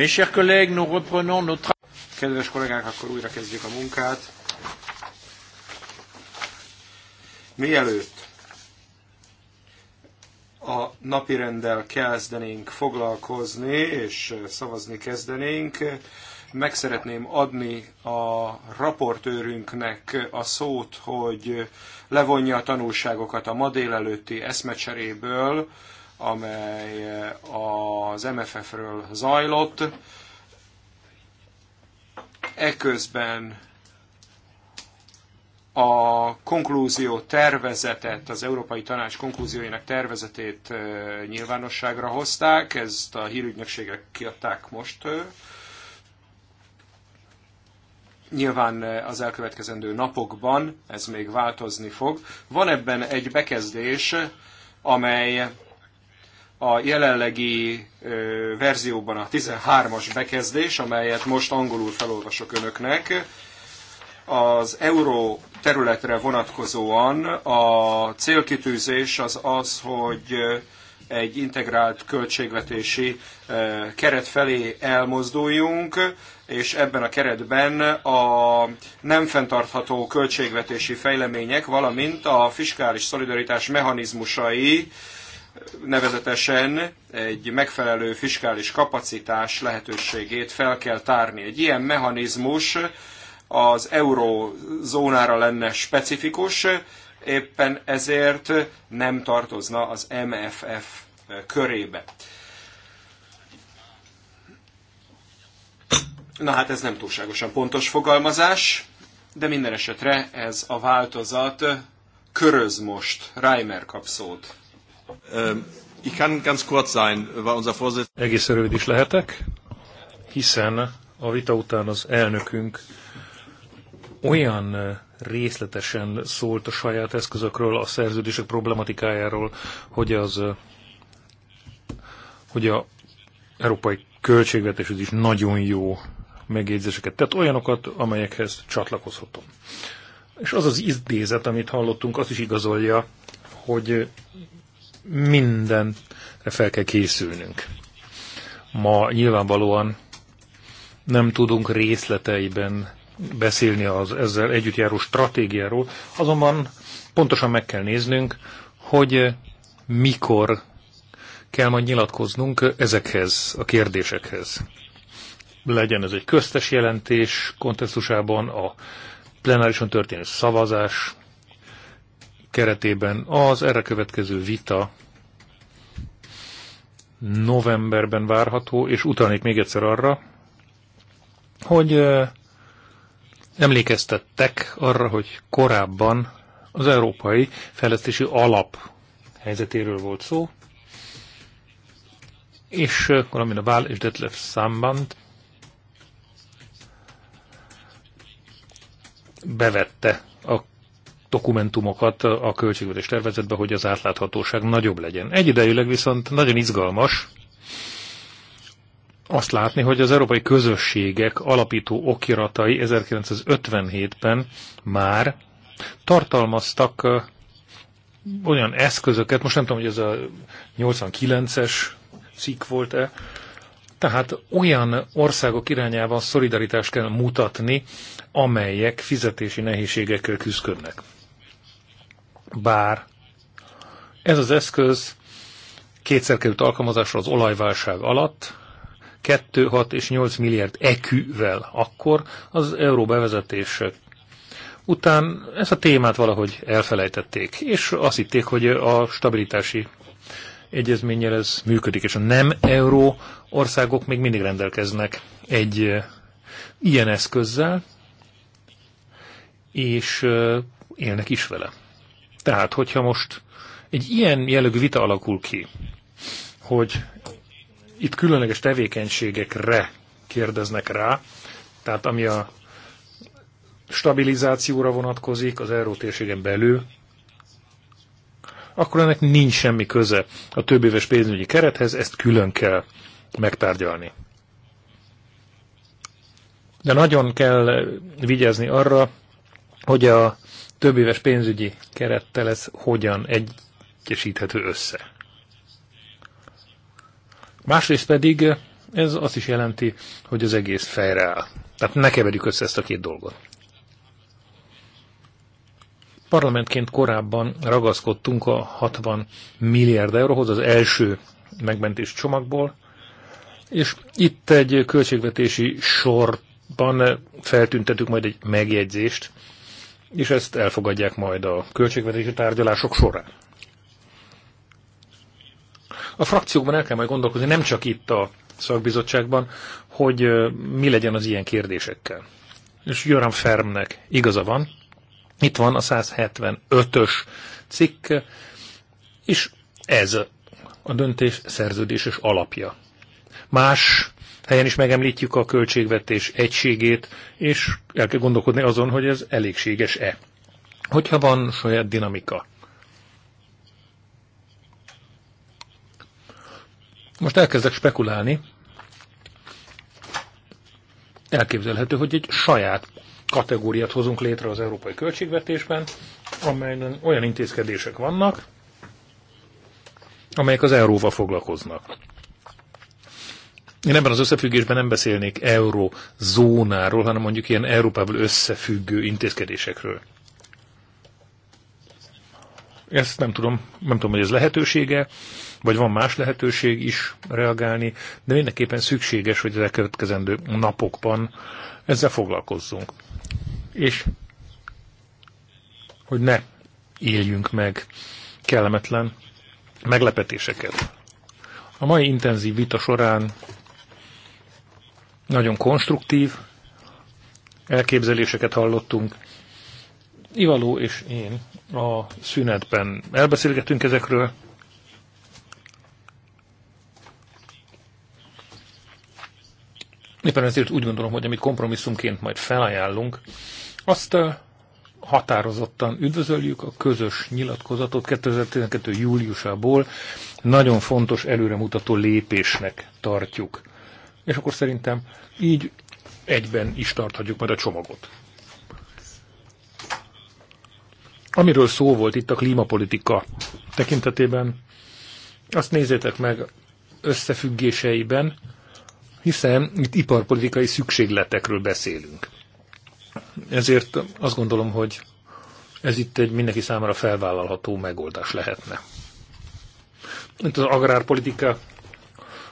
Mes chers collègues, nous reprenons nos Kedves kollégák, akkor újra kezdjük a munkát. Mielőtt a napi rendel kezdenénk foglalkozni és szavazni kezdenénk, meg szeretném adni a raportőrünknek a szót, hogy levonja a tanulságokat a ma délelőtti eszmecseréből, amely eh, az MFF-ről zajlott. Eközben a konklúzió tervezetet, az Európai Tanács konklúziójának tervezetét eh, nyilvánosságra hozták, ezt a hírügynökségek kiadták most. Eh. Nyilván az elkövetkezendő napokban ez még változni fog. Van ebben egy bekezdés, amely a jelenlegi verzióban a 13-as bekezdés, amelyet most angolul felolvasok önöknek, az euró területre vonatkozóan a célkitűzés az az, hogy egy integrált költségvetési keret felé elmozduljunk, és ebben a keretben a nem fenntartható költségvetési fejlemények, valamint a fiskális szolidaritás mechanizmusai nevezetesen egy megfelelő fiskális kapacitás lehetőségét fel kell tárni. Egy ilyen mechanizmus az eurózónára lenne specifikus, éppen ezért nem tartozna az MFF körébe. Na hát ez nem túlságosan pontos fogalmazás, de minden esetre ez a változat köröz most. Reimer kapszót. Ähm, ich kann ganz kurz sein, war unser Egészen rövid is lehetek, hiszen a vita után az elnökünk olyan részletesen szólt a saját eszközökről, a szerződések problematikájáról, hogy az hogy a európai költségvetéshez is nagyon jó megjegyzéseket tett, olyanokat, amelyekhez csatlakozhatom. És az az idézet, amit hallottunk, azt is igazolja, hogy mindenre fel kell készülnünk. Ma nyilvánvalóan nem tudunk részleteiben beszélni az ezzel együtt járó stratégiáról, azonban pontosan meg kell néznünk, hogy mikor kell majd nyilatkoznunk ezekhez a kérdésekhez. Legyen ez egy köztes jelentés kontextusában, a plenárison történő szavazás, keretében az erre következő vita novemberben várható, és utalnék még egyszer arra, hogy emlékeztettek arra, hogy korábban az európai fejlesztési alap helyzetéről volt szó, és valamint a Vál és Detlef Számband bevette a dokumentumokat a költségvetés tervezetbe, hogy az átláthatóság nagyobb legyen. Egyidejűleg viszont nagyon izgalmas azt látni, hogy az európai közösségek alapító okiratai 1957-ben már tartalmaztak olyan eszközöket, most nem tudom, hogy ez a 89-es cikk volt-e, tehát olyan országok irányában szolidaritást kell mutatni, amelyek fizetési nehézségekkel küzdködnek. Bár ez az eszköz kétszer került alkalmazásra az olajválság alatt, 2, 6 és 8 milliárd eküvel akkor az euró bevezetése után ezt a témát valahogy elfelejtették, és azt hitték, hogy a stabilitási egyezménnyel ez működik, és a nem euró országok még mindig rendelkeznek egy ilyen eszközzel, és élnek is vele. Tehát, hogyha most egy ilyen jellegű vita alakul ki, hogy itt különleges tevékenységekre kérdeznek rá, tehát ami a stabilizációra vonatkozik az eurótérségen belül, akkor ennek nincs semmi köze a éves pénzügyi kerethez, ezt külön kell megtárgyalni. De nagyon kell vigyázni arra, hogy a több éves pénzügyi kerettel ez hogyan egyesíthető össze. Másrészt pedig ez azt is jelenti, hogy az egész fejre áll. Tehát ne keverjük össze ezt a két dolgot. Parlamentként korábban ragaszkodtunk a 60 milliárd euróhoz az első megmentés csomagból, és itt egy költségvetési sorban feltüntetünk majd egy megjegyzést, és ezt elfogadják majd a költségvetési tárgyalások során. A frakciókban el kell majd gondolkozni, nem csak itt a szakbizottságban, hogy mi legyen az ilyen kérdésekkel. És Jöran Fermnek igaza van, itt van a 175-ös cikk, és ez a döntés szerződéses alapja. Más helyen is megemlítjük a költségvetés egységét, és el kell gondolkodni azon, hogy ez elégséges-e. Hogyha van saját dinamika. Most elkezdek spekulálni. Elképzelhető, hogy egy saját kategóriát hozunk létre az európai költségvetésben, amelyen olyan intézkedések vannak, amelyek az euróval foglalkoznak. Én ebben az összefüggésben nem beszélnék eurozónáról, hanem mondjuk ilyen Európából összefüggő intézkedésekről. Ezt nem tudom, nem tudom, hogy ez lehetősége, vagy van más lehetőség is reagálni, de mindenképpen szükséges, hogy az elkövetkezendő napokban ezzel foglalkozzunk. És hogy ne éljünk meg kellemetlen meglepetéseket. A mai intenzív vita során nagyon konstruktív elképzeléseket hallottunk. Ivaló és én a szünetben elbeszélgetünk ezekről. Éppen ezért úgy gondolom, hogy amit kompromisszumként majd felajánlunk, azt határozottan üdvözöljük a közös nyilatkozatot 2012. júliusából. Nagyon fontos előremutató lépésnek tartjuk és akkor szerintem így egyben is tarthatjuk majd a csomagot. Amiről szó volt itt a klímapolitika tekintetében, azt nézzétek meg összefüggéseiben, hiszen itt iparpolitikai szükségletekről beszélünk. Ezért azt gondolom, hogy ez itt egy mindenki számára felvállalható megoldás lehetne. Itt az agrárpolitika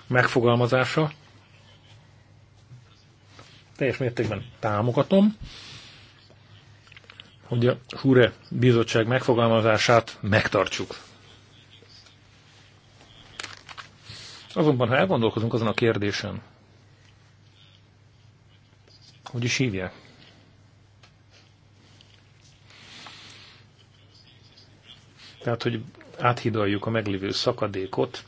megfogalmazása, teljes mértékben támogatom, hogy a Hure bizottság megfogalmazását megtartsuk. Azonban, ha elgondolkozunk azon a kérdésen, hogy is hívja? Tehát, hogy áthidaljuk a meglévő szakadékot,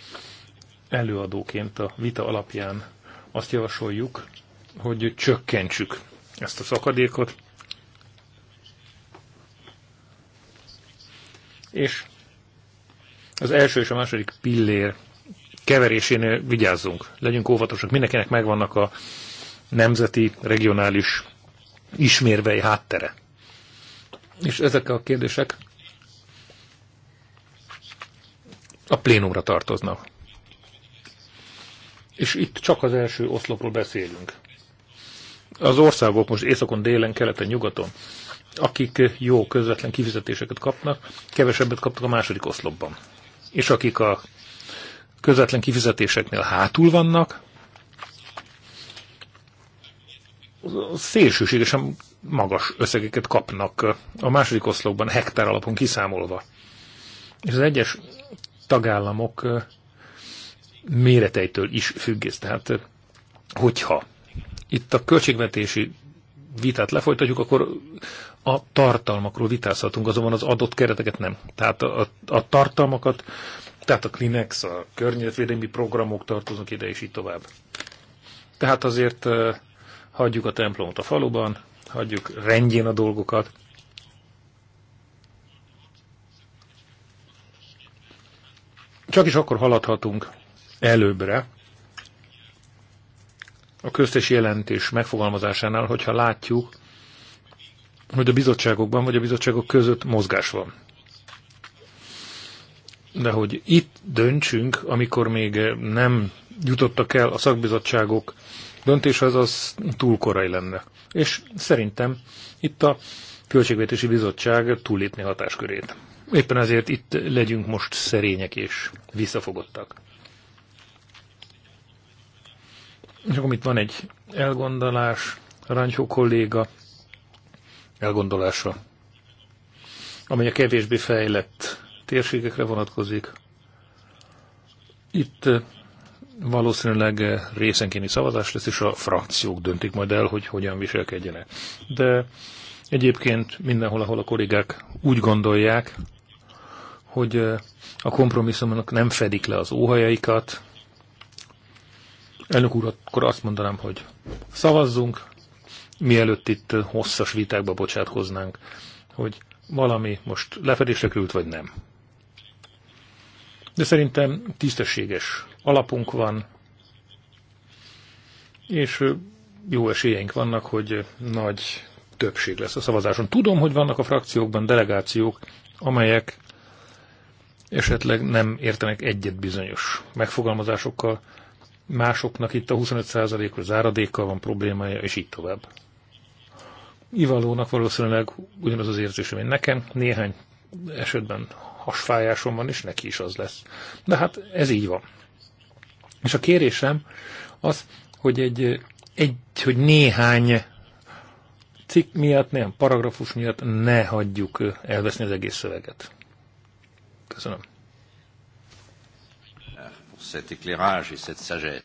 előadóként a vita alapján azt javasoljuk, hogy csökkentsük ezt a szakadékot, és az első és a második pillér keverésénél vigyázzunk, legyünk óvatosak, mindenkinek megvannak a nemzeti, regionális ismérvei háttere. És ezek a kérdések a plénumra tartoznak. És itt csak az első oszlopról beszélünk az országok most északon, délen, keleten, nyugaton, akik jó közvetlen kifizetéseket kapnak, kevesebbet kaptak a második oszlopban. És akik a közvetlen kifizetéseknél hátul vannak, szélsőségesen magas összegeket kapnak a második oszlopban, hektár alapon kiszámolva. És az egyes tagállamok méreteitől is függ Tehát hogyha itt a költségvetési vitát lefolytatjuk, akkor a tartalmakról vitázhatunk, azonban az adott kereteket nem. Tehát a, a, a tartalmakat, tehát a Kleenex, a környezetvédelmi programok tartoznak ide, és így tovább. Tehát azért uh, hagyjuk a templomot a faluban, hagyjuk rendjén a dolgokat. Csak is akkor haladhatunk előbbre, a köztes jelentés megfogalmazásánál, hogyha látjuk, hogy a bizottságokban vagy a bizottságok között mozgás van. De hogy itt döntsünk, amikor még nem jutottak el a szakbizottságok az az túl korai lenne. És szerintem itt a Költségvetési Bizottság túllépni hatáskörét. Éppen ezért itt legyünk most szerények és visszafogottak. És akkor itt van egy elgondolás, Rancsó kolléga elgondolása, amely a kevésbé fejlett térségekre vonatkozik. Itt eh, valószínűleg eh, részenkénti szavazás lesz, és a frakciók döntik majd el, hogy hogyan viselkedjenek. De egyébként mindenhol, ahol a kollégák úgy gondolják, hogy eh, a kompromisszumnak nem fedik le az óhajaikat, Elnök úr, akkor azt mondanám, hogy szavazzunk, mielőtt itt hosszas vitákba bocsátkoznánk, hogy valami most lefedésre került, vagy nem. De szerintem tisztességes alapunk van, és jó esélyeink vannak, hogy nagy többség lesz a szavazáson. Tudom, hogy vannak a frakciókban delegációk, amelyek esetleg nem értenek egyet bizonyos megfogalmazásokkal, másoknak itt a 25%-os záradékkal van problémája, és így tovább. Ivalónak valószínűleg ugyanaz az érzésem, mint nekem, néhány esetben hasfájásom van, és neki is az lesz. De hát ez így van. És a kérésem az, hogy egy, egy hogy néhány cikk miatt, néhány paragrafus miatt ne hagyjuk elveszni az egész szöveget. Köszönöm cet éclairage et cette sagesse.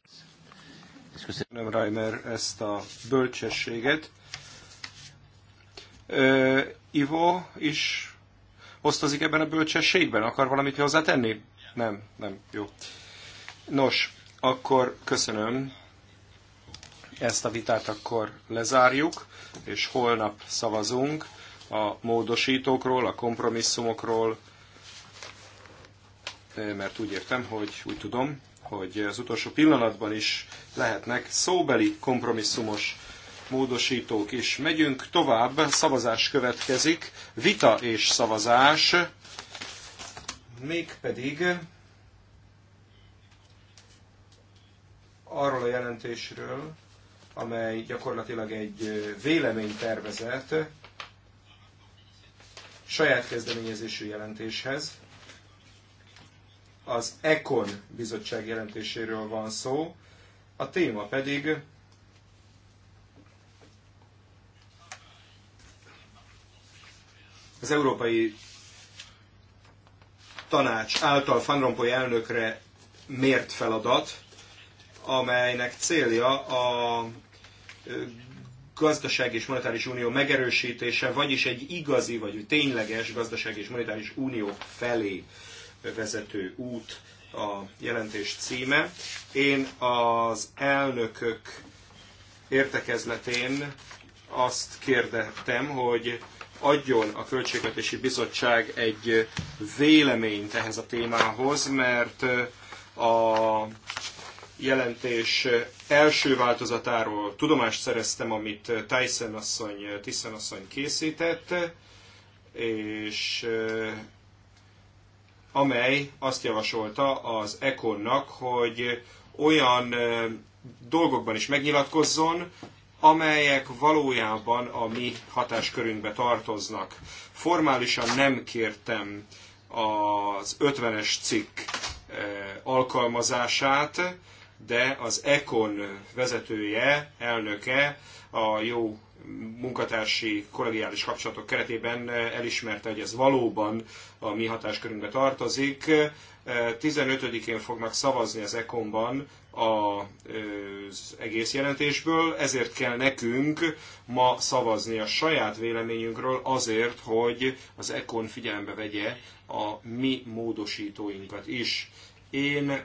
Köszönöm, Reimer, ezt a bölcsességet. Uh, Ivo is osztozik ebben a bölcsességben? Akar valamit hozzátenni? Nem, nem, jó. Nos, akkor köszönöm. Ezt a vitát akkor lezárjuk, és holnap szavazunk a módosítókról, a kompromisszumokról, mert úgy értem, hogy úgy tudom, hogy az utolsó pillanatban is lehetnek szóbeli kompromisszumos módosítók is. Megyünk tovább, szavazás következik, vita és szavazás, mégpedig arról a jelentésről, amely gyakorlatilag egy véleménytervezet saját kezdeményezésű jelentéshez, az ECON bizottság jelentéséről van szó, a téma pedig az Európai Tanács által Van Rompuy elnökre mért feladat, amelynek célja a gazdaság és monetáris unió megerősítése, vagyis egy igazi, vagy tényleges gazdaság és monetáris unió felé vezető út a jelentés címe. Én az elnökök értekezletén azt kérdettem, hogy adjon a Költségvetési Bizottság egy véleményt ehhez a témához, mert a jelentés első változatáról tudomást szereztem, amit Tyson asszony, Tyson asszony készített, és amely azt javasolta az Econnak, hogy olyan dolgokban is megnyilatkozzon, amelyek valójában a mi hatáskörünkbe tartoznak. Formálisan nem kértem az 50-es cikk alkalmazását, de az Econ vezetője, elnöke a jó munkatársi kollegiális kapcsolatok keretében eh, elismerte, hogy ez valóban a mi hatáskörünkbe tartozik. 15-én eh, fognak szavazni az ekonban ban eh, az egész jelentésből, ezért kell nekünk ma szavazni a saját véleményünkről azért, hogy az ECON figyelembe vegye a mi módosítóinkat is. Én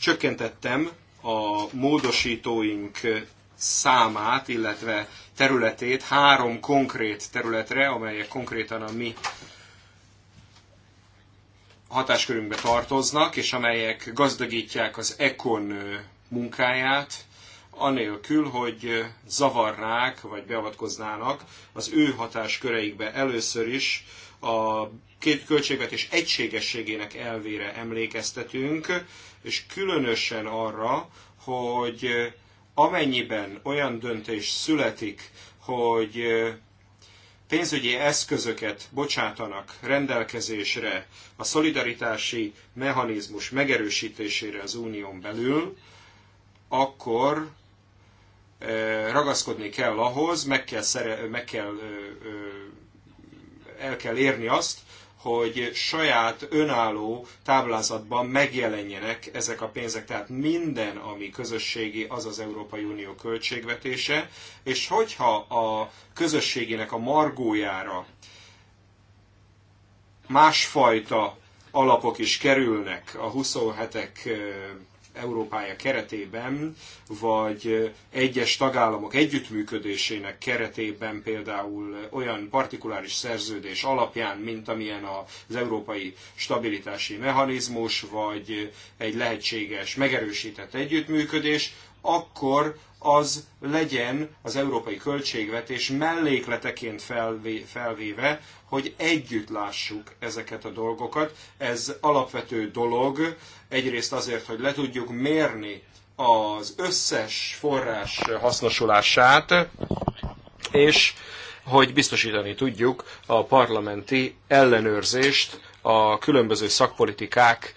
csökkentettem a módosítóink számát, illetve területét három konkrét területre, amelyek konkrétan a mi hatáskörünkbe tartoznak, és amelyek gazdagítják az ECON munkáját, anélkül, hogy zavarnák vagy beavatkoznának az ő hatásköreikbe először is a két költségvetés egységességének elvére emlékeztetünk, és különösen arra, hogy amennyiben olyan döntés születik, hogy pénzügyi eszközöket bocsátanak rendelkezésre a szolidaritási mechanizmus megerősítésére az unión belül, akkor eh, ragaszkodni kell ahhoz, meg kell, szere, meg kell eh, eh, el kell érni azt, hogy saját önálló táblázatban megjelenjenek ezek a pénzek. Tehát minden, ami közösségi, az az Európai Unió költségvetése, és hogyha a közösségének a margójára másfajta alapok is kerülnek a 27-ek Európája keretében, vagy egyes tagállamok együttműködésének keretében például olyan partikuláris szerződés alapján, mint amilyen az európai stabilitási mechanizmus, vagy egy lehetséges megerősített együttműködés, akkor az legyen az európai költségvetés mellékleteként felvéve, hogy együtt lássuk ezeket a dolgokat. Ez alapvető dolog, egyrészt azért, hogy le tudjuk mérni az összes forrás hasznosulását, és hogy biztosítani tudjuk a parlamenti ellenőrzést a különböző szakpolitikák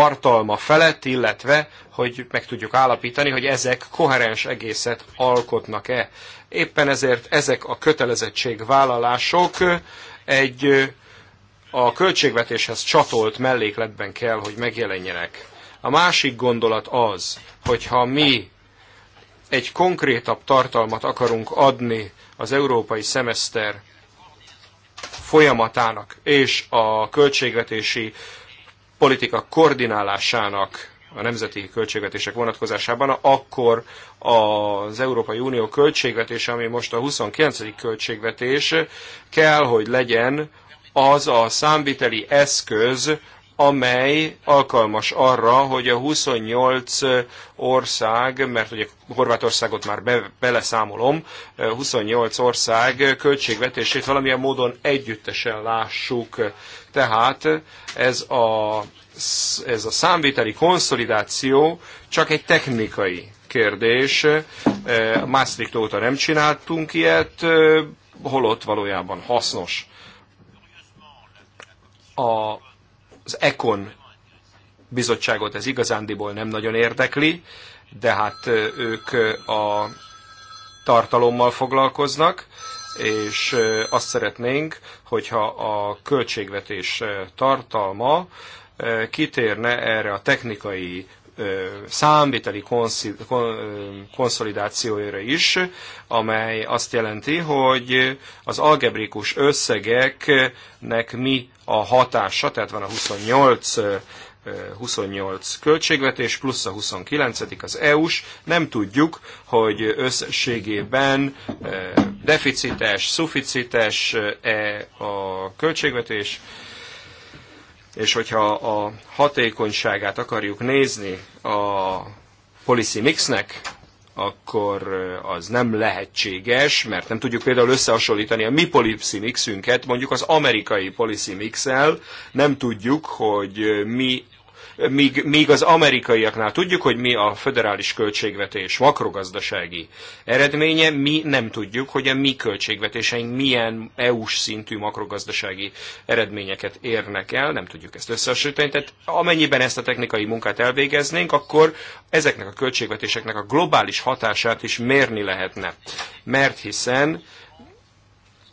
tartalma felett, illetve hogy meg tudjuk állapítani, hogy ezek koherens egészet alkotnak-e. Éppen ezért ezek a kötelezettségvállalások egy a költségvetéshez csatolt mellékletben kell, hogy megjelenjenek. A másik gondolat az, hogyha mi egy konkrétabb tartalmat akarunk adni az európai szemeszter folyamatának és a költségvetési politika koordinálásának a nemzeti költségvetések vonatkozásában, akkor az Európai Unió költségvetése, ami most a 29. költségvetés, kell, hogy legyen az a számviteli eszköz, amely alkalmas arra, hogy a 28 ország, mert ugye Horvátországot már be, beleszámolom, 28 eh, ország költségvetését valamilyen módon együttesen lássuk. Tehát ez a, ez a számviteli konszolidáció csak egy technikai kérdés. Eh, Maastricht óta nem csináltunk ilyet, eh, holott valójában hasznos. A az ECON bizottságot ez igazándiból nem nagyon érdekli, de hát ők a tartalommal foglalkoznak, és azt szeretnénk, hogyha a költségvetés tartalma kitérne erre a technikai számviteli konszolidációjára is, amely azt jelenti, hogy az algebrikus összegeknek mi a hatása, tehát van a 28 28 költségvetés, plusz a 29 az EU-s. Nem tudjuk, hogy összességében deficites, szuficites -e a költségvetés, és hogyha a hatékonyságát akarjuk nézni a policy mixnek, akkor az nem lehetséges, mert nem tudjuk például összehasonlítani a mi policy mixünket, mondjuk az amerikai policy mixel, nem tudjuk, hogy mi míg, míg az amerikaiaknál tudjuk, hogy mi a föderális költségvetés makrogazdasági eredménye, mi nem tudjuk, hogy a mi költségvetéseink milyen EU-s szintű makrogazdasági eredményeket érnek el, nem tudjuk ezt összehasonlítani. Tehát amennyiben ezt a technikai munkát elvégeznénk, akkor ezeknek a költségvetéseknek a globális hatását is mérni lehetne. Mert hiszen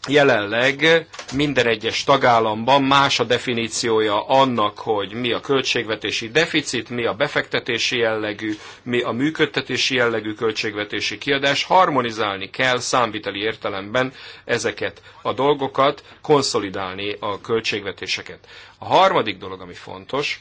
jelenleg minden egyes tagállamban más a definíciója annak, hogy mi a költségvetési deficit, mi a befektetési jellegű, mi a működtetési jellegű költségvetési kiadás. Harmonizálni kell számviteli értelemben ezeket a dolgokat, konszolidálni a költségvetéseket. A harmadik dolog, ami fontos,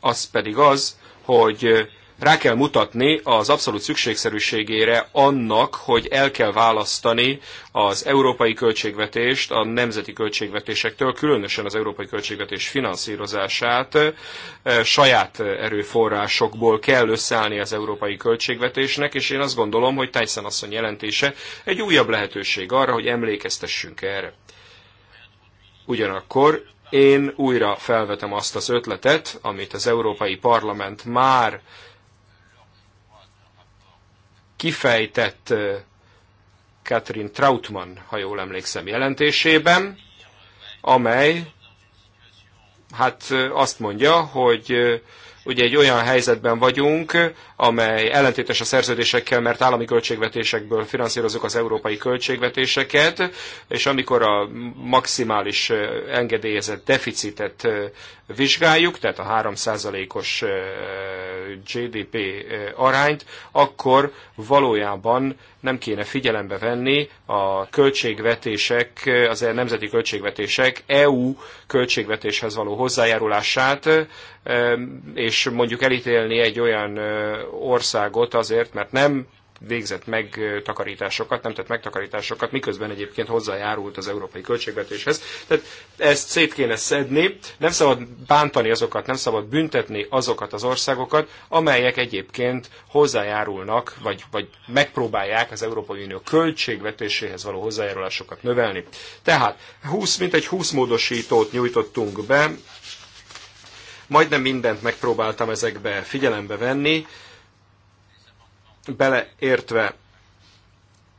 az pedig az, hogy rá kell mutatni az abszolút szükségszerűségére annak, hogy el kell választani az európai költségvetést a nemzeti költségvetésektől, különösen az európai költségvetés finanszírozását saját erőforrásokból kell összeállni az európai költségvetésnek, és én azt gondolom, hogy Tyson asszony jelentése egy újabb lehetőség arra, hogy emlékeztessünk erre. Ugyanakkor én újra felvetem azt az ötletet, amit az Európai Parlament már kifejtett Catherine Trautmann, ha jól emlékszem, jelentésében, amely hát azt mondja, hogy ugye egy olyan helyzetben vagyunk, amely ellentétes a szerződésekkel, mert állami költségvetésekből finanszírozunk az európai költségvetéseket, és amikor a maximális engedélyezett deficitet vizsgáljuk, tehát a 3%-os GDP arányt, akkor valójában nem kéne figyelembe venni a költségvetések, az nemzeti költségvetések EU költségvetéshez való hozzájárulását, és mondjuk elítélni egy olyan országot azért, mert nem végzett meg takarításokat, nem tett megtakarításokat, miközben egyébként hozzájárult az európai költségvetéshez. Tehát ezt szét kéne szedni, nem szabad bántani azokat, nem szabad büntetni azokat az országokat, amelyek egyébként hozzájárulnak, vagy, vagy megpróbálják az Európai Unió költségvetéséhez való hozzájárulásokat növelni. Tehát 20, mintegy 20 módosítót nyújtottunk be, majdnem mindent megpróbáltam ezekbe figyelembe venni, beleértve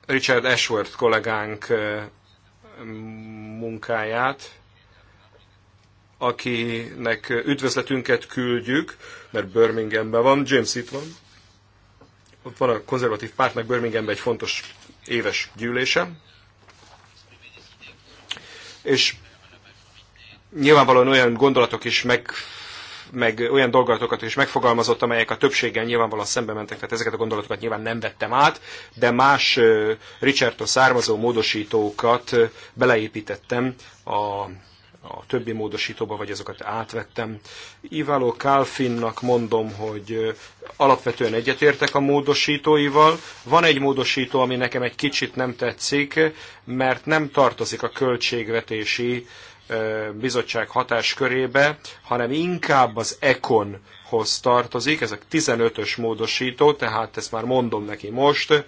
Richard Ashworth kollégánk munkáját, akinek üdvözletünket küldjük, mert Birminghamben van, James itt van. Ott van a konzervatív pártnak Birminghamben egy fontos éves gyűlése. És nyilvánvalóan olyan gondolatok is meg meg olyan dolgokat is megfogalmazott, amelyek a többséggel nyilvánvalóan szembe mentek, tehát ezeket a gondolatokat nyilván nem vettem át, de más Richardtól származó módosítókat beleépítettem a a többi módosítóba, vagy azokat átvettem. Iváló Kálfinnak mondom, hogy alapvetően egyetértek a módosítóival. Van egy módosító, ami nekem egy kicsit nem tetszik, mert nem tartozik a költségvetési uh, bizottság hatáskörébe, hanem inkább az ECON-hoz tartozik, ezek 15-ös módosító, tehát ezt már mondom neki most,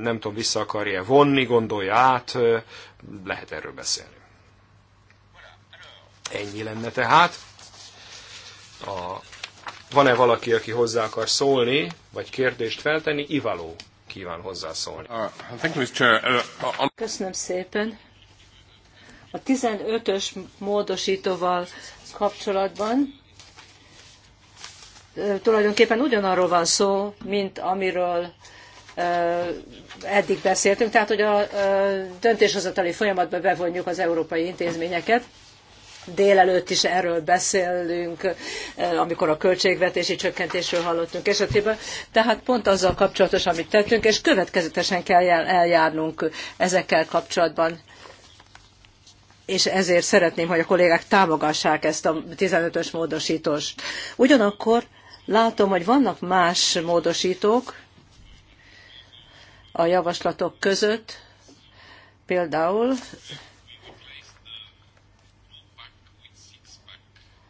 nem tudom, vissza akarja vonni, gondolja át, lehet erről beszélni. Ennyi lenne tehát. A... Van-e valaki, aki hozzá akar szólni, vagy kérdést feltenni? Ivaló kíván hozzászólni. Uh, uh, uh, Köszönöm szépen. A 15-ös módosítóval kapcsolatban tulajdonképpen ugyanarról van szó, mint amiről eddig beszéltünk, tehát hogy a döntéshozatali folyamatba bevonjuk az európai intézményeket. Délelőtt is erről beszélünk, amikor a költségvetési csökkentésről hallottunk esetében. Tehát pont azzal kapcsolatos, amit tettünk, és következetesen kell eljárnunk ezekkel kapcsolatban és ezért szeretném, hogy a kollégák támogassák ezt a 15-ös módosítást. Ugyanakkor látom, hogy vannak más módosítók a javaslatok között, például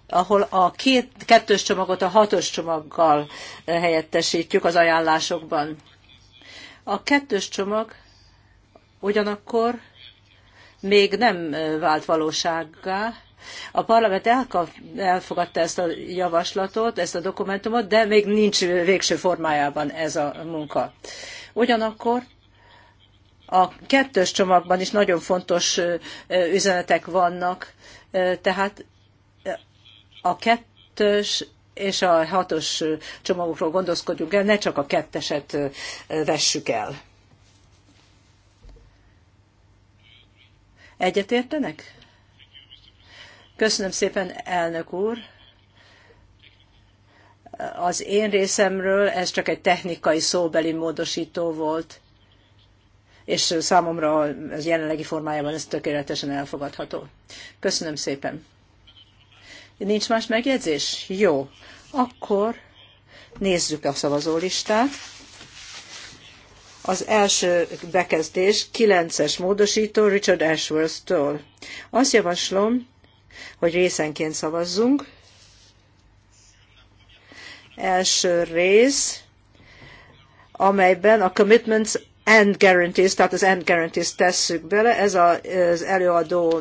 ahol a két, kettős csomagot a hatos csomaggal helyettesítjük az ajánlásokban. A kettős csomag ugyanakkor még nem vált valósággá. A parlament elfogadta ezt a javaslatot, ezt a dokumentumot, de még nincs végső formájában ez a munka. Ugyanakkor a kettős csomagban is nagyon fontos üzenetek vannak, tehát a kettős és a hatos csomagokról gondoskodjunk el, ne csak a ketteset vessük el. Egyetértenek? Köszönöm szépen, elnök úr. Az én részemről ez csak egy technikai szóbeli módosító volt, és számomra az jelenlegi formájában ez tökéletesen elfogadható. Köszönöm szépen. Nincs más megjegyzés? Jó. Akkor nézzük a szavazólistát. Az első bekezdés, kilences es módosító Richard Ashworth-től. Azt javaslom, hogy részenként szavazzunk. Első rész, amelyben a commitments and guarantees, tehát az end guarantees tesszük bele, ez a, az előadó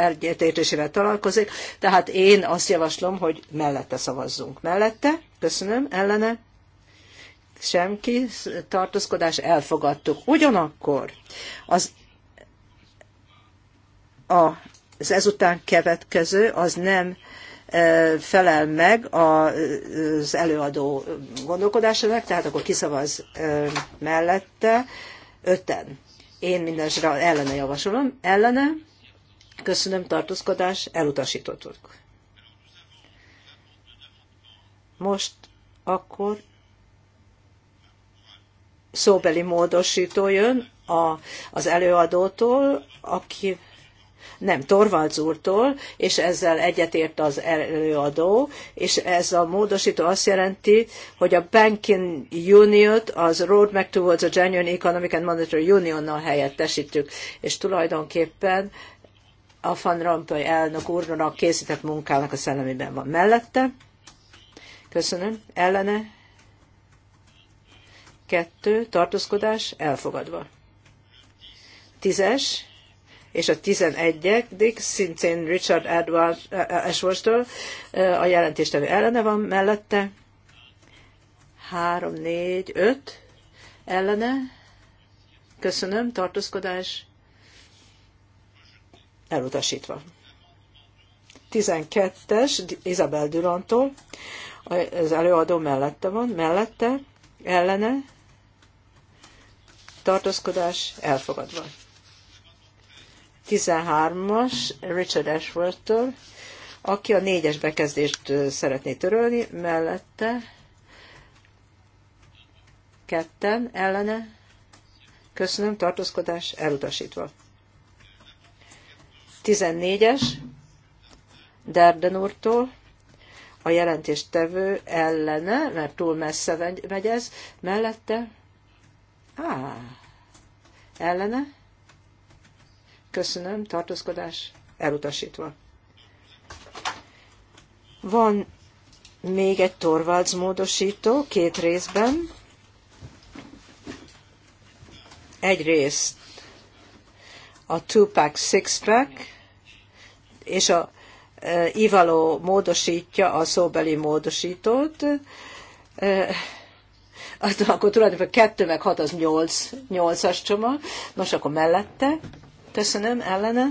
egyetértésével találkozik, tehát én azt javaslom, hogy mellette szavazzunk. Mellette, köszönöm, ellene, semki tartózkodás elfogadtuk. Ugyanakkor az, a, az ezután következő az nem e, felel meg a az előadó gondolkodásának, tehát akkor kiszavaz e, mellette öten. Én mindenesre ellene javasolom. Ellene, köszönöm, tartózkodás, elutasítottuk. Most akkor szóbeli módosító jön a, az előadótól, aki nem Torvalds úrtól, és ezzel egyetért az előadó, és ez a módosító azt jelenti, hogy a Banking Union-t az Roadmap Towards a Genuine Economic and Monetary Union-nal helyettesítjük, és tulajdonképpen a Van Rompuy elnök úrnak készített munkának a szellemében van mellette. Köszönöm. Ellene kettő, tartózkodás elfogadva. Tízes és a tizenegyedik, szintén Richard Edward Ashworth-től a jelentéstevő ellene van mellette. Három, négy, öt ellene. Köszönöm, tartózkodás elutasítva. 12-es Isabel Durantól, az előadó mellette van, mellette, ellene, tartózkodás elfogadva. 13-as Richard Ashworth-től, aki a négyes bekezdést szeretné törölni, mellette ketten ellene, köszönöm, tartózkodás elutasítva. 14-es Derden úrtól, a jelentéstevő ellene, mert túl messze megy ez, mellette, Ah ellene, köszönöm, tartózkodás elutasítva. Van még egy Torvalds módosító két részben. Egy a two-pack, six-pack, és a e, Ivaló módosítja a szóbeli módosítót. E, az, akkor tulajdonképpen 2 meg 6 az 8, 8-as csomag. Nos, akkor mellette. Köszönöm, ellene.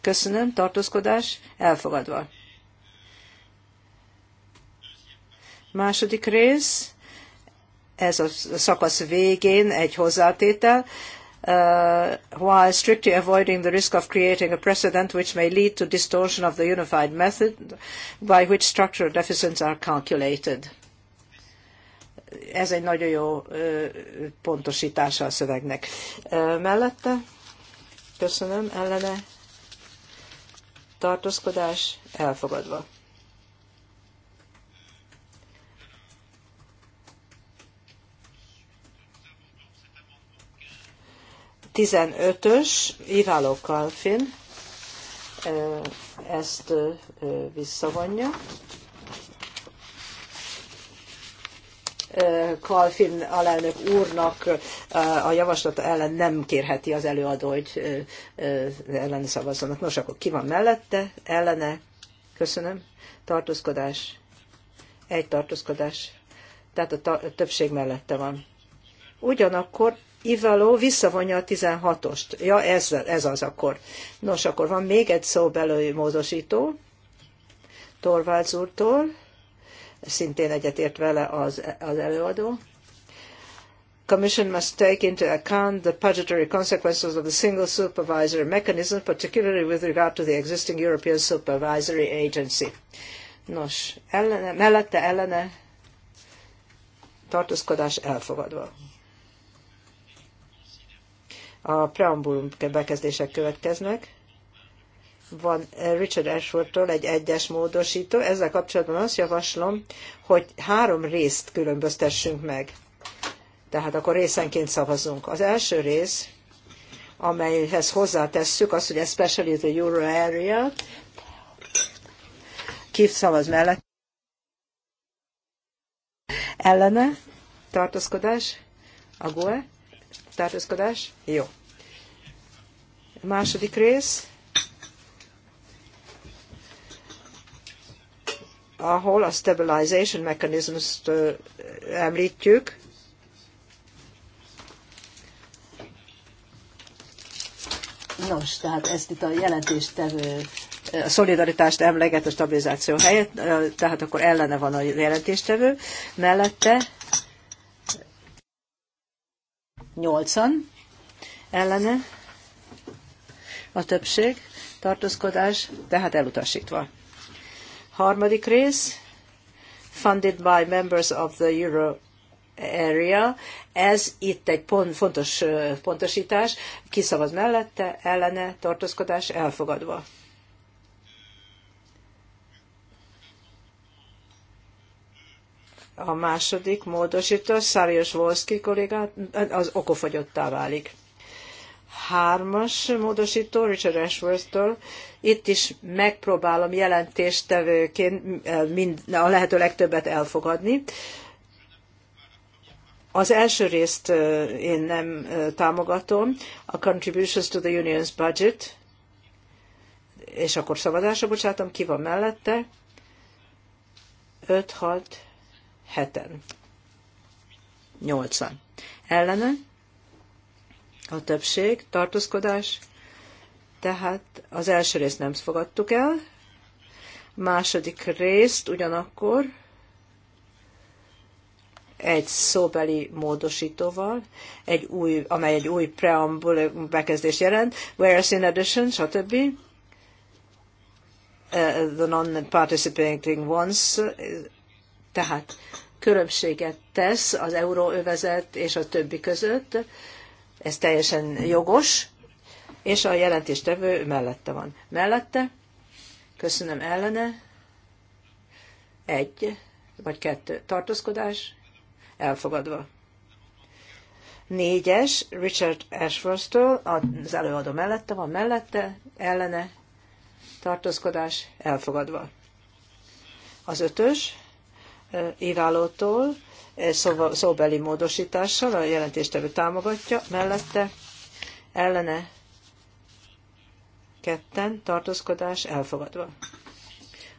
Köszönöm, tartózkodás, elfogadva. Második rész, ez a szakasz végén egy hozzátétel. Uh, while strictly avoiding the risk of creating a precedent which may lead to distortion of the unified method by which structural deficits are calculated. Ez egy nagyon jó pontosítása a szövegnek. Mellette, köszönöm, ellene, tartózkodás elfogadva. Tizenötös Iváló Kalfin ezt visszavonja. Kalfin alelnök úrnak eh, a javaslata ellen nem kérheti az előadó, hogy eh, eh, ellen szavazzanak. Nos, akkor ki van mellette? Ellene? Köszönöm. Tartózkodás? Egy tartózkodás. Tehát a, ta- a többség mellette van. Ugyanakkor Ivaló visszavonja a 16-ost. Ja, ez, ez az akkor. Nos, akkor van még egy szó belőmódosító. Torvalds úrtól szintén egyetért vele az, az előadó. Commission must take into account the budgetary consequences of the single supervisory mechanism, particularly with regard to the existing European Supervisory Agency. Nos, ellene, mellette ellene tartózkodás elfogadva. A preambulum bekezdések következnek van eh, Richard Ashfordtól egy egyes módosító. Ezzel kapcsolatban azt javaslom, hogy három részt különböztessünk meg. Tehát akkor részenként szavazunk. Az első rész, amelyhez hozzátesszük azt, hogy especially the euro area, ki szavaz mellett, ellene, tartózkodás, Agoe? tartózkodás, jó. A második rész, ahol a stabilization mechanisms említjük, Nos, tehát ezt itt a tevő a szolidaritást emleget a stabilizáció helyett, tehát akkor ellene van a jelentéstevő. Mellette nyolcan an ellene a többség tartózkodás, tehát elutasítva. Harmadik rész, funded by members of the Euro area, ez itt egy pont, fontos pontosítás, kiszavaz mellette, ellene, tartózkodás elfogadva. A második módosító, Szárius Volszki kollégát, az okofogyottá válik hármas módosító Richard Ashworth-től. Itt is megpróbálom jelentéstevőként eh, mind, a lehető legtöbbet elfogadni. Az első részt eh, én nem eh, támogatom, a Contributions to the Union's Budget, és akkor szavazásra bocsátom, ki van mellette? 5, 6, 7-en. 8 Ellene? a többség, tartózkodás, tehát az első részt nem fogadtuk el, második részt ugyanakkor egy szóbeli módosítóval, egy új, amely egy új preambul bekezdés jelent, whereas in addition, stb. Uh, the non-participating ones, tehát különbséget tesz az euróövezet és a többi között, ez teljesen jogos, és a jelentéstevő mellette van. Mellette, köszönöm ellene, egy vagy kettő tartózkodás, elfogadva. Négyes, Richard Ashworth-től, az előadó mellette van, mellette, ellene, tartózkodás, elfogadva. Az ötös, eh, Iválótól, szóbeli módosítással, a jelentéstevő támogatja, mellette ellene ketten tartózkodás elfogadva.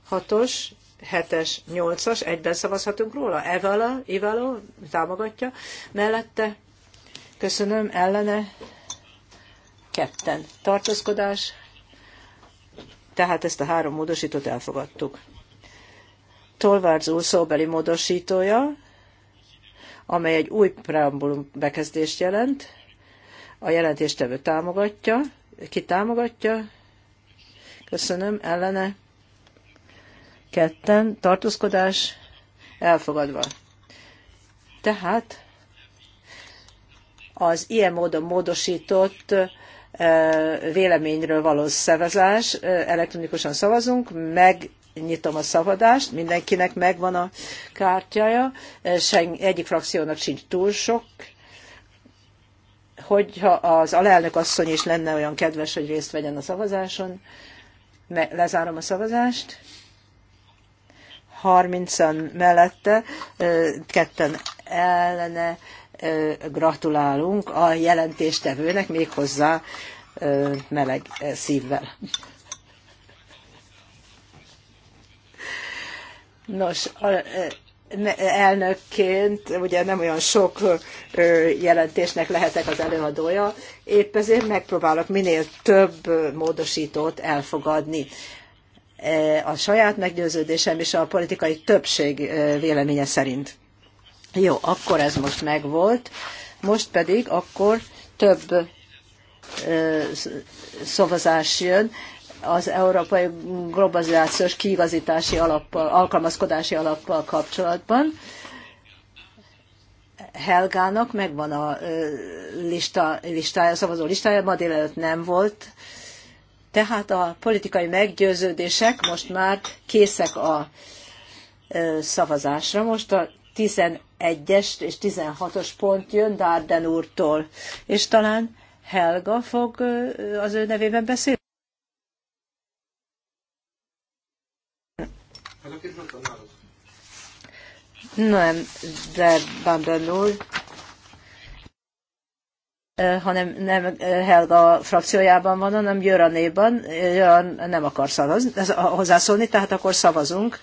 Hatos, hetes, nyolcas, egyben szavazhatunk róla. Evala, Ivalo támogatja, mellette köszönöm, ellene ketten tartózkodás, tehát ezt a három módosítót elfogadtuk. Tolvárz úr szóbeli módosítója, amely egy új preambulum bekezdést jelent. A jelentéstevő támogatja. Ki támogatja? Köszönöm. Ellene? Ketten. Tartózkodás? Elfogadva. Tehát az ilyen módon módosított véleményről való szavazás, elektronikusan szavazunk, meg Nyitom a szavazást, mindenkinek megvan a kártyája, eh, Sen, egyik frakciónak sincs túl sok, hogyha az alelnök asszony is lenne olyan kedves, hogy részt vegyen a szavazáson, lezárom a szavazást. 30-an mellette, eh, ketten ellene eh, gratulálunk a jelentéstevőnek, méghozzá meleg szívvel. Nos, a, elnökként, ugye nem olyan sok jelentésnek lehetek az előadója, épp ezért megpróbálok minél több módosítót elfogadni. E, a saját meggyőződésem és a politikai többség véleménye szerint. Jó, akkor ez most megvolt. Most pedig akkor több szavazás jön az európai globalizációs kiigazítási alappal, alkalmazkodási alappal kapcsolatban. Helgának megvan a lista, listája, szavazó listája, ma délelőtt nem volt. Tehát a politikai meggyőződések most már készek a szavazásra. Most a 11-es és 16-os pont jön Dárden úrtól, és talán Helga fog az ő nevében beszélni. nem Zerbában hanem nem Helga frakciójában van, hanem Jöranéban. Jöran nem akar hozzászólni, tehát akkor szavazunk.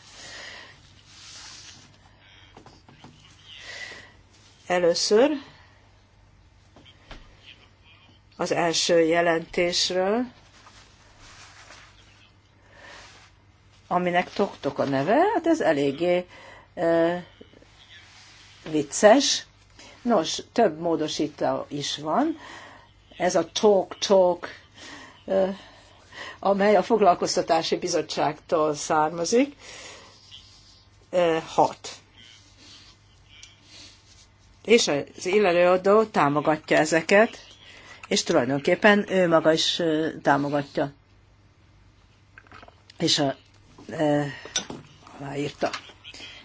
Először az első jelentésről, aminek Toktok a neve, hát ez eléggé uh, vicces. Nos, több módosító is van. Ez a talk-talk, amely a foglalkoztatási bizottságtól származik. Hat. És az illetőadó támogatja ezeket, és tulajdonképpen ő maga is támogatja. És a, e,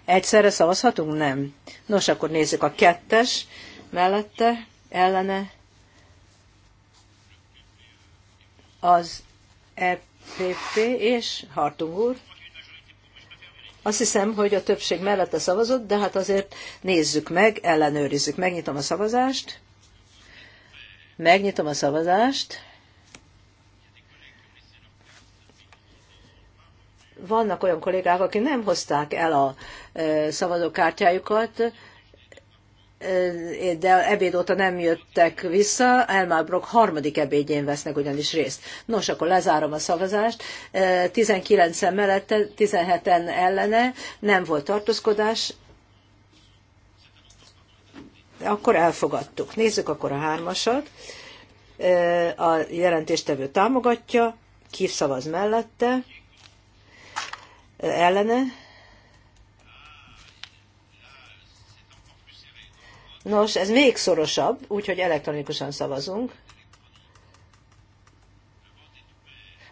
Egyszerre szavazhatunk? Nem. Nos, akkor nézzük a kettes mellette, ellene az EPP és Hartung úr. Azt hiszem, hogy a többség mellette szavazott, de hát azért nézzük meg, ellenőrizzük. Megnyitom a szavazást. Megnyitom a szavazást. vannak olyan kollégák, akik nem hozták el a szavazókártyájukat, de ebéd óta nem jöttek vissza, Elmar Brock harmadik ebédjén vesznek ugyanis részt. Nos, akkor lezárom a szavazást. 19-en mellette, 17-en ellene, nem volt tartózkodás, akkor elfogadtuk. Nézzük akkor a hármasat. A jelentéstevő támogatja, ki szavaz mellette, ellene. Nos, ez még szorosabb, úgyhogy elektronikusan szavazunk.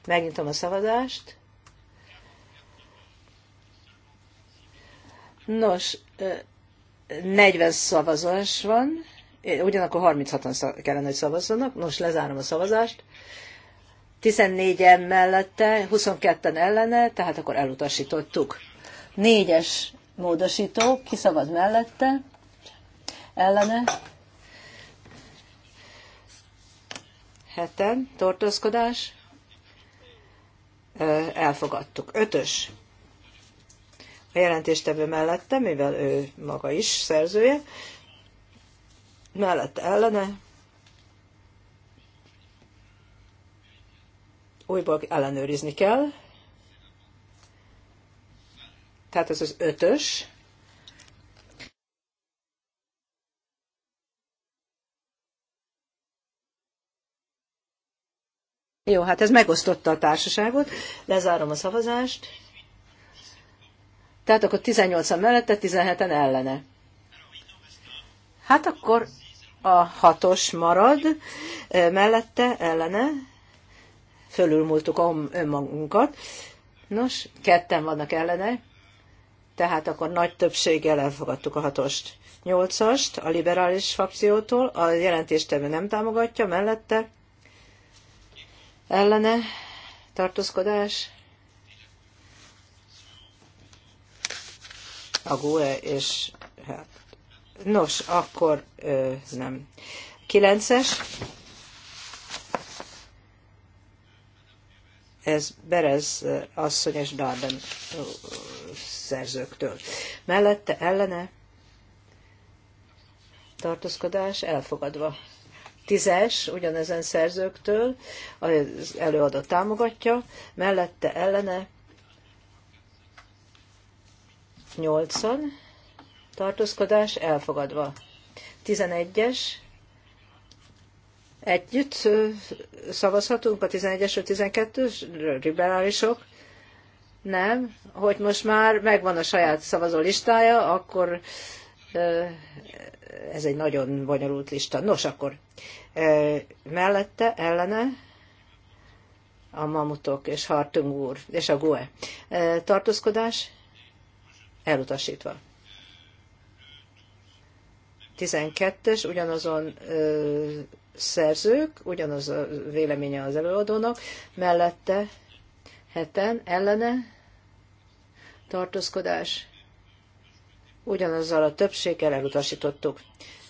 Megnyitom a szavazást. Nos, 40 szavazás van, ugyanakkor 36-an kellene, hogy szavazzanak. Nos, lezárom a szavazást. 14-en mellette, 22-en ellene, tehát akkor elutasítottuk. Négyes módosító, kiszavaz mellette, ellene, heten, tartózkodás, elfogadtuk. Ötös, a jelentéstevő mellette, mivel ő maga is szerzője, mellette ellene, újból ellenőrizni kell. Tehát ez az ötös. Jó, hát ez megosztotta a társaságot. Lezárom a szavazást. Tehát akkor 18-an mellette, 17-en ellene. Hát akkor a hatos marad, eh, mellette, ellene, fölülmúltuk önmagunkat. Nos, ketten vannak ellene, tehát akkor nagy többséggel elfogadtuk a hatost. Nyolcast a liberális frakciótól, a jelentéstevő nem támogatja, mellette ellene tartózkodás. A GUE és hát. Nos, akkor ö, nem. Kilences ez Berez asszony és Darden szerzőktől. Mellette ellene tartózkodás elfogadva. Tízes, ugyanezen szerzőktől, az előadó támogatja, mellette ellene nyolcan, tartózkodás elfogadva. Tizenegyes, Együtt szavazhatunk a 11-esről, 12 es liberálisok? Nem? Hogy most már megvan a saját szavazó listája, akkor ez egy nagyon bonyolult lista. Nos, akkor mellette, ellene a mamutok és Hartung úr és a GUE. Tartózkodás elutasítva. 12-es ugyanazon szerzők, ugyanaz a véleménye az előadónak, mellette heten ellene tartózkodás, ugyanazzal a többséggel elutasítottuk.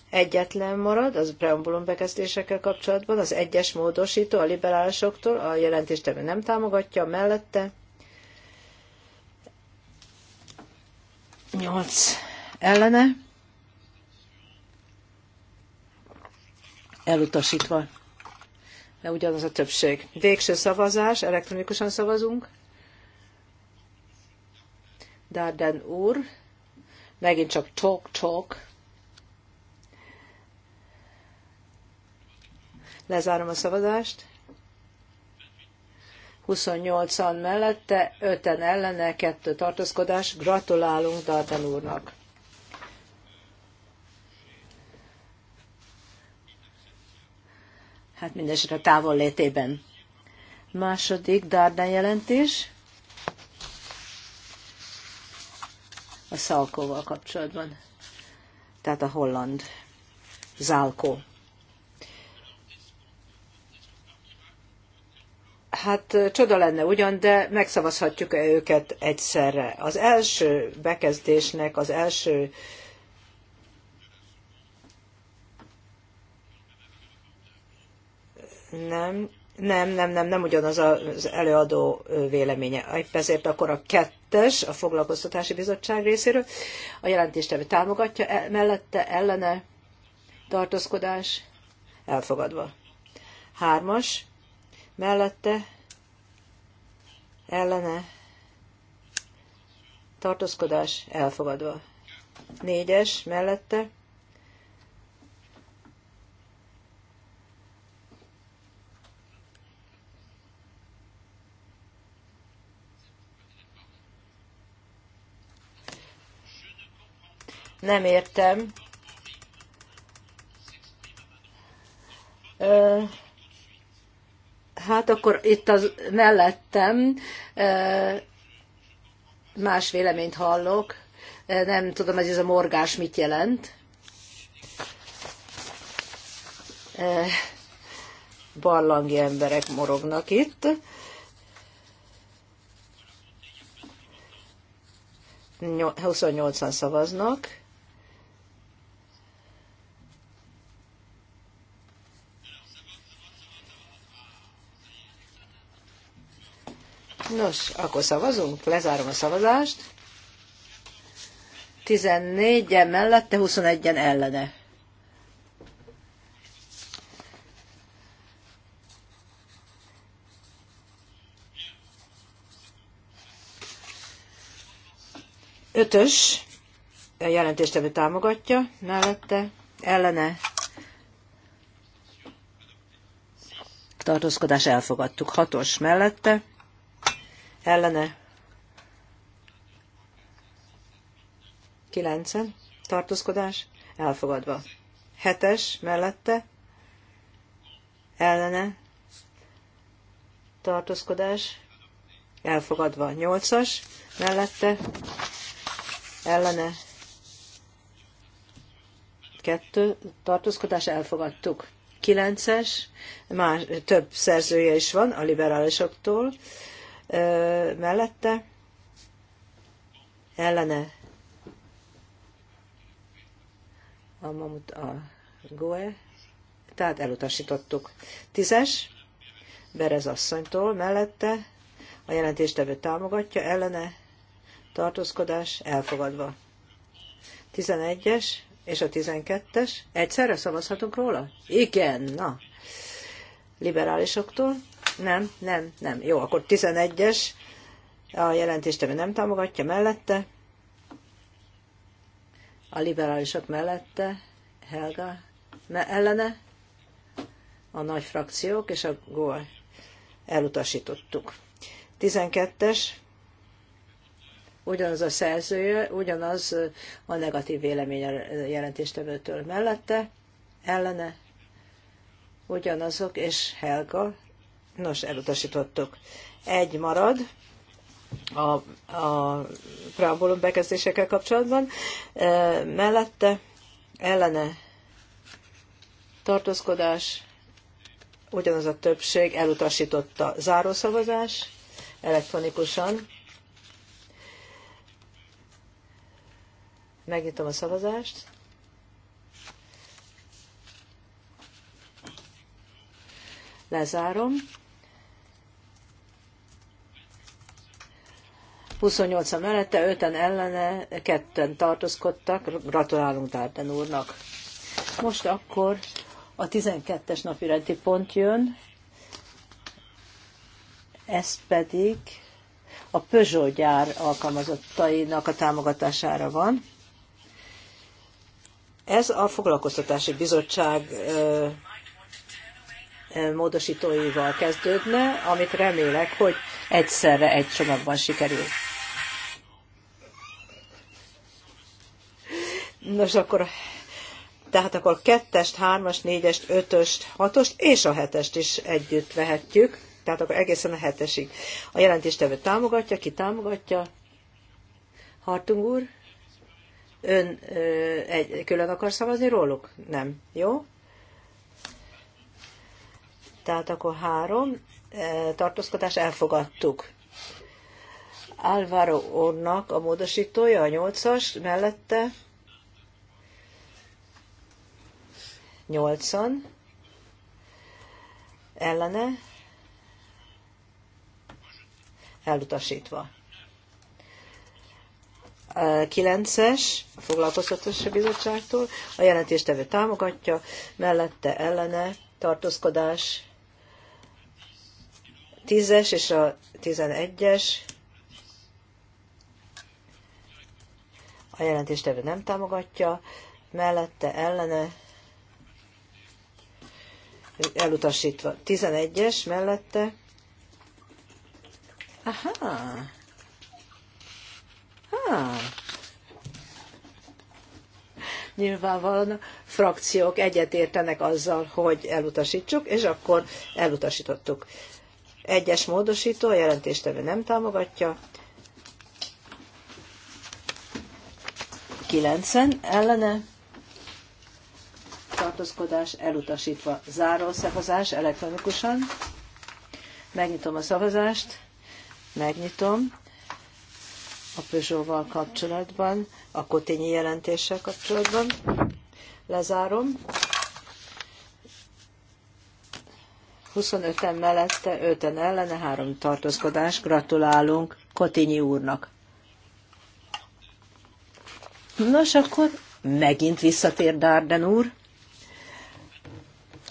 Egyetlen marad az preambulum bekezdésekkel kapcsolatban, az egyes módosító a liberálisoktól, a jelentést nem támogatja, mellette 8 ellene elutasítva. De ugyanaz a többség. Végső szavazás, elektronikusan szavazunk. Darden úr, megint csak talk-talk. Lezárom a szavazást. 28-an mellette, 5-en ellene, 2 tartózkodás. Gratulálunk Darden úrnak. hát mindesetre távol létében. Második Dardán jelentés a Szalkóval kapcsolatban, tehát a holland Zálkó. Hát csoda lenne ugyan, de megszavazhatjuk -e őket egyszerre. Az első bekezdésnek az első Nem, nem, nem, nem, nem ugyanaz az előadó véleménye. Épp ezért akkor a kettes, a foglalkoztatási bizottság részéről, a jelentéstevő támogatja e- mellette ellene tartózkodás elfogadva. Hármas, mellette ellene tartózkodás elfogadva. Négyes, mellette nem értem. Hát akkor itt az mellettem más véleményt hallok. Nem tudom, hogy ez a morgás mit jelent. Barlangi emberek morognak itt. 28-an szavaznak. Nos, akkor szavazunk, lezárom a szavazást. 14-en mellette, 21-en ellene. Ötös a jelentéstevő támogatja mellette, ellene tartózkodás elfogadtuk. Hatos mellette, ellene kilencen tartózkodás elfogadva. hetes mellette ellene tartózkodás elfogadva. nyolcas mellette ellene kettő tartózkodás elfogadtuk. Kilences, más, több szerzője is van a liberálisoktól, mellette ellene a mamut a goe, tehát elutasítottuk. Tízes, Berez asszonytól mellette a jelentéstevő támogatja, ellene tartózkodás elfogadva. 11-es és a 12-es. Egyszerre szavazhatunk róla? Igen, na. Liberálisoktól nem, nem, nem. Jó, akkor 11-es. A jelentéstevő nem támogatja mellette. A liberálisok mellette. Helga me ellene. A nagy frakciók és a gól elutasítottuk. 12-es. Ugyanaz a szerzője, ugyanaz a negatív vélemény jelentéstevőtől mellette, ellene, ugyanazok, és Helga Nos, elutasítottuk. Egy marad a, a preambulum bekezdésekkel kapcsolatban. E, mellette ellene tartózkodás, ugyanaz a többség elutasította zárószavazás elektronikusan. Megnyitom a szavazást. Lezárom. 28 mellette, 5-en ellene, 2-en tartózkodtak. Gratulálunk Dárden úrnak. Most akkor a 12-es napi rendi pont jön, ez pedig a Peugeot gyár alkalmazottainak a támogatására van. Ez a Foglalkoztatási Bizottság módosítóival kezdődne, amit remélek, hogy egyszerre egy csomagban sikerül Nos, akkor tehát akkor kettest, hármast, négyest, ötöst, hatost és a hetest is együtt vehetjük. Tehát akkor egészen a hetesig. A jelentéstevő támogatja, ki támogatja? Hartung úr? Ön ö, egy, külön akar szavazni róluk? Nem. Jó? Tehát akkor három e, tartózkodás elfogadtuk. Álvaro úrnak a módosítója, a nyolcas mellette Nyolcan ellene elutasítva. A kilences a foglalkoztatási bizottságtól a jelentéstevő támogatja, mellette ellene tartózkodás tízes és a tizenegyes, a jelentéstevő nem támogatja, mellette ellene elutasítva. 11-es mellette. Aha. Ha. Nyilvánvalóan frakciók egyetértenek azzal, hogy elutasítsuk, és akkor elutasítottuk. Egyes módosító, a jelentéstevő nem támogatja. Kilencen ellene tartózkodás elutasítva. Záró szavazás elektronikusan. Megnyitom a szavazást. Megnyitom a Peugeot-val kapcsolatban, a kotényi jelentéssel kapcsolatban. Lezárom. 25-en mellette, 5-en ellene, 3 tartózkodás. Gratulálunk Kotinyi úrnak. Nos, akkor megint visszatér Dárden úr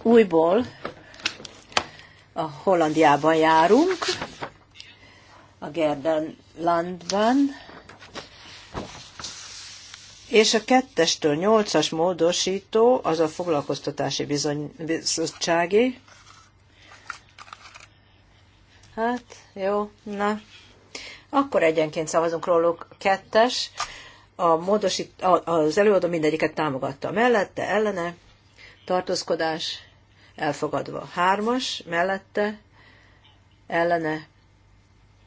újból a Hollandiában járunk, a Gerdenlandban, és a kettestől nyolcas módosító, az a foglalkoztatási bizony, bizottságé. Hát, jó, na. Akkor egyenként szavazunk róluk kettes. A módosít, az előadó mindegyiket támogatta mellette, ellene, tartózkodás, elfogadva. Hármas mellette ellene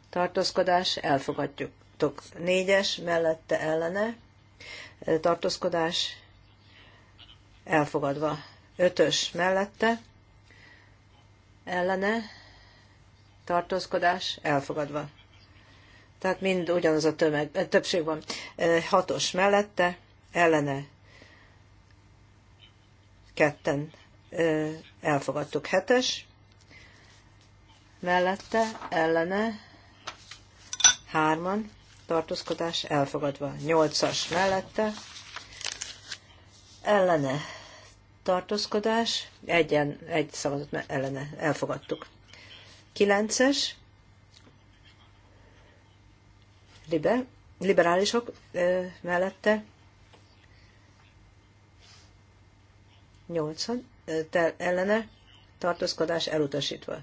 tartózkodás elfogadjuk. Négyes mellette ellene eh, tartózkodás elfogadva. Ötös mellette ellene tartózkodás elfogadva. Tehát mind ugyanaz a tömeg, eh, többség van. Eh, hatos mellette, ellene ketten elfogadtuk. Hetes mellette, ellene, hárman, tartózkodás elfogadva. Nyolcas mellette, ellene, tartózkodás, egyen, egy szavazat ellene, elfogadtuk. Kilences, libe, liberálisok ö, mellette, nyolcan, ellene tartózkodás elutasítva.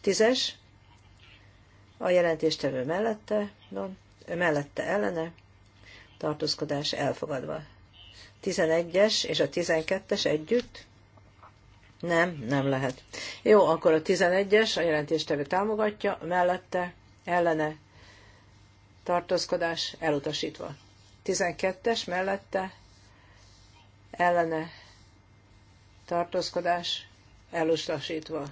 Tízes, a jelentéstevő mellette no, mellette ellene tartózkodás elfogadva. Tizenegyes és a tizenkettes együtt nem, nem lehet. Jó, akkor a 11-es, a jelentéstevő támogatja, mellette, ellene, tartózkodás elutasítva. 12-es mellette, ellene, tartózkodás elutasítva.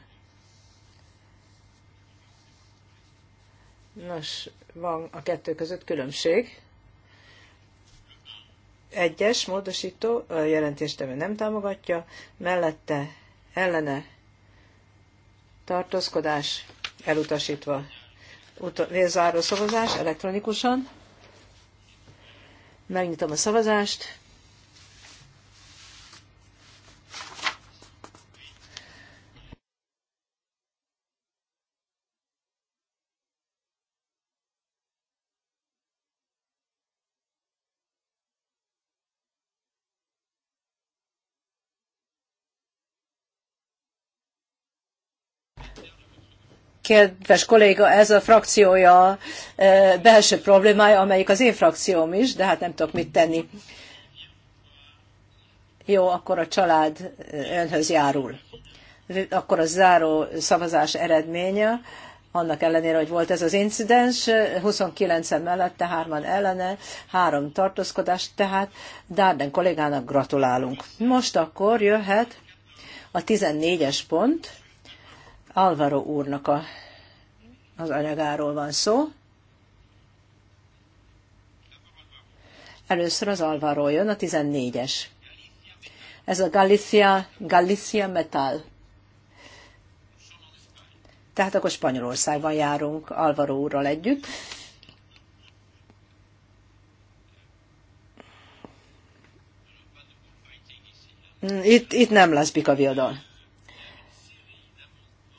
Nos, van a kettő között különbség. Egyes módosító a jelentéstevő nem támogatja, mellette ellene tartózkodás elutasítva. Uta- szavazás elektronikusan. Megnyitom a szavazást. kedves kolléga, ez a frakciója e, belső problémája, amelyik az én frakcióm is, de hát nem tudok mit tenni. Jó, akkor a család e, önhöz járul. Akkor a záró szavazás eredménye, annak ellenére, hogy volt ez az incidens, 29-en e, mellette, 3-an ellene, három tartózkodás, tehát Dárden kollégának gratulálunk. Most akkor jöhet a 14-es pont, Álvaro úrnak a, az anyagáról van szó. Először az alvaro jön, a 14-es. Ez a Galicia, Galicia Metal. Tehát akkor Spanyolországban járunk Alvaro úrral együtt. Itt, itt nem lesz Bika viadal.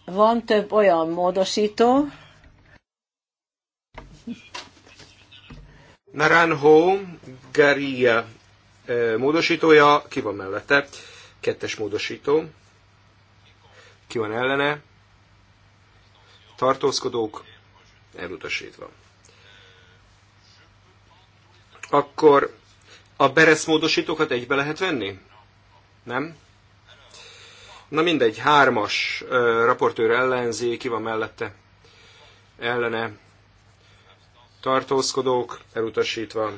Van több olyan módosító. Naranjo Garia módosítója, ki van mellette? Kettes módosító. Ki van ellene? Tartózkodók elutasítva. Akkor a beresz módosítókat egybe lehet venni? Nem? Na mindegy, hármas raportőr ellenzi, ki van mellette, ellene, tartózkodók, elutasítva.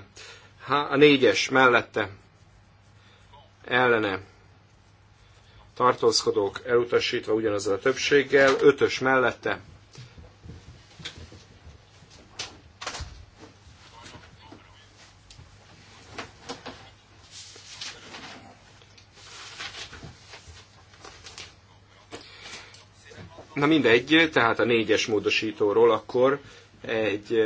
Há, a négyes mellette, ellene, tartózkodók, elutasítva ugyanazzal a többséggel, ötös mellette, Na mindegy, tehát a négyes módosítóról akkor egy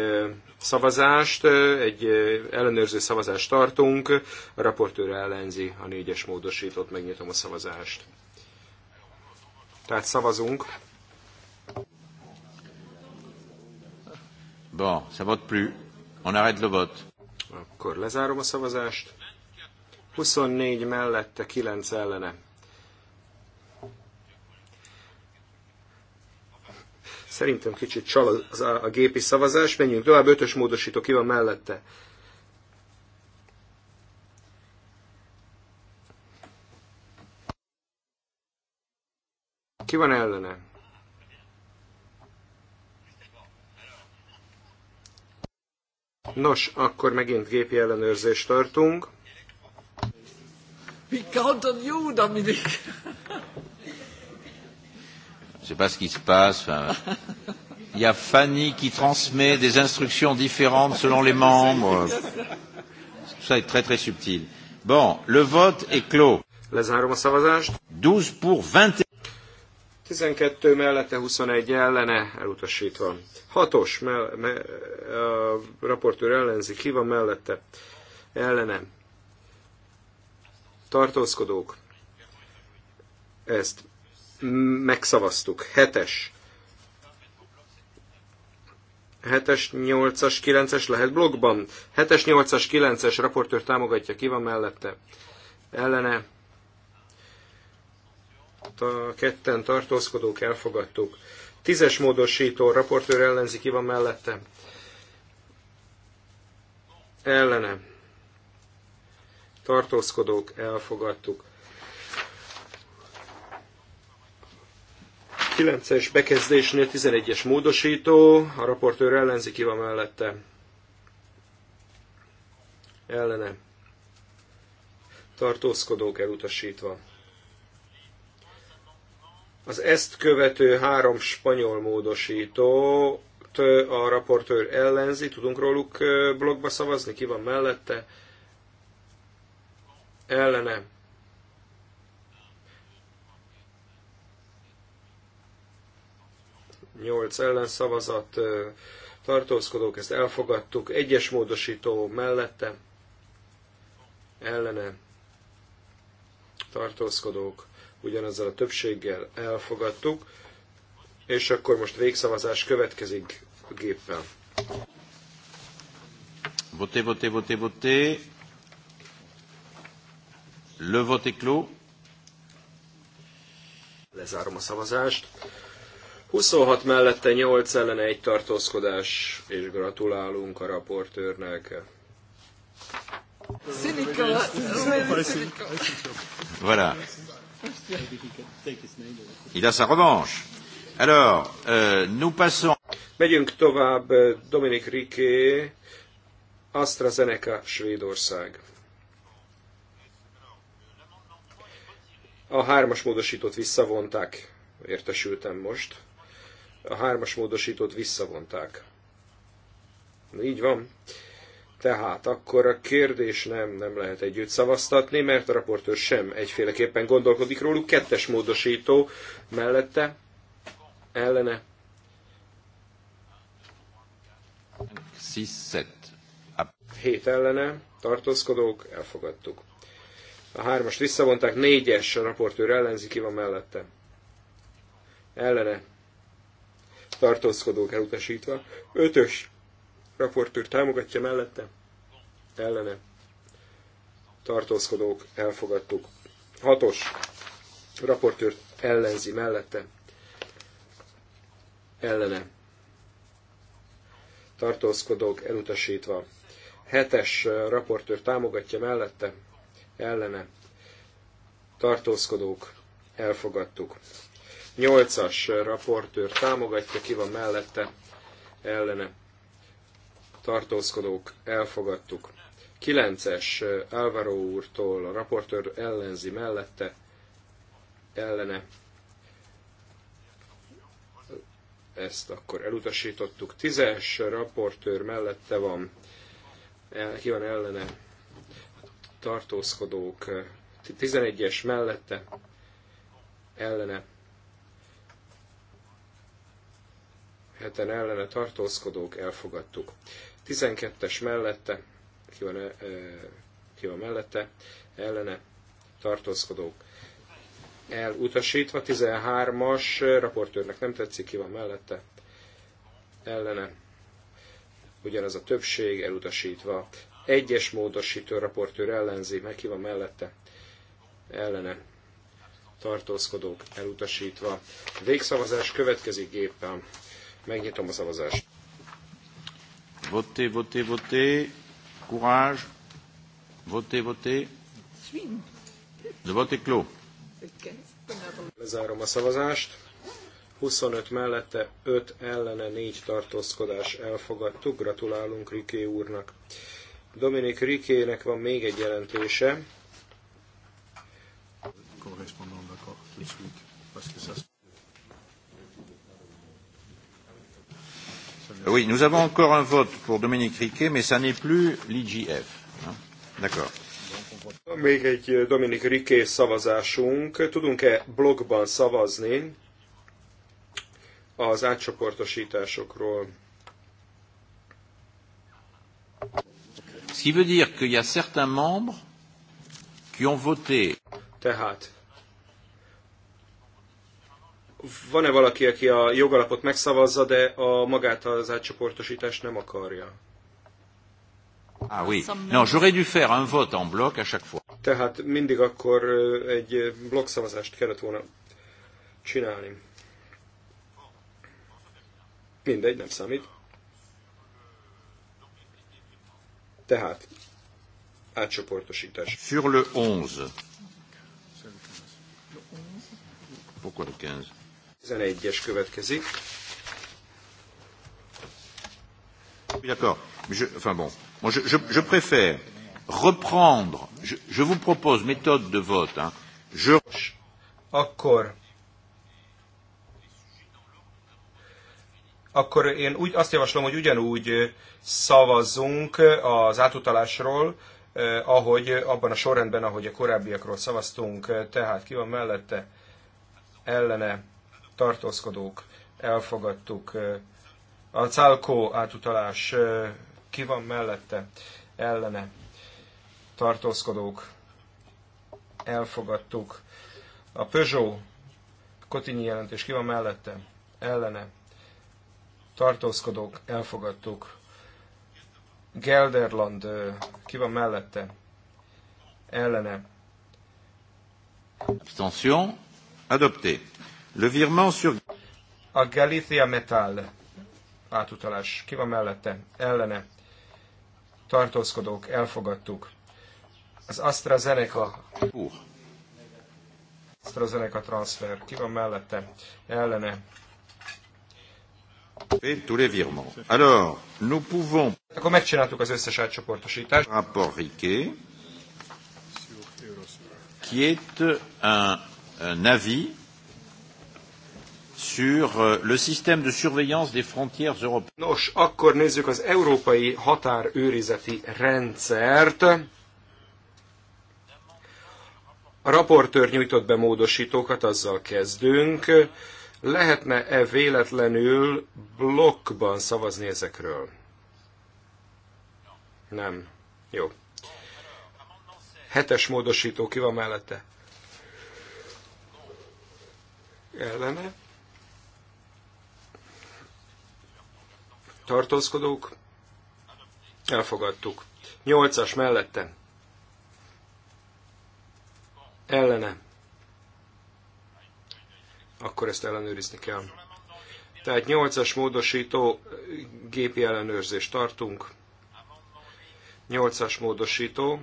szavazást, egy ellenőrző szavazást tartunk, a raportőr ellenzi a négyes módosítót, megnyitom a szavazást. Tehát szavazunk. Bon, ça vote plus. On arrête le vote. Akkor lezárom a szavazást. 24 mellette, 9 ellene. Szerintem kicsit csal a, a, a gépi szavazás. Menjünk tovább, ötös módosító, ki van mellette? Ki van ellene? Nos, akkor megint gépi ellenőrzést tartunk. Mi kaptad jó Dominik! sais pas ce qui se passe. Enfin, il y a Fanny qui transmet des instructions différentes selon les membres. Tout ça est très très subtil. Bon, le vote est clos. Lezárom a szavazást. 12 pour 21. 12 mellette, 21 ellene, elutasítva. 6-os, mell- me- a raportőr ellenzi, ki van mellette? Ellene. Tartózkodók. Ezt megszavaztuk. hetes, hetes nyolcas kilences lehet blogban. hetes nyolcas kilences raportőr támogatja, ki van mellette. Ellene a ketten tartózkodók elfogadtuk. Tízes módosító, raportőr ellenzi, ki van mellette. Ellene tartózkodók elfogadtuk. 9-es bekezdésnél 11-es módosító, a raportőr ellenzi, ki van mellette? Ellene. Tartózkodók elutasítva. Az ezt követő három spanyol módosító a raportőr ellenzi, tudunk róluk blogba szavazni, ki van mellette? Ellene 8 ellenszavazat, tartózkodók, ezt elfogadtuk, egyes módosító mellette, ellene, tartózkodók, ugyanazzal a többséggel elfogadtuk, és akkor most végszavazás következik a géppel. Voté, voté, voté, voté. Le vote clos. Lezárom a szavazást. 26 mellette 8 ellene egy tartózkodás, és gratulálunk a raportőrnek. Voilà. Il a sa revanche. Alors, euh, nous passons. Megyünk tovább, Dominik Riké, AstraZeneca, Svédország. A hármas módosítót visszavonták, értesültem most a hármas módosítót visszavonták. Így van. Tehát akkor a kérdés nem, nem lehet együtt szavaztatni, mert a raportőr sem egyféleképpen gondolkodik róluk. Kettes módosító mellette, ellene. Hét ellene, tartózkodók, elfogadtuk. A hármast visszavonták, négyes a raportőr ellenzi, ki van mellette. Ellene, tartózkodók elutasítva. Ötös raportőr támogatja mellette, ellene tartózkodók elfogadtuk. Hatos raportőr ellenzi mellette, ellene tartózkodók elutasítva. Hetes raportőr támogatja mellette, ellene tartózkodók elfogadtuk. 8-as raportőr támogatja, ki van mellette, ellene tartózkodók, elfogadtuk. 9-es Álvaro úrtól a raportőr ellenzi mellette, ellene ezt akkor elutasítottuk. Tízes raportőr mellette van, el, ki van ellene tartózkodók, 11-es mellette ellene heten ellene tartózkodók elfogadtuk. 12-es mellette, ki van, e, ki van mellette, ellene tartózkodók elutasítva. 13-as raportőrnek nem tetszik, ki van mellette, ellene ugyanaz a többség elutasítva. Egyes módosító raportőr ellenzi, meg ki van mellette, ellene tartózkodók elutasítva. Végszavazás következik géppel. Megnyitom a szavazást. Voté, voté, voté. Courage. Voté, voté. De voté kló. Lezárom a szavazást. 25 mellette, 5 ellene, 4 tartózkodás elfogadtuk. Gratulálunk Riké úrnak. Dominik Rikének van még egy jelentése. Euh, oui, nous avons encore un vote pour Dominique Riquet, mais ça n'est plus l'IGF. D'accord. Még egy euh, Dominik Riké szavazásunk. Tudunk-e blogban szavazni az átcsoportosításokról? Ce qui veut dire qu'il y a certains membres qui ont voté. Tehát van-e valaki, aki a jogalapot megszavazza, de a magát az átcsoportosítást nem akarja? Ah oui. Non, j'aurais dû faire un vote en bloc à chaque fois. Tehát mindig akkor egy blokkszavazást kellett volna csinálni. Mindegy, nem számít. Tehát, átcsoportosítás. Sur le 11. Pourquoi le 15 11-es következik. D'accord. Je, enfin bon, moi je, je, je préfère reprendre, je, je vous propose méthode de vote. Hein. Je... Akkor akkor én úgy azt javaslom, hogy ugyanúgy szavazzunk az átutalásról, eh, ahogy abban a sorrendben, ahogy a korábbiakról szavaztunk, tehát ki van mellette, ellene tartózkodók, elfogadtuk. A cálkó átutalás ki van mellette, ellene, tartózkodók, elfogadtuk. A Peugeot Kotinyi jelentés ki van mellette, ellene, tartózkodók, elfogadtuk. Gelderland ki van mellette, ellene. Abstention adopté. Le virement sur... A Galicia Metal átutalás. Ki van mellette? Ellene. Tartózkodók, elfogadtuk. Az AstraZeneca. Uh. AstraZeneca transfer. Ki van mellette? Ellene. Et tous les virements. Alors, nous pouvons... Akkor megcsináltuk az összes átcsoportosítást. Rapport Riquet, qui est un, un avis sur euh, le système de surveillance des frontières européennes. Nos, akkor nézzük az európai határőrizeti rendszert. A raportőr nyújtott be módosítókat, azzal kezdünk. Lehetne-e véletlenül blokkban szavazni ezekről? Nem. Jó. Hetes módosító, ki van mellette? Ellene? tartózkodók, elfogadtuk. Nyolcas mellette, ellene, akkor ezt ellenőrizni kell. Tehát nyolcas módosító gépi ellenőrzést tartunk. Nyolcas módosító.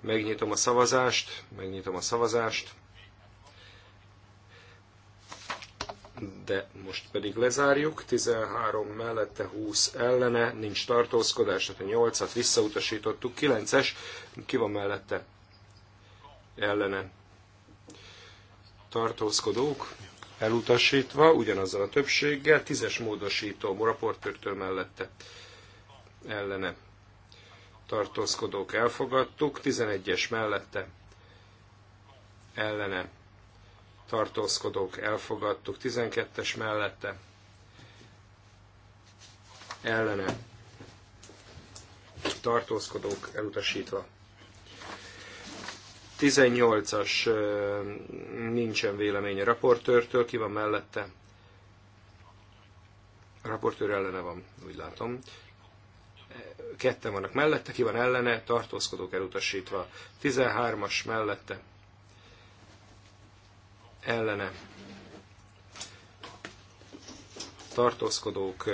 Megnyitom a szavazást, megnyitom a szavazást. de most pedig lezárjuk. 13 mellette 20 ellene, nincs tartózkodás, tehát a 8-at visszautasítottuk, 9-es, ki van mellette? Ellene. Tartózkodók, elutasítva, ugyanazzal a többséggel, 10-es módosító, raportőrtől mellette. Ellene. Tartózkodók elfogadtuk, 11-es mellette. Ellene tartózkodók elfogadtuk, 12-es mellette ellene tartózkodók elutasítva. 18-as nincsen véleménye raportőrtől, ki van mellette? A raportőr ellene van, úgy látom. Ketten vannak mellette, ki van ellene, tartózkodók elutasítva. 13-as mellette ellene tartózkodók,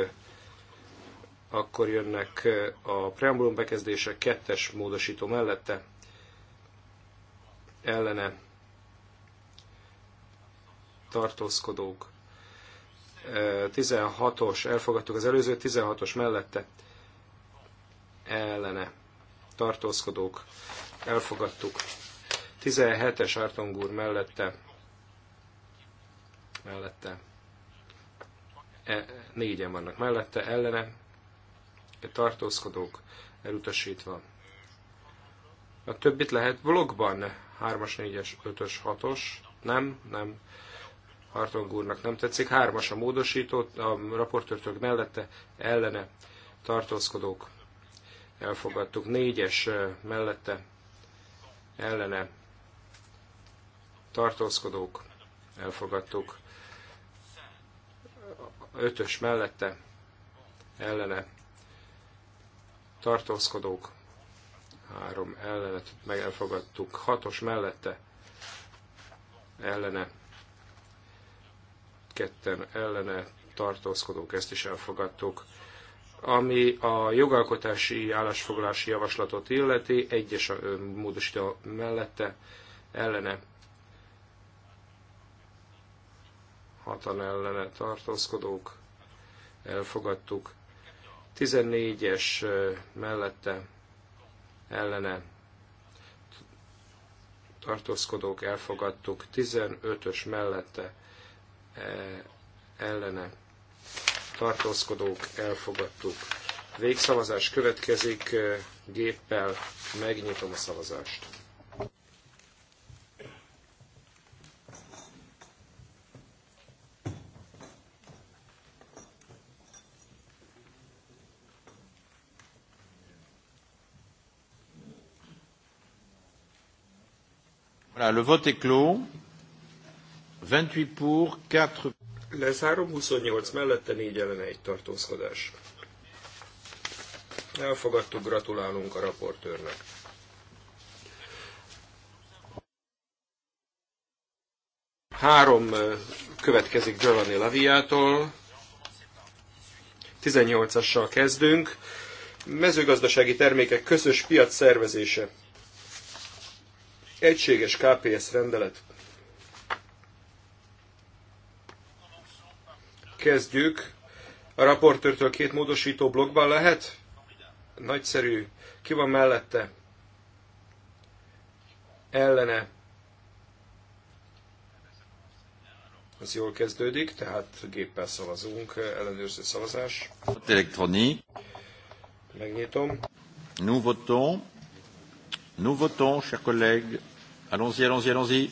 akkor jönnek a preambulum bekezdése kettes módosító mellette, ellene tartózkodók. 16-os, elfogadtuk az előző 16-os mellette, ellene tartózkodók, elfogadtuk. 17-es Ártongúr mellette mellette, e, négyen vannak mellette, ellene, tartózkodók elutasítva. A többit lehet blogban, 3-as, 4-es, 5-ös, 6-os, nem, nem, Hartong úrnak nem tetszik, 3-as a módosító, a raportőrtök mellette, ellene, tartózkodók elfogadtuk, 4-es e, mellette, ellene, tartózkodók elfogadtuk, ötös mellette ellene tartózkodók, három ellenet meg elfogadtuk, hatos mellette ellene, ketten ellene tartózkodók, ezt is elfogadtuk. Ami a jogalkotási állásfoglalási javaslatot illeti, egyes a módosító mellette ellene hatan ellene tartózkodók, elfogadtuk. 14-es mellette ellene tartózkodók, elfogadtuk. 15-ös mellette ellene tartózkodók, elfogadtuk. Végszavazás következik, géppel megnyitom a szavazást. Ah, le vote est clos. 28 pour, 4... Lezárom, 28 mellette, 4 ellen 1 tartózkodás. Elfogadtuk, gratulálunk a raportőrnek. Három eh, következik Giovanni Laviától. 18-assal kezdünk. Mezőgazdasági termékek közös piac szervezése egységes KPS rendelet. Kezdjük. A raportőrtől két módosító blokkban lehet? Nagyszerű. Ki van mellette? Ellene. Ez jól kezdődik, tehát géppel szavazunk, ellenőrző szavazás. Elektronik. Megnyitom. Nous votons. Nous votons, chers collègues. Allons-y, allons-y, allons-y.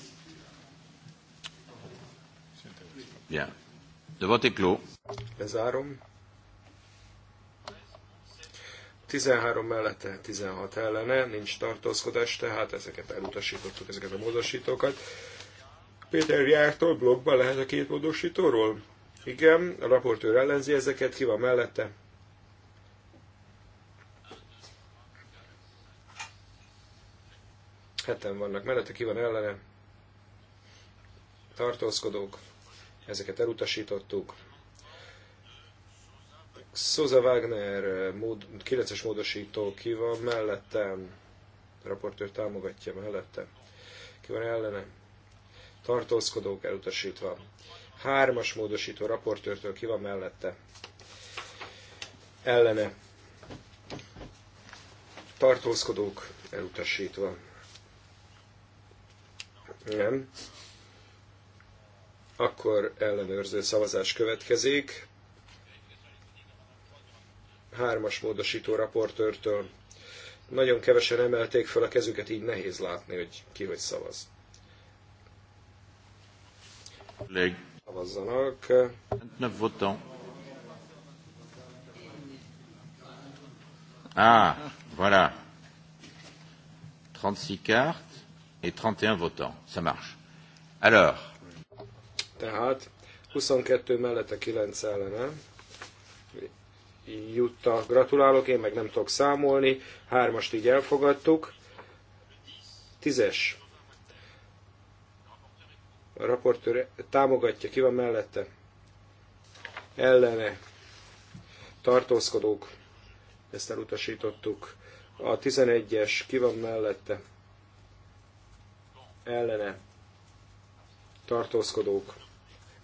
Bien. Le vote est clos. Lezárom. 13 mellette, 16 ellene, nincs tartózkodás, tehát ezeket elutasítottuk, ezeket a módosítókat. Péter Jártól blogban lehet a két módosítóról? Igen, a raportőr ellenzi ezeket, ki van mellette? Heten vannak mellette, ki van ellene. Tartózkodók. Ezeket elutasítottuk. Szóza Wagner 9-es módosító ki van mellette, raportőr támogatja mellette, Ki van ellene? Tartózkodók elutasítva. Hármas módosító raportőrtől ki van mellette. Ellene. Tartózkodók elutasítva. Nem. Akkor ellenőrző szavazás következik. Hármas módosító raportőrtől. Nagyon kevesen emelték fel a kezüket, így nehéz látni, hogy ki hogy szavaz. Leg. Szavazzanak. Nem voltam. Ah, voilà. 36 cartes et 31 votants. Ça marche. Alors. Tehát 22 mellette 9 ellene. Jutta, gratulálok, én meg nem tudok számolni. Hármast így elfogadtuk. Tízes. A raportőr támogatja, ki van mellette? Ellene. Tartózkodók. Ezt elutasítottuk. A 11-es, ki van mellette? ellene tartózkodók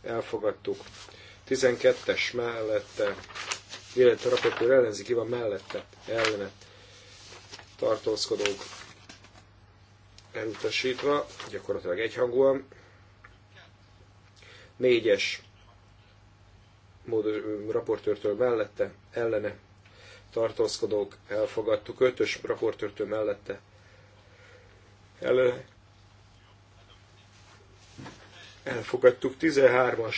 elfogadtuk. 12-es mellette, illetve a raportőr ellenzi, ki van mellette, ellene tartózkodók elutasítva, gyakorlatilag egyhangúan. 4-es raportőrtől mellette, ellene tartózkodók elfogadtuk, 5-ös raportőrtől mellette, ellene elfogadtuk. 13-as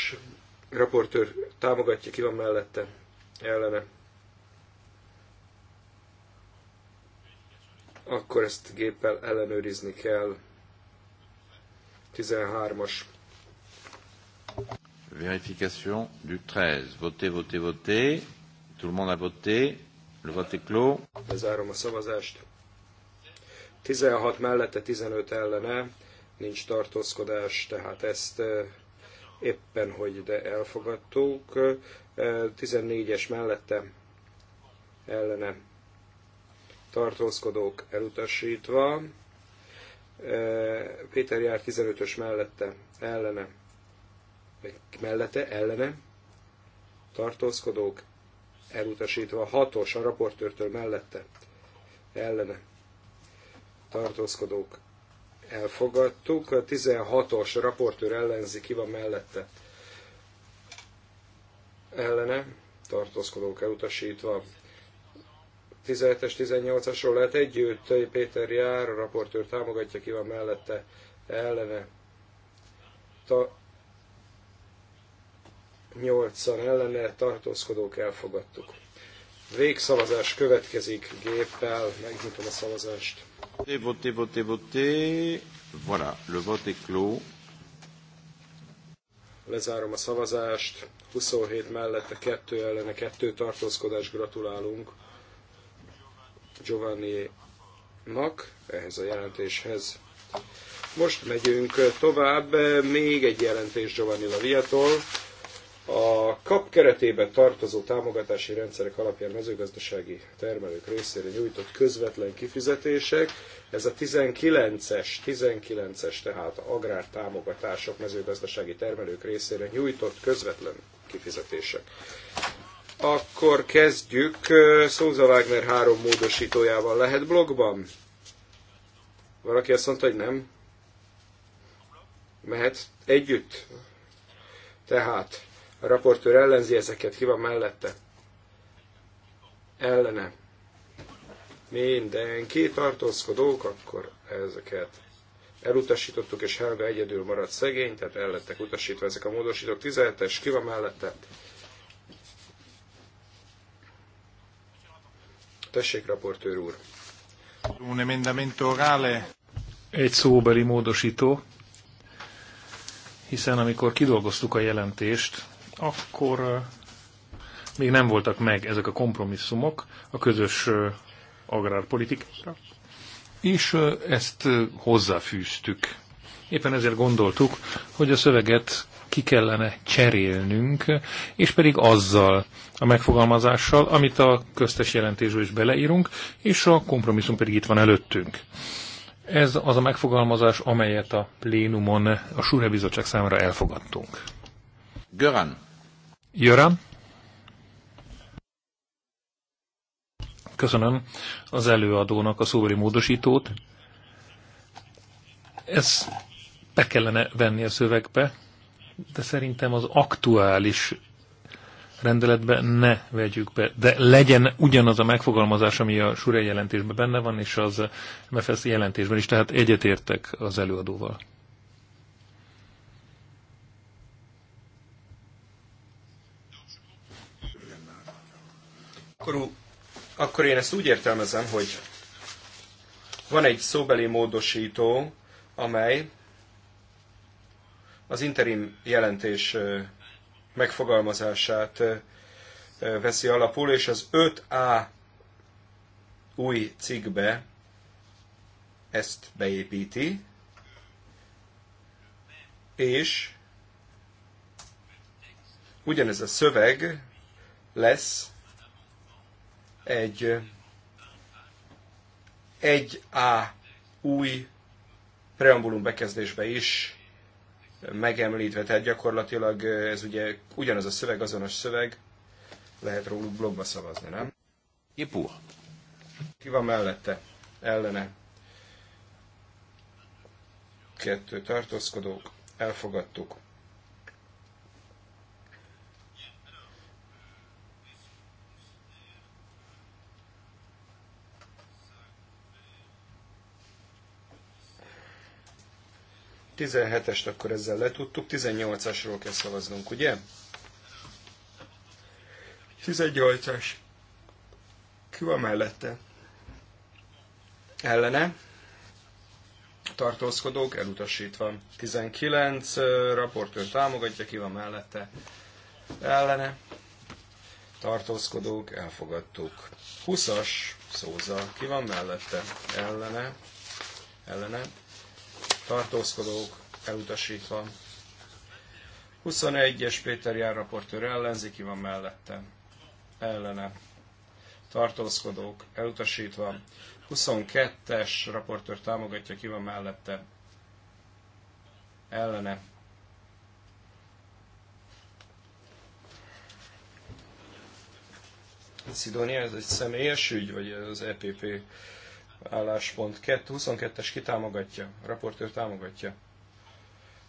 raportőr támogatja, ki van mellette, ellene. Akkor ezt géppel ellenőrizni kell. 13-as. Vérification du 13. Voté, voté, voté. Tout le monde a voté. Le vote est clos. Bezárom a szavazást. 16 mellette, 15 ellene nincs tartózkodás, tehát ezt eh, éppen hogy de elfogadtuk. 14-es eh, mellette ellene tartózkodók elutasítva. Eh, Péter jár 15-ös mellette ellene, mellette ellene tartózkodók elutasítva. 6-os a raportőrtől mellette ellene tartózkodók elfogadtuk. A 16-os raportőr ellenzi, ki van mellette. Ellene, tartózkodók elutasítva. 17-es, 18-asról lehet együtt, Péter jár, a raportőr támogatja, ki van mellette, ellene. Ta 8-an ellene tartózkodók elfogadtuk. Végszavazás következik géppel, megnyitom a szavazást. Voté, voté, voté. Voilà, le vote est clos. Lezárom a szavazást. 27 mellette, 2 ellene, 2 tartózkodás. Gratulálunk Giovanni-nak ehhez a jelentéshez. Most megyünk tovább, még egy jelentés Giovanni Laviatól. A KAP keretében tartozó támogatási rendszerek alapján mezőgazdasági termelők részére nyújtott közvetlen kifizetések, ez a 19-es, 19-es tehát agrártámogatások mezőgazdasági termelők részére nyújtott közvetlen kifizetések. Akkor kezdjük. Szóza Wagner három módosítójával lehet blogban? Valaki azt mondta, hogy nem? Mehet együtt? Tehát a raportőr ellenzi ezeket, ki van mellette? Ellene. Mindenki tartózkodók, akkor ezeket elutasítottuk, és Helga egyedül maradt szegény, tehát el lettek utasítva ezek a módosítók. 17-es, ki van mellette? Tessék, raportőr úr. Egy szóbeli módosító, hiszen amikor kidolgoztuk a jelentést, akkor még nem voltak meg ezek a kompromisszumok a közös agrárpolitikára, és ezt hozzáfűztük. Éppen ezért gondoltuk, hogy a szöveget ki kellene cserélnünk, és pedig azzal a megfogalmazással, amit a köztes jelentésből is beleírunk, és a kompromisszum pedig itt van előttünk. Ez az a megfogalmazás, amelyet a plénumon a Súre Bizottság számára elfogadtunk. Göran. Jöran? Köszönöm az előadónak a szóbeli módosítót. Ez be kellene venni a szövegbe, de szerintem az aktuális rendeletbe ne vegyük be, de legyen ugyanaz a megfogalmazás, ami a Surely jelentésben benne van, és az MFS jelentésben is, tehát egyetértek az előadóval. Akkor, akkor én ezt úgy értelmezem, hogy van egy szóbeli módosító, amely az interim jelentés megfogalmazását veszi alapul, és az 5A új cikkbe ezt beépíti, és ugyanez a szöveg lesz egy 1A új preambulum bekezdésbe is megemlítve, tehát gyakorlatilag ez ugye ugyanaz a szöveg, azonos szöveg, lehet róluk blogba szavazni, nem? Ipu. Ki van mellette? Ellene. Kettő tartózkodók. Elfogadtuk. 17-est akkor ezzel letudtuk, 18-asról kell szavaznunk, ugye? 18-as. Ki van mellette? Ellene. Tartózkodók elutasítva. 19, raportőr támogatja, ki van mellette? Ellene. Tartózkodók, elfogadtuk. 20-as szóza, ki van mellette? Ellene. Ellene tartózkodók elutasítva. 21-es Péter járraportőr raportőr ki van mellette? Ellene. Tartózkodók elutasítva. 22-es raportőr támogatja, ki van mellette? Ellene. Szidónia, ez egy személyes ügy, vagy az EPP álláspont 22-es kitámogatja, raportőr támogatja.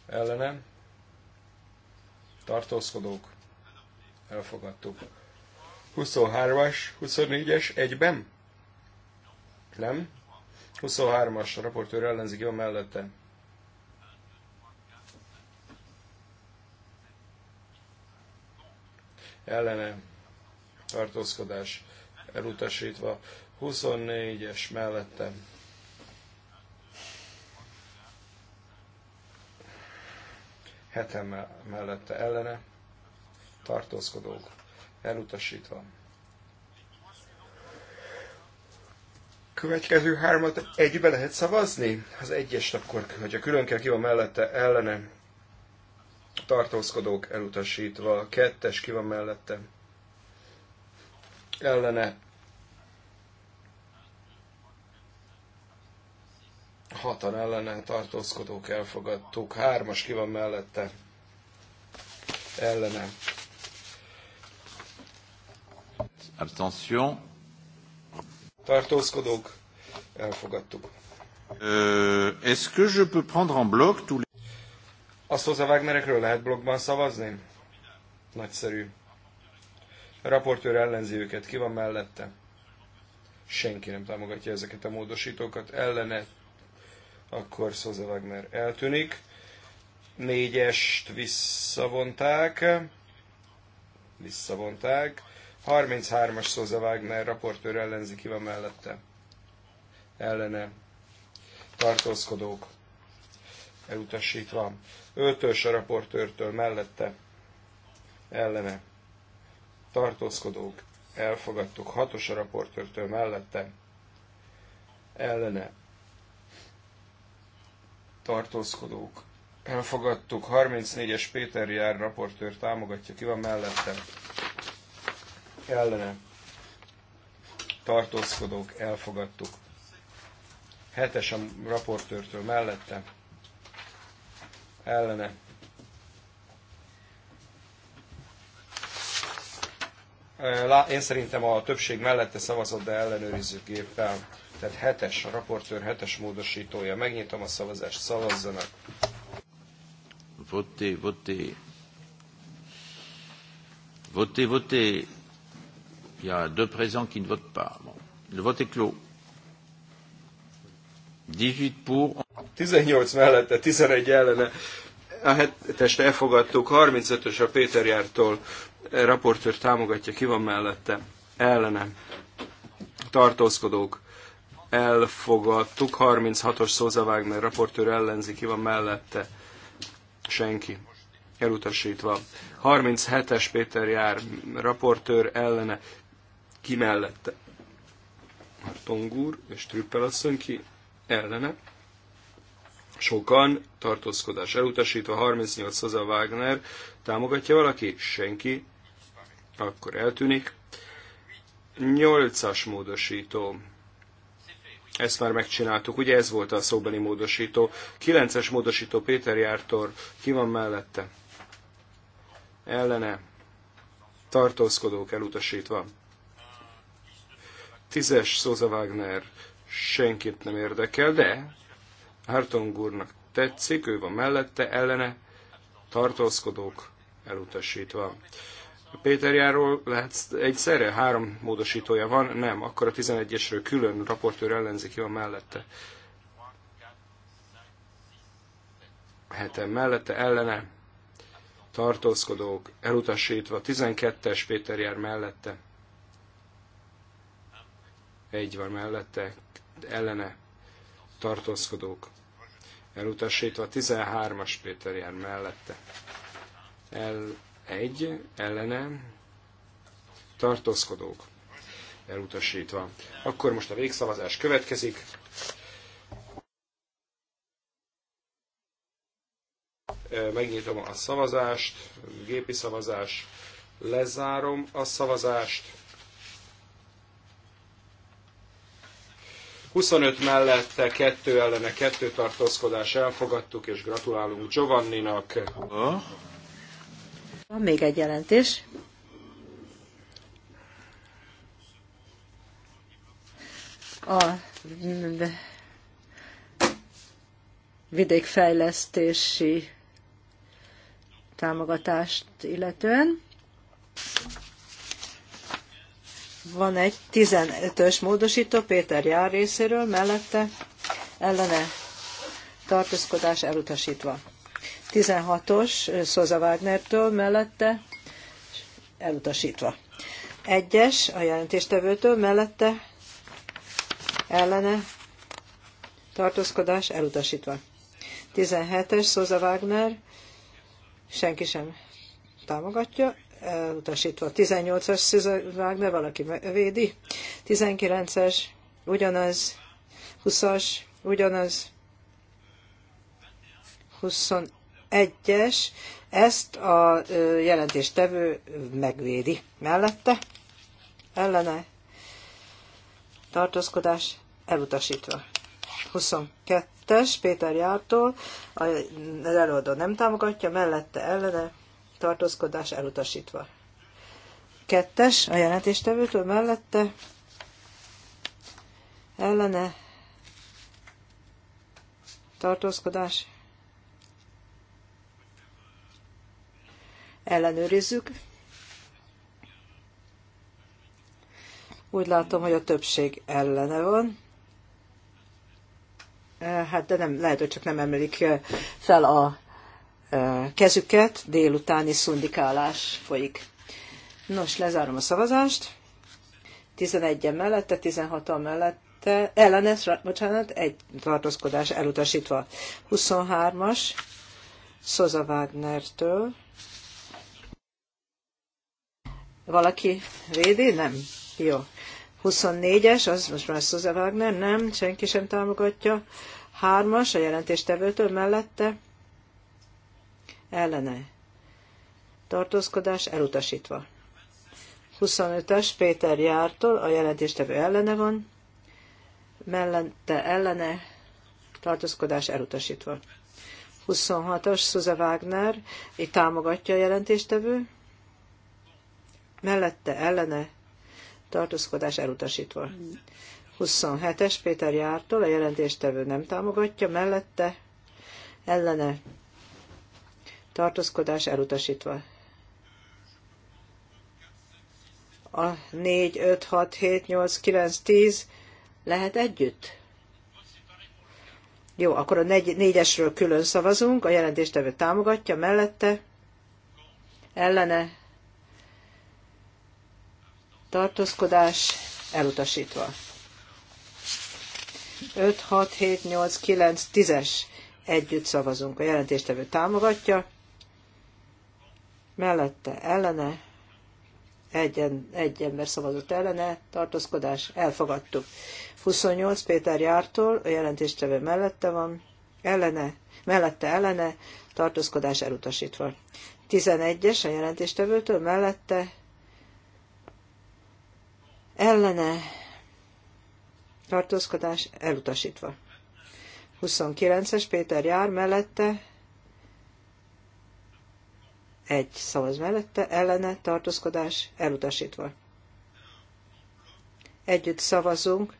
Ellene tartózkodók elfogadtuk. 23-as, 24-es egyben? Nem? 23-as a raportőr ellenzik, jó mellette. Ellene tartózkodás elutasítva. 24-es mellette. Hetem mellette ellene. Tartózkodók elutasítva. Következő hármat egybe lehet szavazni? Az egyes akkor, hogyha külön kell ki van mellette, ellene, tartózkodók elutasítva, kettes ki van mellette, ellene, hatan ellene tartózkodók elfogadtuk, hármas ki van mellette, ellene. Abstention. Tartózkodók elfogadtuk. Uh, Est-ce que je peux prendre en bloc tous les... Azt hozzá Wagnerekről lehet blogban szavazni? Nagyszerű. A raportőr ellenzi őket, ki van mellette? Senki nem támogatja ezeket a módosítókat. Ellene akkor Szóza Wagner eltűnik. Négyest visszavonták, visszavonták. 33-as Szóza Wagner raportőr ellenzi, ki van mellette? Ellene tartózkodók elutasítva. Ötös a raportőrtől mellette ellene tartózkodók elfogadtuk. Hatos a raportőrtől mellette ellene tartózkodók. Elfogadtuk, 34-es Péter jár raportőr támogatja, ki van mellette. Ellene. Tartózkodók, elfogadtuk. 7-es a raportőrtől mellette. Ellene. Én szerintem a többség mellette szavazott, de ellenőrizzük géppel. Tehát hetes, a raportőr hetes módosítója. Megnyitom a szavazást, szavazzanak. Voté, voté. Voté, voté. Il y a deux présents qui ne votent pas. Bon. Le vote est clos. 18 pour. 18 mellette, 11 ellene. A hetest elfogadtuk, 35-ös a Péter Jártól. Raportőr támogatja, ki van mellette? Ellenem. Tartózkodók elfogadtuk. 36-os Szóza Wagner raportőr ellenzi, ki van mellette? Senki. Elutasítva. 37-es Péter Jár raportőr ellene, ki mellette? Tongúr és Trüppel asszony ki ellene. Sokan, tartózkodás elutasítva, 38 Szaza Wagner, támogatja valaki? Senki. Akkor eltűnik. 8-as módosító ezt már megcsináltuk. Ugye ez volt a szóbeli módosító. 9-es módosító Péter Jártor. Ki van mellette? Ellene. Tartózkodók elutasítva. 10-es Szóza Wagner. Senkit nem érdekel, de Hartong úrnak tetszik, ő van mellette, ellene, tartózkodók elutasítva a Péterjáról lehet egyszerre? Három módosítója van? Nem. Akkor a 11-esről külön raportőr ellenzik, van mellette. Heten mellette, ellene. Tartózkodók, elutasítva. 12-es Péterjár mellette. Egy van mellette, ellene. Tartózkodók, elutasítva. 13-as Péterjár mellette. El, 1 ellene tartózkodók elutasítva. Akkor most a végszavazás következik. Megnyitom a szavazást, gépi szavazás, lezárom a szavazást. 25 mellette, 2 ellene, 2 tartózkodás elfogadtuk, és gratulálunk Giovanninak. Van még egy jelentés. A vidékfejlesztési támogatást illetően. Van egy 15-ös módosító Péter Jár részéről, mellette ellene tartózkodás elutasítva. 16-os Szoza Wagnertől mellette elutasítva. Egyes a jelentéstevőtől mellette ellene tartózkodás elutasítva. 17-es Szoza Wagner senki sem támogatja, elutasítva. 18-as Szoza Wagner valaki védi. 19-es ugyanaz. 20-as ugyanaz. 21 egyes, ezt a jelentéstevő megvédi. Mellette ellene tartózkodás elutasítva. 22-es Péter Jártól, az előadó nem támogatja, mellette ellene tartózkodás elutasítva. Kettes a jelentéstevőtől mellette ellene tartózkodás ellenőrizzük. Úgy látom, hogy a többség ellene van. Eh, hát, de nem, lehet, hogy csak nem emelik eh, fel a eh, kezüket, délutáni szundikálás folyik. Nos, lezárom a szavazást. 11-en mellette, 16-an mellette, ellenes, bocsánat, egy tartózkodás elutasítva. 23-as Szoza Wagner-től. Valaki védi? Nem. Jó. 24-es, az most már Suze Wagner, nem, senki sem támogatja. Hármas a jelentéstevőtől mellette ellene. Tartózkodás elutasítva. 25-es Péter Jártól a jelentéstevő ellene van, mellette ellene tartózkodás elutasítva. 26-as Suze Wagner, így támogatja a jelentéstevő, mellette ellene tartózkodás elutasítva. 27-es Péter Jártól a jelentéstevő nem támogatja, mellette ellene tartózkodás elutasítva. A 4, 5, 6, 7, 8, 9, 10 lehet együtt? Jó, akkor a negy, négyesről külön szavazunk, a jelentéstevő támogatja, mellette, ellene, tartózkodás elutasítva. 5, 6, 7, 8, 9, 10-es együtt szavazunk. A jelentéstevő támogatja, mellette ellene, egy, egy ember szavazott ellene, tartózkodás, elfogadtuk. 28 Péter Jártól, a jelentéstevő mellette van, ellene, mellette ellene, tartózkodás elutasítva. 11-es a jelentéstevőtől, mellette ellene tartózkodás elutasítva. 29-es Péter jár mellette, egy szavaz mellette, ellene tartózkodás elutasítva. Együtt szavazunk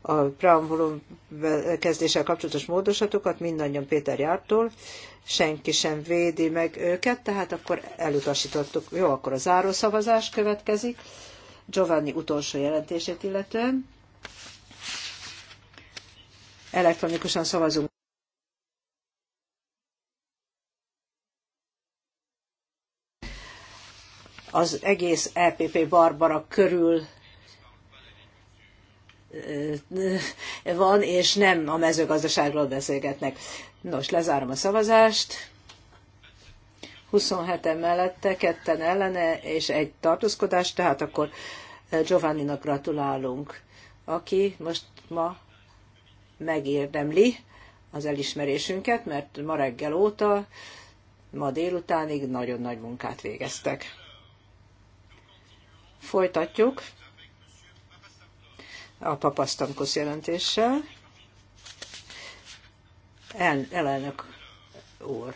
a preambulum kezdéssel kapcsolatos módosatokat mindannyian Péter jártól, senki sem védi meg őket, tehát akkor elutasítottuk. Jó, akkor a záró szavazás következik. Giovanni utolsó jelentését illetően. Elektronikusan szavazunk. Az egész EPP Barbara körül van, és nem a mezőgazdaságról beszélgetnek. Nos, lezárom a szavazást. 27-en mellette, ketten ellene, és egy tartózkodás, tehát akkor eh, Giovanninak gratulálunk, aki most ma megérdemli az elismerésünket, mert ma reggel óta, ma délutánig nagyon nagy munkát végeztek. Folytatjuk a papasztamkosz jelentéssel. El, elelnök úr.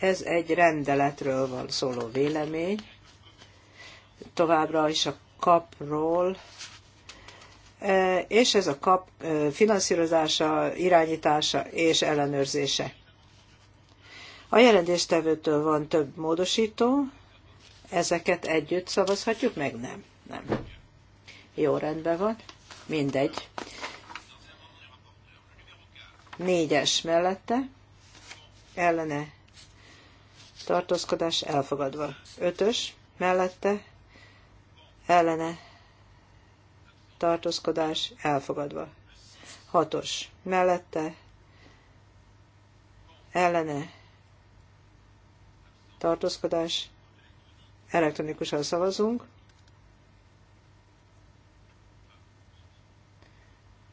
Ez egy rendeletről van szóló vélemény. Továbbra is a kapról e, és ez a kap e, finanszírozása, irányítása és ellenőrzése. A jelentéstevőtől van több módosító, ezeket együtt szavazhatjuk, meg nem. Nem. Jó, rendben van. Mindegy. Négyes mellette, ellene tartózkodás elfogadva. Ötös mellette ellene tartózkodás elfogadva. Hatos mellette ellene tartózkodás elektronikusan szavazunk.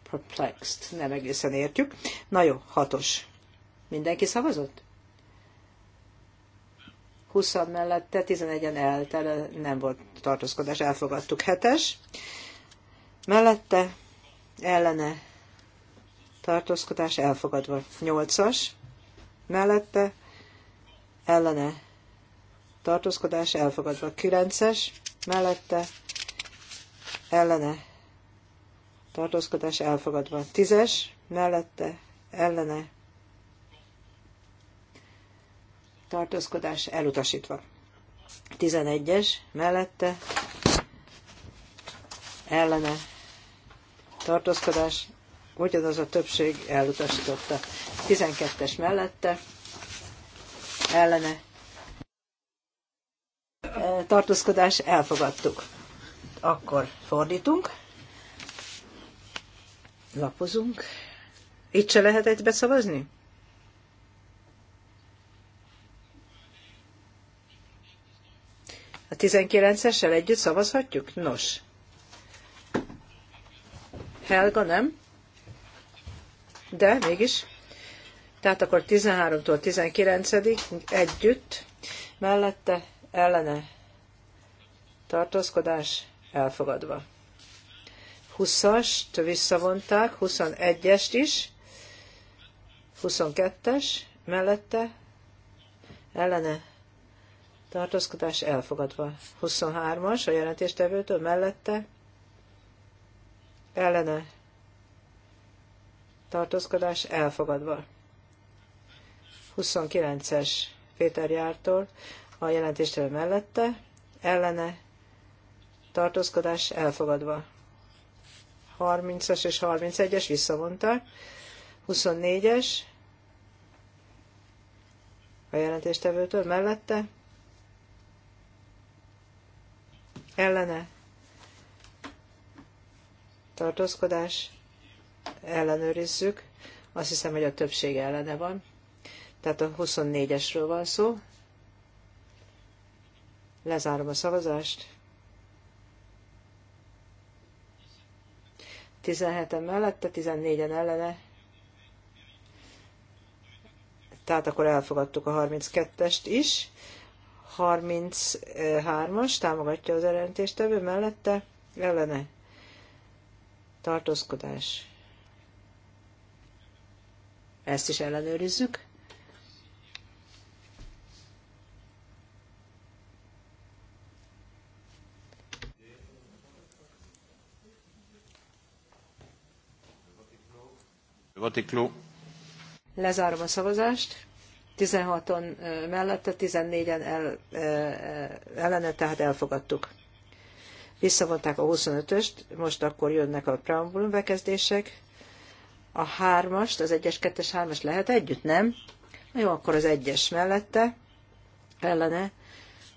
Perplexed, nem egészen értjük. Na jó, hatos. Mindenki szavazott? 20 mellette, 11-en eltele, nem volt tartózkodás, elfogadtuk. 7-es mellette, ellene tartózkodás, elfogadva. 8-as mellette, ellene tartózkodás, elfogadva. 9-es mellette, ellene tartózkodás, elfogadva. 10-es mellette, ellene tartózkodás elutasítva. 11-es mellette ellene tartózkodás ugyanaz a többség elutasította. 12-es mellette ellene tartózkodás elfogadtuk. Akkor fordítunk, lapozunk. Itt se lehet egybe szavazni? 19-essel együtt szavazhatjuk? Nos. Helga nem? De mégis. Tehát akkor 13-tól 19 együtt mellette ellene tartózkodás elfogadva. 20-ast visszavonták, 21-est is, 22-es mellette ellene tartózkodás elfogadva. 23-as a jelentéstevőtől mellette ellene tartózkodás elfogadva. 29-es Péter Jártól a jelentéstevő mellette ellene tartózkodás elfogadva. 30-as és 31-es visszavonta. 24-es a jelentéstevőtől mellette ellene tartózkodás, ellenőrizzük. Azt hiszem, hogy a többség ellene van. Tehát a 24-esről van szó. Lezárom a szavazást. 17-en mellette, 14-en ellene. Tehát akkor elfogadtuk a 32-est is. 33-as támogatja az jelentéstevő mellette ellene tartózkodás. Ezt is ellenőrizzük. Vatikló. Lezárom a szavazást. 16-on mellette, 14-en el, ellene, tehát elfogadtuk. Visszavonták a 25-öst, most akkor jönnek a preambulum bekezdések. A hármast, az egyes, kettes, hármas lehet együtt, nem? Na jó, akkor az egyes mellette, ellene,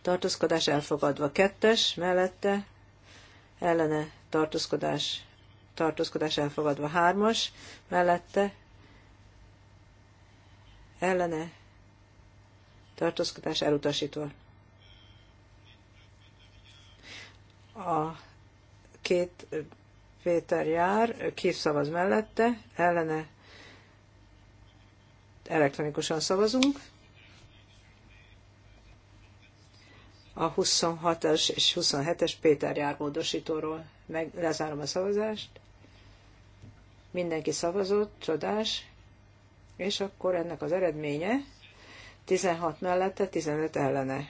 tartózkodás elfogadva. Kettes mellette, ellene, tartózkodás, tartózkodás elfogadva. Hármas mellette, ellene, tartózkodás elutasítva. A két Péter jár, szavaz mellette, ellene elektronikusan szavazunk. A 26-es és 27-es Péter jár módosítóról meg, lezárom a szavazást. Mindenki szavazott, csodás. És akkor ennek az eredménye 16 mellette, 15 ellene.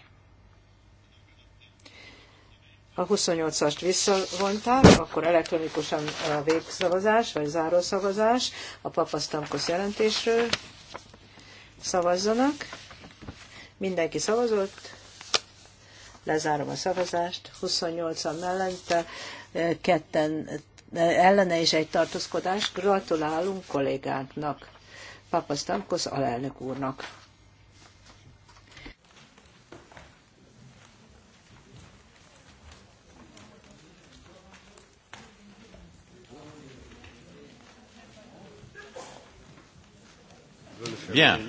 A 28-ast visszavonták, akkor elektronikusan a végszavazás, vagy zárószavazás a papasztamkosz jelentésről szavazzanak. Mindenki szavazott. Lezárom a szavazást. 28-an mellette, ketten ellene is egy tartózkodás. Gratulálunk kollégánknak, Papasztamkosz alelnök úrnak. Bien.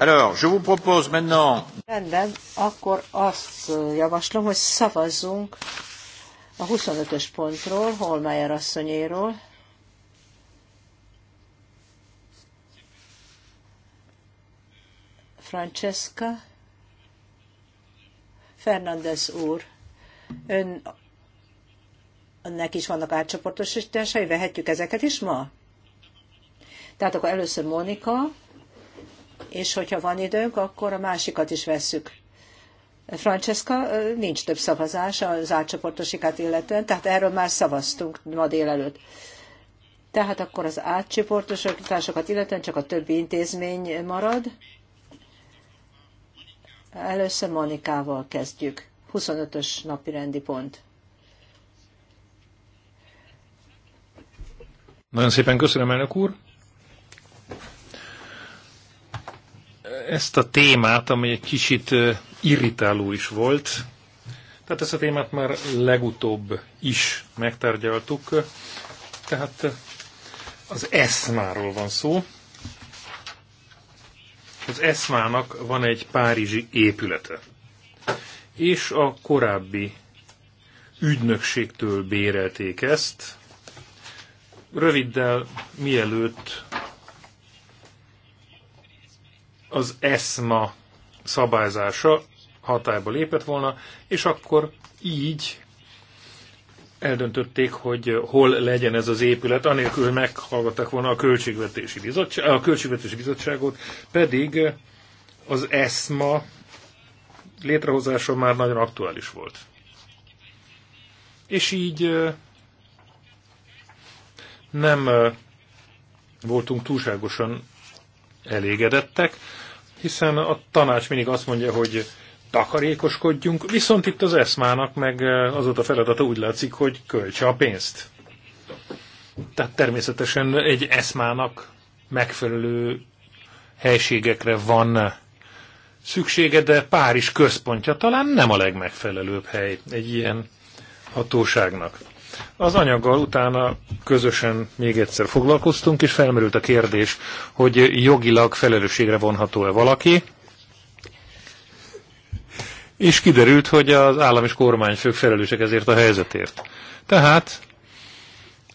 Alors, je vous propose maintenant... Rendben, akkor azt javaslom, hogy szavazzunk a 25-ös pontról, Holmeyer asszonyéről. Francesca. Fernández úr, ön, önnek is vannak átcsoportosításai, vehetjük ezeket is ma? Tehát akkor először Monika, és hogyha van időnk, akkor a másikat is vesszük. Francesca, nincs több szavazás az átcsoportosikát illetően, tehát erről már szavaztunk ma délelőtt. Tehát akkor az átcsoportosításokat illetően csak a többi intézmény marad. Először Monikával kezdjük. 25-ös napi rendi pont. Nagyon szépen köszönöm, elnök úr. ezt a témát, amely egy kicsit irritáló is volt, tehát ezt a témát már legutóbb is megtárgyaltuk, tehát az eszmáról van szó. Az eszmának van egy párizsi épülete, és a korábbi ügynökségtől bérelték ezt, röviddel mielőtt az ESMA szabályzása hatályba lépett volna, és akkor így eldöntötték, hogy hol legyen ez az épület, anélkül, meghallgattak meghallgatták volna a Költségvetési, Bizottság, a Költségvetési Bizottságot, pedig az ESMA létrehozása már nagyon aktuális volt. És így nem voltunk túlságosan elégedettek, hiszen a tanács mindig azt mondja, hogy takarékoskodjunk, viszont itt az eszmának meg az a feladata úgy látszik, hogy költse a pénzt. Tehát természetesen egy eszmának megfelelő helységekre van szüksége, de Párizs központja talán nem a legmegfelelőbb hely egy ilyen hatóságnak. Az anyaggal utána közösen még egyszer foglalkoztunk, és felmerült a kérdés, hogy jogilag felelősségre vonható-e valaki, és kiderült, hogy az állam és kormányfők felelősek ezért a helyzetért. Tehát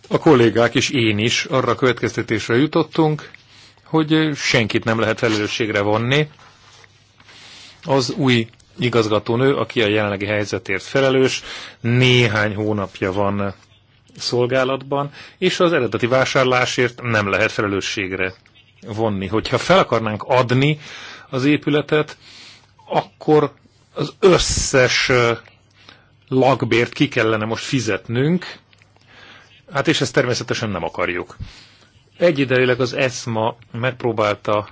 a kollégák és én is arra következtetésre jutottunk, hogy senkit nem lehet felelősségre vonni az új igazgatónő, aki a jelenlegi helyzetért felelős, néhány hónapja van szolgálatban, és az eredeti vásárlásért nem lehet felelősségre vonni. Hogyha fel akarnánk adni az épületet, akkor az összes lakbért ki kellene most fizetnünk, hát és ezt természetesen nem akarjuk. Egyidejileg az ESMA megpróbálta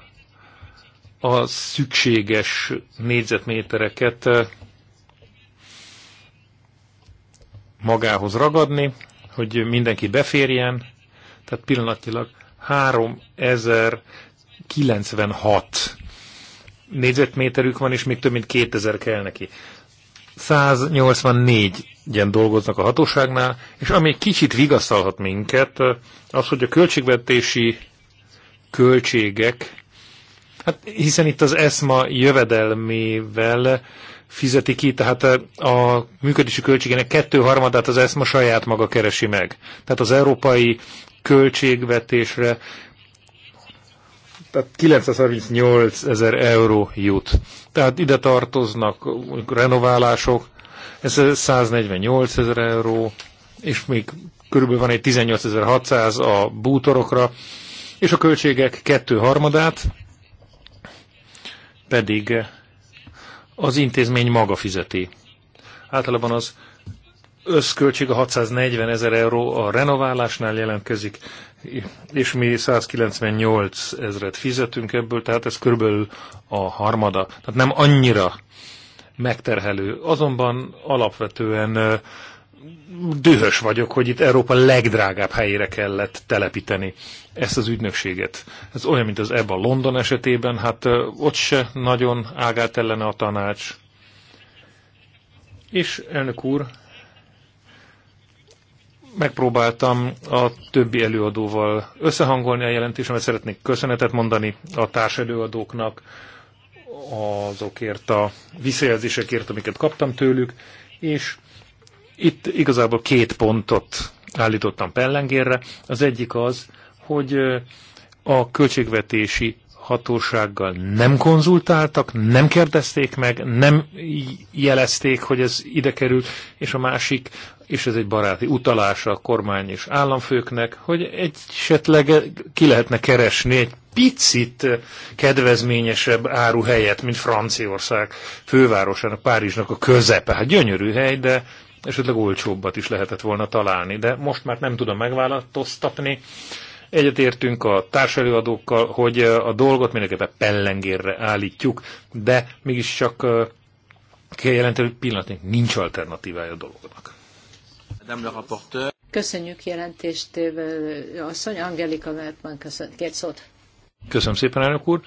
a szükséges négyzetmétereket eh, magához ragadni, hogy mindenki beférjen. Tehát pillanatilag 3096 négyzetméterük van, és még több mint 2000 kell neki. 184 ilyen dolgoznak a hatóságnál, és ami kicsit vigasztalhat minket, eh, az, hogy a költségvetési költségek Hát hiszen itt az ESMA jövedelmével fizeti ki, tehát a működési költségének kettőharmadát az ESMA saját maga keresi meg. Tehát az európai költségvetésre tehát 938 ezer euró jut. Tehát ide tartoznak renoválások, ez 148 ezer euró, és még körülbelül van egy 18.600 a bútorokra, és a költségek kettő harmadát pedig az intézmény maga fizeti. Általában az összköltség a 640 ezer euró a renoválásnál jelentkezik, és mi 198 ezret fizetünk ebből, tehát ez körülbelül a harmada. Tehát nem annyira megterhelő. Azonban alapvetően dühös vagyok, hogy itt Európa legdrágább helyére kellett telepíteni ezt az ügynökséget. Ez olyan, mint az ebben London esetében, hát ott se nagyon ágált ellene a tanács. És elnök úr, megpróbáltam a többi előadóval összehangolni a jelentésemet, szeretnék köszönetet mondani a társelőadóknak azokért a visszajelzésekért, amiket kaptam tőlük, és itt igazából két pontot állítottam pellengérre. Az egyik az, hogy a költségvetési hatósággal nem konzultáltak, nem kérdezték meg, nem jelezték, hogy ez ide kerül, és a másik, és ez egy baráti utalása a kormány és államfőknek, hogy esetleg ki lehetne keresni egy picit kedvezményesebb áruhelyet, mint Franciaország fővárosának, Párizsnak a közepe. Hát gyönyörű hely, de esetleg olcsóbbat is lehetett volna találni, de most már nem tudom megváltoztatni. Egyetértünk a társelőadókkal, hogy a dolgot mindenképpen pellengérre állítjuk, de csak kell jelenteni, hogy pillanatnyilag nincs alternatívája a dolognak. Köszönjük jelentést, Asszony Angelika Mertman két szót. Köszönöm szépen, elnök úr.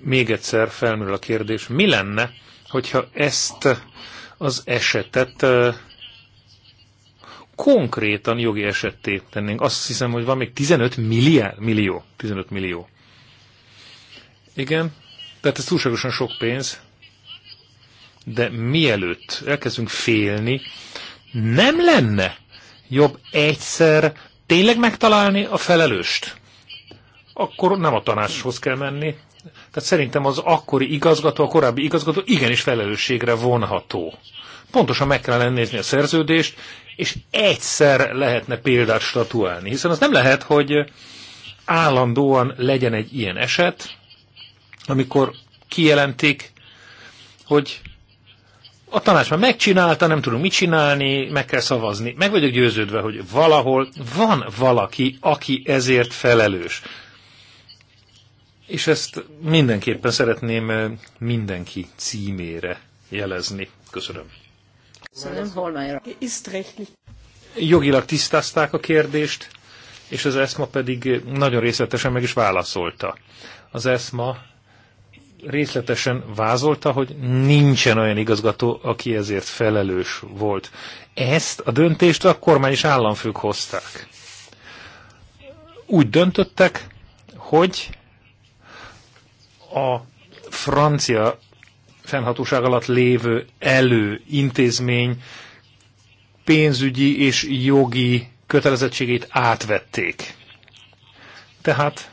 Még egyszer felmerül a kérdés, mi lenne, hogyha ezt az esetet konkrétan jogi esetté tennénk. Azt hiszem, hogy van még 15 milliárd, millió, 15 millió. Igen, tehát ez túlságosan sok pénz, de mielőtt elkezdünk félni, nem lenne jobb egyszer tényleg megtalálni a felelőst? Akkor nem a tanácshoz kell menni. Tehát szerintem az akkori igazgató, a korábbi igazgató igenis felelősségre vonható pontosan meg kellene nézni a szerződést, és egyszer lehetne példát statuálni. Hiszen az nem lehet, hogy állandóan legyen egy ilyen eset, amikor kijelentik, hogy a tanács már megcsinálta, nem tudunk mit csinálni, meg kell szavazni. Meg vagyok győződve, hogy valahol van valaki, aki ezért felelős. És ezt mindenképpen szeretném eh, mindenki címére jelezni. Köszönöm. Köszönöm, szóval Holmeyer. Jogilag tisztázták a kérdést, és az ESMA pedig nagyon részletesen meg is válaszolta. Az ESMA részletesen vázolta, hogy nincsen olyan igazgató, aki ezért felelős volt. Ezt a döntést a kormány és államfők hozták. Úgy döntöttek, hogy a francia fennhatóság alatt lévő előintézmény pénzügyi és jogi kötelezettségét átvették. Tehát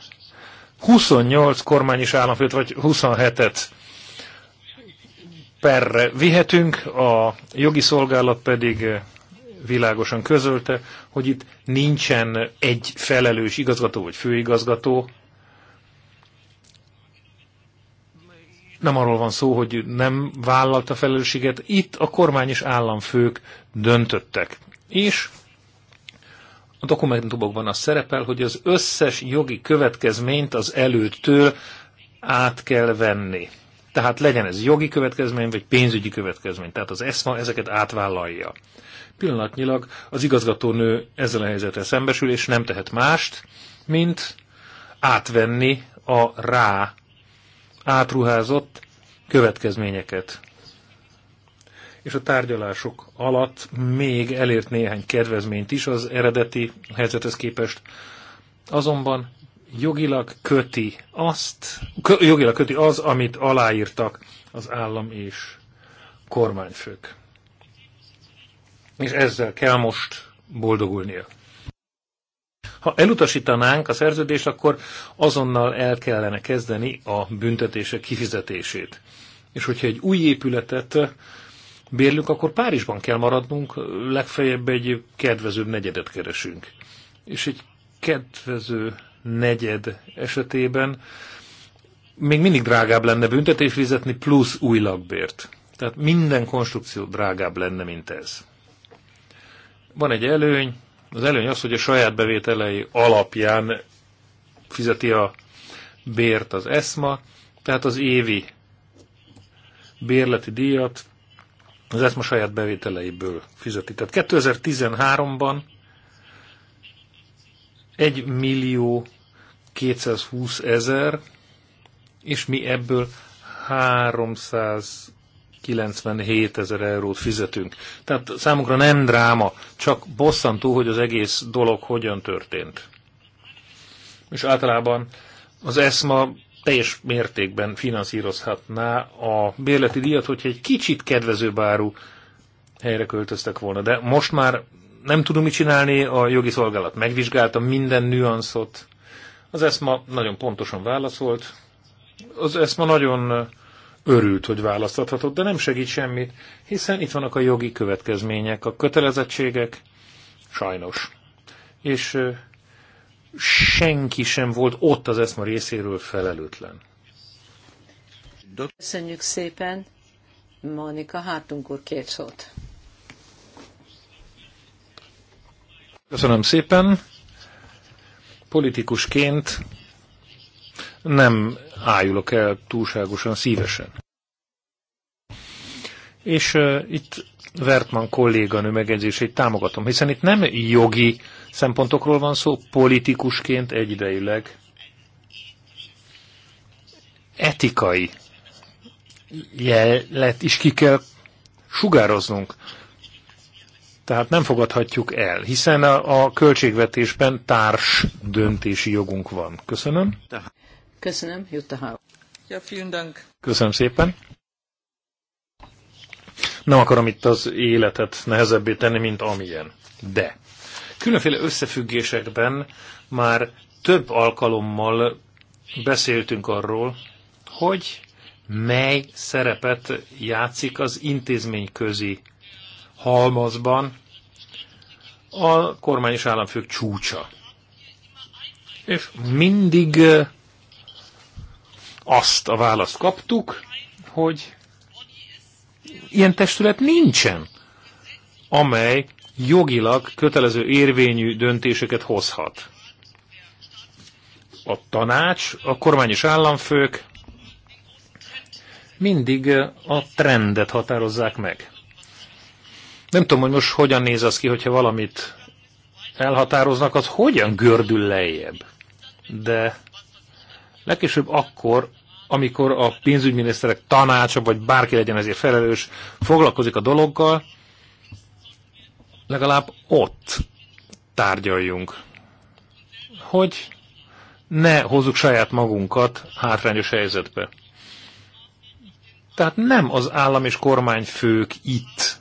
28 kormány és államfőt, vagy 27-et perre vihetünk, a jogi szolgálat pedig világosan közölte, hogy itt nincsen egy felelős igazgató vagy főigazgató, Nem arról van szó, hogy nem vállalta felelősséget, itt a kormány és államfők döntöttek. És a dokumentumokban az szerepel, hogy az összes jogi következményt az előttől át kell venni. Tehát legyen ez jogi következmény, vagy pénzügyi következmény. Tehát az ESMA ezeket átvállalja. Pillanatnyilag az igazgatónő ezzel a helyzetre szembesül, és nem tehet mást, mint átvenni a rá átruházott következményeket. És a tárgyalások alatt még elért néhány kedvezményt is az eredeti helyzethez képest. Azonban jogilag köti azt, kö, jogilag köti az, amit aláírtak az állam és kormányfők. És ezzel kell most boldogulnia. Ha elutasítanánk a szerződést, akkor azonnal el kellene kezdeni a büntetések kifizetését. És hogyha egy új épületet bérlünk, akkor Párizsban kell maradnunk, legfeljebb egy kedvezőbb negyedet keresünk. És egy kedvező negyed esetében még mindig drágább lenne büntetés fizetni plusz új lakbért. Tehát minden konstrukció drágább lenne, mint ez. Van egy előny, az előny az, hogy a saját bevételei alapján fizeti a bért az ESMA, tehát az évi bérleti díjat az ESMA saját bevételeiből fizeti. Tehát 2013-ban 1 millió 220 ezer, és mi ebből 300 97 ezer eurót fizetünk. Tehát számunkra nem dráma, csak bosszantó, hogy az egész dolog hogyan történt. És általában az ESMA teljes mértékben finanszírozhatná a bérleti díjat, hogyha egy kicsit kedvezőbb áru helyre költöztek volna. De most már nem tudom mit csinálni, a jogi szolgálat megvizsgálta minden nüanszot. Az ESMA nagyon pontosan válaszolt. Az ESMA nagyon örült, hogy választathatott, de nem segít semmit, hiszen itt vannak a jogi következmények, a kötelezettségek, sajnos. És senki sem volt ott az eszma részéről felelőtlen. Köszönjük szépen, Monika Hátunk úr két szót. Köszönöm szépen. Politikusként nem ájulok el túlságosan szívesen. És uh, itt Vertman kolléganő megjegyzését támogatom, hiszen itt nem jogi szempontokról van szó, politikusként egyidejűleg etikai jelet is ki kell sugároznunk. Tehát nem fogadhatjuk el, hiszen a, a költségvetésben társ döntési jogunk van. Köszönöm. Köszönöm, Jutta Hau. Ja, vielen Dank. Köszönöm szépen. Nem akarom itt az életet nehezebbé tenni, mint amilyen. De különféle összefüggésekben már több alkalommal beszéltünk arról, hogy mely szerepet játszik az intézményközi halmazban a kormány és államfők csúcsa. És mindig azt a választ kaptuk, hogy ilyen testület nincsen, amely jogilag kötelező érvényű döntéseket hozhat. A tanács, a kormányos államfők mindig a trendet határozzák meg. Nem tudom, hogy most hogyan néz az ki, hogyha valamit elhatároznak, az hogyan gördül lejjebb. De legkésőbb akkor, amikor a pénzügyminiszterek tanácsa, vagy bárki legyen ezért felelős, foglalkozik a dologgal, legalább ott tárgyaljunk, hogy ne hozzuk saját magunkat hátrányos helyzetbe. Tehát nem az állam és kormányfők itt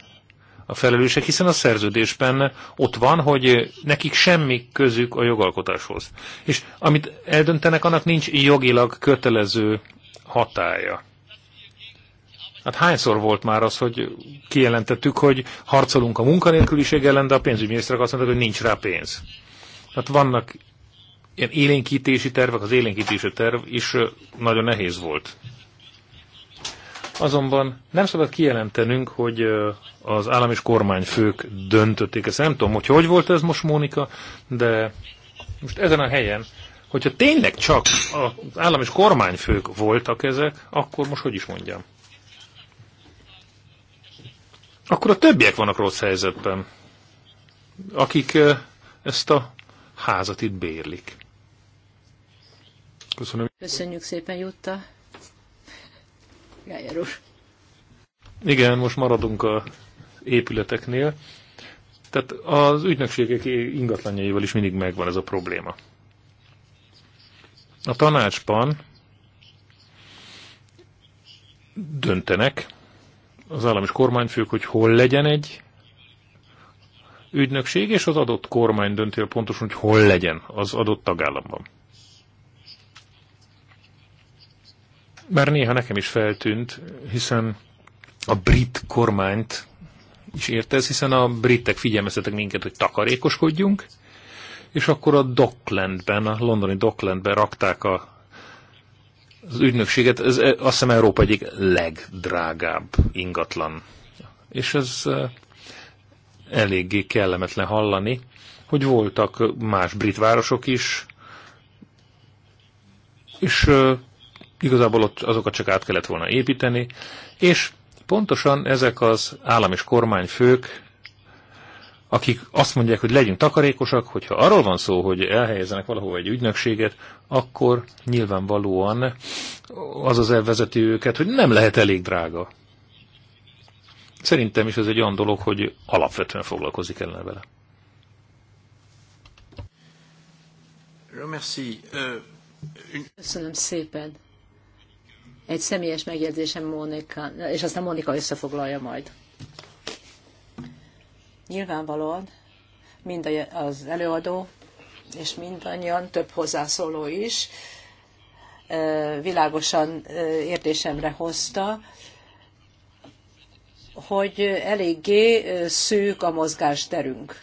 a felelősek, hiszen a szerződésben ott van, hogy nekik semmi közük a jogalkotáshoz. És amit eldöntenek, annak nincs jogilag kötelező hatája. Hát hányszor volt már az, hogy kijelentettük, hogy harcolunk a munkanélküliség ellen, de a pénzügyminiszterek azt mondták, hogy nincs rá pénz. Hát vannak ilyen élénkítési tervek, az élénkítési terv is nagyon nehéz volt. Azonban nem szabad kijelentenünk, hogy az állam és kormányfők döntötték ezt. Nem tudom, hogy hogy volt ez most, Mónika, de most ezen a helyen hogyha tényleg csak az állam és kormányfők voltak ezek, akkor most hogy is mondjam? Akkor a többiek vannak rossz helyzetben, akik ezt a házat itt bérlik. Köszönöm. Köszönjük szépen, Jutta. Gájer Igen, most maradunk a épületeknél. Tehát az ügynökségek ingatlanjaival is mindig megvan ez a probléma. A tanácsban döntenek az állam és kormányfők, hogy hol legyen egy ügynökség, és az adott kormány dönti pontosan, hogy hol legyen az adott tagállamban. Már néha nekem is feltűnt, hiszen a brit kormányt is érte ez, hiszen a britek figyelmeztetek minket, hogy takarékoskodjunk, és akkor a Docklandben, a londoni Docklandben rakták a, az ügynökséget. Ez eh, azt hiszem Európa egyik legdrágább ingatlan. És ez eh, eléggé kellemetlen hallani, hogy voltak más brit városok is, és eh, igazából ott azokat csak át kellett volna építeni, és pontosan ezek az állam és kormányfők akik azt mondják, hogy legyünk takarékosak, hogyha arról van szó, hogy elhelyezzenek valahol egy ügynökséget, akkor nyilvánvalóan az az elvezeti őket, hogy nem lehet elég drága. Szerintem is ez egy olyan dolog, hogy alapvetően foglalkozik ellen vele. Euh, Köszönöm szépen. Egy személyes megjegyzésem Mónika, és aztán Mónika összefoglalja majd. Nyilvánvalóan mind az előadó és mindannyian, több hozzászóló is világosan érdésemre hozta, hogy eléggé szűk a mozgásterünk.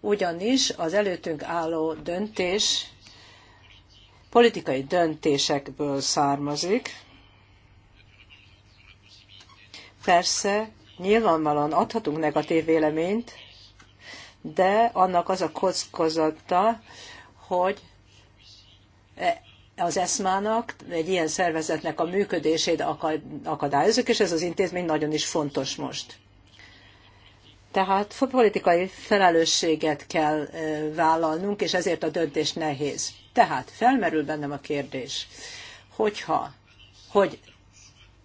Ugyanis az előttünk álló döntés politikai döntésekből származik. Persze Nyilvánvalóan adhatunk negatív véleményt, de annak az a kockozata, hogy e, az eszmának, egy ilyen szervezetnek a működését akadályozunk, és ez az intézmény nagyon is fontos most. Tehát politikai felelősséget kell e, vállalnunk, és ezért a döntés nehéz. Tehát felmerül bennem a kérdés, hogyha, hogy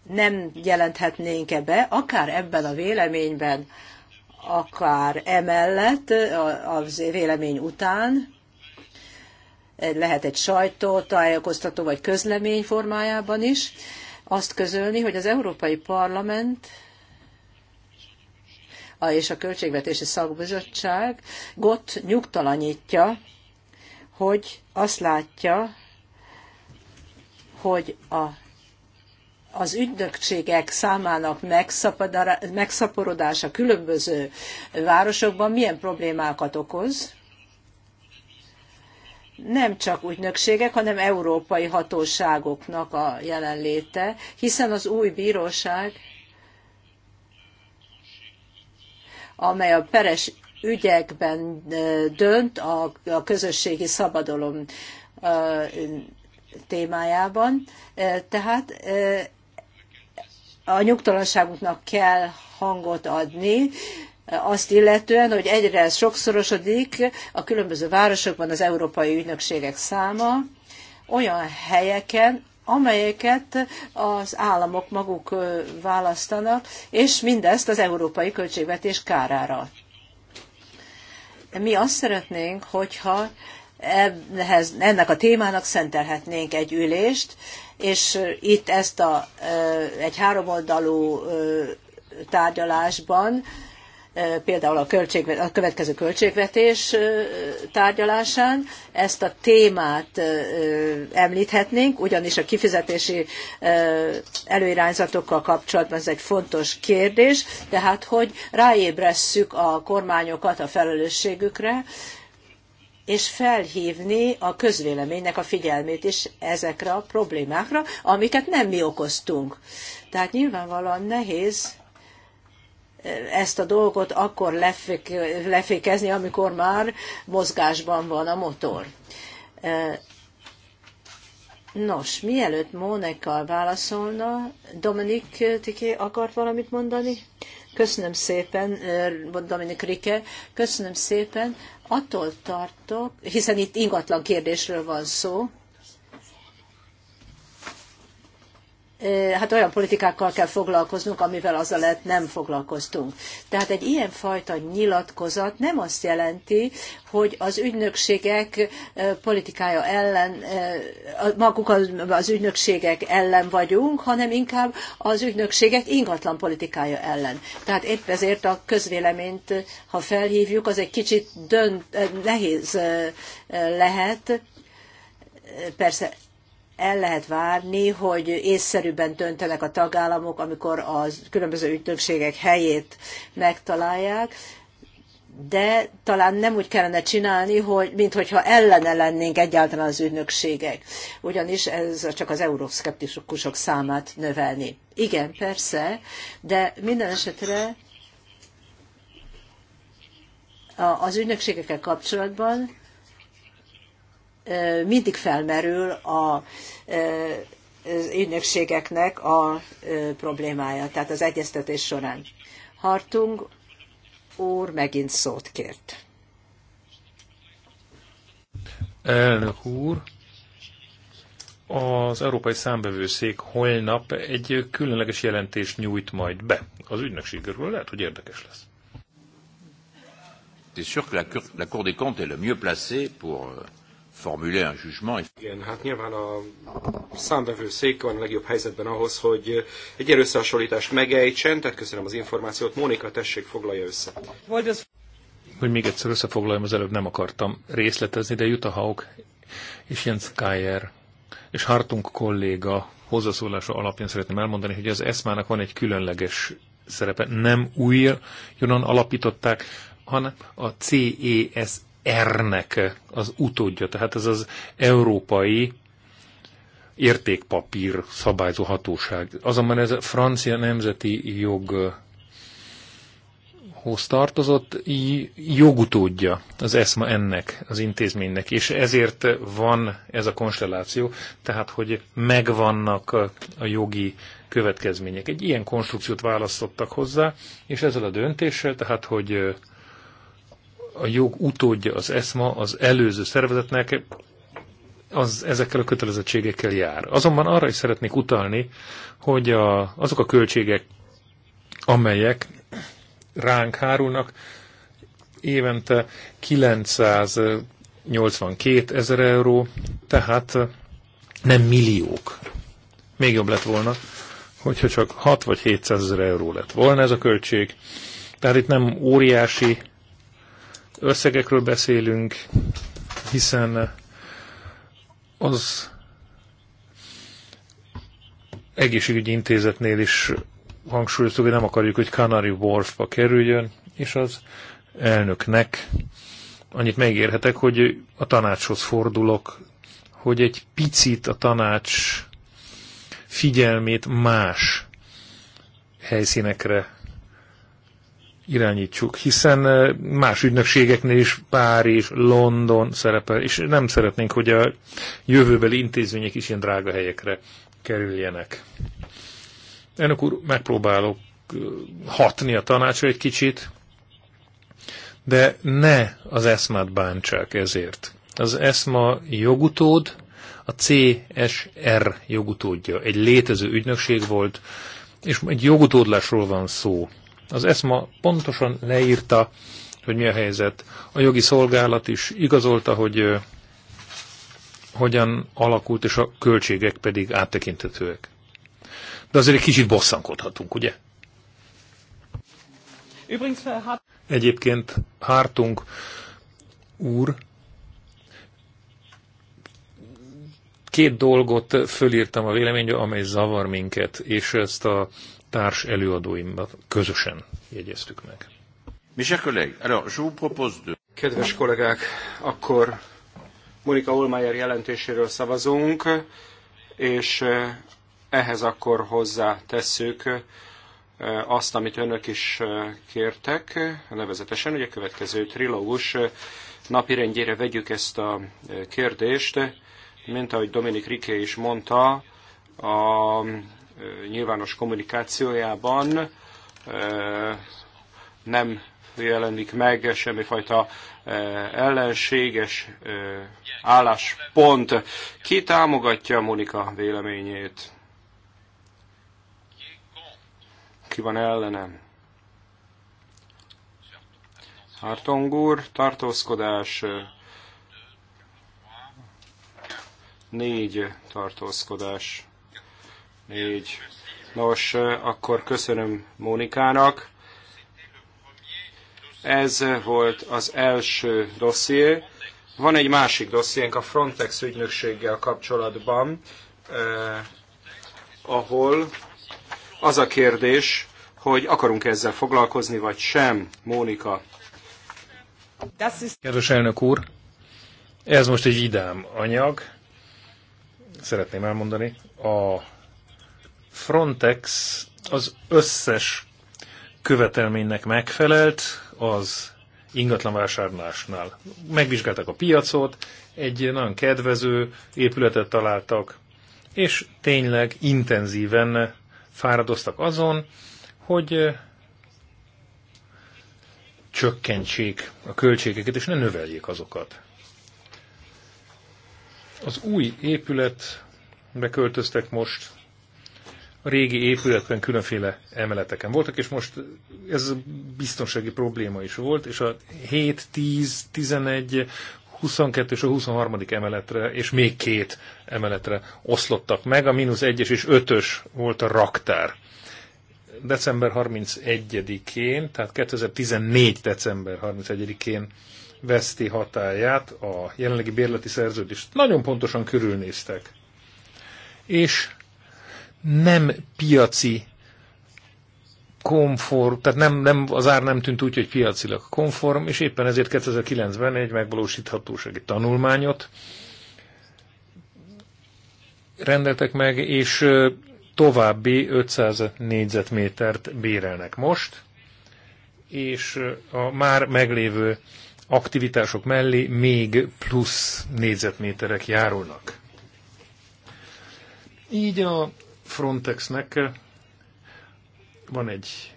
nem jelenthetnénk ebbe, akár ebben a véleményben, akár emellett, a vélemény után, lehet egy sajtótájékoztató vagy közlemény formájában is, azt közölni, hogy az Európai Parlament és a Költségvetési Szakbizottság gott nyugtalanítja, hogy azt látja, hogy a az ügynökségek számának megszaporodása különböző városokban milyen problémákat okoz? Nem csak ügynökségek, hanem európai hatóságoknak a jelenléte, hiszen az új bíróság, amely a peres ügyekben dönt a közösségi szabadalom témájában, tehát a nyugtalanságunknak kell hangot adni, azt illetően, hogy egyre sokszorosodik a különböző városokban az európai ügynökségek száma olyan helyeken, amelyeket az államok maguk választanak, és mindezt az európai költségvetés kárára. Mi azt szeretnénk, hogyha ennek a témának szentelhetnénk egy ülést, és itt ezt a, egy háromoldalú tárgyalásban, például a, a következő költségvetés tárgyalásán ezt a témát említhetnénk, ugyanis a kifizetési előirányzatokkal kapcsolatban ez egy fontos kérdés, tehát hogy ráébresszük a kormányokat a felelősségükre, és felhívni a közvéleménynek a figyelmét is ezekre a problémákra, amiket nem mi okoztunk. Tehát nyilvánvalóan nehéz eh, ezt a dolgot akkor lefékezni, amikor már mozgásban van a motor. Eh, Nos, mielőtt Mónekkal válaszolna, Dominik, Tiki akart valamit mondani? Köszönöm szépen, Dominik Rike, köszönöm szépen. Attól tartok, hiszen itt ingatlan kérdésről van szó, hát olyan politikákkal kell foglalkoznunk, amivel az lehet nem foglalkoztunk. Tehát egy ilyen fajta nyilatkozat nem azt jelenti, hogy az ügynökségek politikája ellen, maguk az ügynökségek ellen vagyunk, hanem inkább az ügynökségek ingatlan politikája ellen. Tehát épp ezért a közvéleményt, ha felhívjuk, az egy kicsit dönt, nehéz lehet, persze el lehet várni, hogy észszerűbben döntenek a tagállamok, amikor a különböző ügynökségek helyét megtalálják, de talán nem úgy kellene csinálni, hogy, mint hogyha ellene lennénk egyáltalán az ügynökségek. Ugyanis ez csak az euroszkeptikusok számát növelni. Igen, persze, de minden esetre az ügynökségekkel kapcsolatban mindig felmerül a az ügynökségeknek a problémája, tehát az egyeztetés során. Hartung úr megint szót kért. Elnök úr, az Európai Számbevőszék holnap egy különleges jelentést nyújt majd be az ügynökségről. Lehet, hogy érdekes lesz. C'est sûr que la Cour des comptes est le mieux placée pour euh, formuler un jugement. Igen, hát nyilván a számvevőszék van a legjobb helyzetben ahhoz, hogy egy összehasonlítást megejtsen, tehát köszönöm az információt. Mónika, tessék, foglalja össze. Hogy még egyszer összefoglaljam, az előbb nem akartam részletezni, de Jutta Haug és Jens Kajer és Hartung kolléga hozzászólása alapján szeretném elmondani, hogy az ESMA-nak van egy különleges szerepe. Nem újra alapították, hanem a CES. Ernek az utódja, tehát ez az európai értékpapír szabályzó hatóság. Azonban ez a francia nemzeti joghoz tartozott jogutódja az ESMA ennek az intézménynek, és ezért van ez a konstelláció, tehát hogy megvannak a jogi következmények. Egy ilyen konstrukciót választottak hozzá, és ezzel a döntéssel, tehát hogy a jog utódja az ESMA az előző szervezetnek, az ezekkel a kötelezettségekkel jár. Azonban arra is szeretnék utalni, hogy a, azok a költségek, amelyek ránk hárulnak, évente 982 ezer euró, tehát nem milliók. Még jobb lett volna, hogyha csak 6 vagy 700 ezer euró lett volna ez a költség. Tehát itt nem óriási összegekről beszélünk, hiszen az egészségügyi intézetnél is hangsúlyoztuk, hogy nem akarjuk, hogy Canary Wharfba kerüljön, és az elnöknek annyit megérhetek, hogy a tanácshoz fordulok, hogy egy picit a tanács figyelmét más helyszínekre irányítsuk, hiszen más ügynökségeknél is Párizs, London szerepel, és nem szeretnénk, hogy a jövőbeli intézmények is ilyen drága helyekre kerüljenek. Ennek úr, megpróbálok hatni a tanácsra egy kicsit, de ne az eszmát bántsák ezért. Az eszma jogutód, a CSR jogutódja. Egy létező ügynökség volt, és egy jogutódlásról van szó. Az ESMA pontosan leírta, hogy mi a helyzet. A jogi szolgálat is igazolta, hogy hogyan alakult, és a költségek pedig áttekintetőek. De azért egy kicsit bosszankodhatunk, ugye? Egyébként Hártunk úr két dolgot fölírtam a véleményre, amely zavar minket, és ezt a társ előadóimmal közösen jegyeztük meg. Kedves kollégák, akkor Monika Olmayer jelentéséről szavazunk, és eh, ehhez akkor hozzá tesszük eh, azt, amit önök is eh, kértek, nevezetesen, hogy a következő trilógus napirendjére vegyük ezt a kérdést, mint ahogy Dominik Riké is mondta, a nyilvános kommunikációjában nem jelenik meg semmifajta ellenséges álláspont. Ki támogatja Monika véleményét? Ki van ellenem? Hartong úr, tartózkodás, négy tartózkodás. Így. Nos, akkor köszönöm Mónikának. Ez volt az első dosszié. Van egy másik dossziénk a Frontex ügynökséggel kapcsolatban, eh, ahol az a kérdés, hogy akarunk -e ezzel foglalkozni, vagy sem, Mónika. Kedves elnök úr, ez most egy idám anyag, szeretném elmondani, a Frontex az összes követelménynek megfelelt az ingatlan vásárlásnál. Megvizsgálták a piacot, egy nagyon kedvező épületet találtak, és tényleg intenzíven fáradoztak azon, hogy eh, csökkentsék a költségeket, és ne növeljék azokat. Az új épület beköltöztek most, a régi épületben különféle emeleteken voltak, és most ez biztonsági probléma is volt, és a 7, 10, 11, 22 és a 23. emeletre, és még két emeletre oszlottak meg, a mínusz 1-es és 5-ös volt a raktár. December 31-én, tehát 2014. december 31-én veszti hatáját a jelenlegi bérleti szerződést. Nagyon pontosan körülnéztek. És nem piaci konform, tehát nem, nem, az ár nem tűnt úgy, hogy piacilag konform, és éppen ezért 2009-ben egy megvalósíthatósági tanulmányot rendeltek meg, és további 500 négyzetmétert bérelnek most, és a már meglévő aktivitások mellé még plusz négyzetméterek járulnak. Így a Frontexnek van egy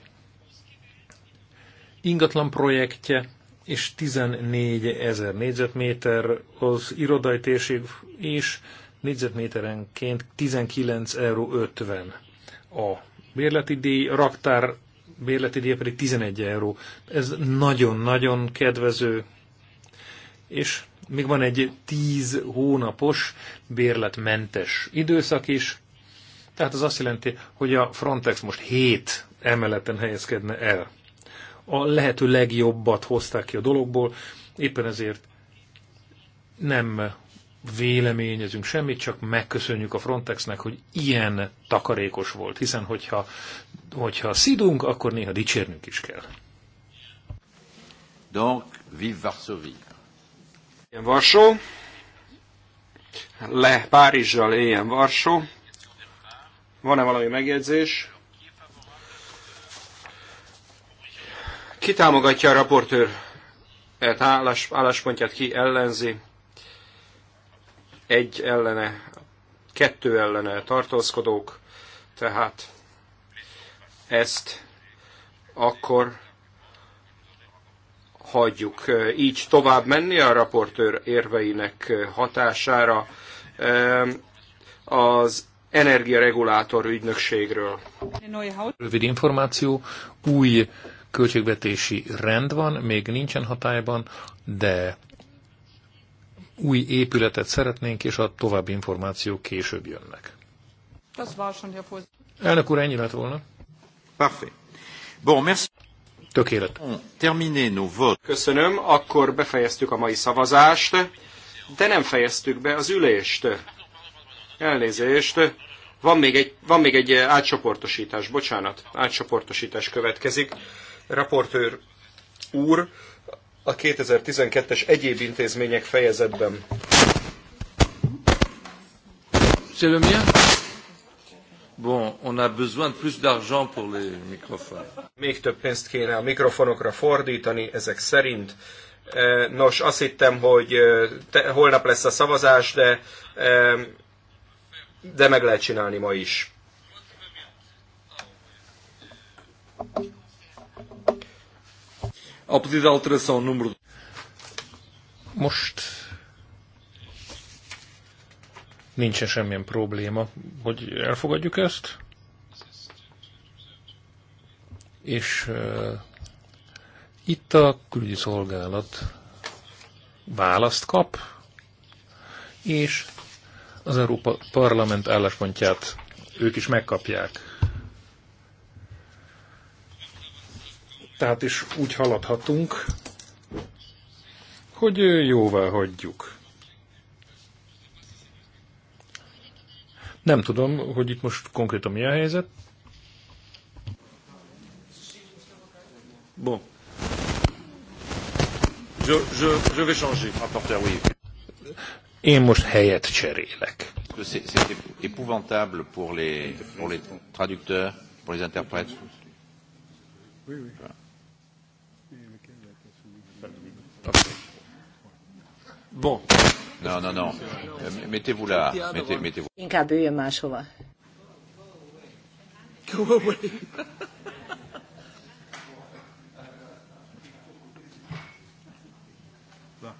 ingatlan projektje, és 14 ezer négyzetméter az irodai térség, és négyzetméterenként 19,50 euró a bérleti díj, a raktár bérleti díj pedig 11 euró. Ez nagyon-nagyon kedvező, és még van egy 10 hónapos bérletmentes időszak is, tehát az azt jelenti, hogy a Frontex most 7 emeleten helyezkedne el. A lehető legjobbat hozták ki a dologból, éppen ezért nem véleményezünk semmit, csak megköszönjük a Frontexnek, hogy ilyen takarékos volt, hiszen hogyha, hogyha szidunk, akkor néha dicsérnünk is kell. Donc, vive Varsovie. Varsó. Le Párizsral éljen Varsó. Van-e valami megjegyzés? Ki támogatja a raportőr e állás, álláspontját, ki ellenzi? Egy ellene, kettő ellene tartózkodók, tehát ezt akkor hagyjuk így tovább menni a raportőr érveinek hatására. Az energiaregulátor ügynökségről. Rövid információ, új költségvetési rend van, még nincsen hatályban, de új épületet szeretnénk, és a további információk később jönnek. Elnök úr, ennyi lett volna. Parfait. Bon, merci. Tökélet. Köszönöm, akkor befejeztük a mai szavazást, de nem fejeztük be az ülést. Elnézést. Van még egy, van még egy átcsoportosítás, bocsánat. Átcsoportosítás következik. Raportőr úr a 2012-es egyéb intézmények fejezetben. Bon, on a besoin de plus d'argent pour les microphones. Még több pénzt kéne a mikrofonokra fordítani, ezek szerint. Eh, nos, azt hittem, hogy eh, te, holnap lesz a szavazás, de eh, de meg lehet csinálni ma is. A pedido de alteração número... Most nincsen semmilyen probléma, hogy elfogadjuk ezt, és uh, itt a külügyi szolgálat választ kap, és az Európa Parlament álláspontját ők is megkapják. Tehát is úgy haladhatunk, hogy jóvá hagyjuk. Nem tudom, hogy itt most konkrétan mi a helyzet. Bon. Je, je, je vais changer, rapporteur, oui én most helyet cserélek. C'est épouvantable pour les, pour les traducteurs, pour les interprètes. Bon. Non, non, non. Euh, mettez-vous là. Mettez, mettez-vous. Inkább üljön máshova. Go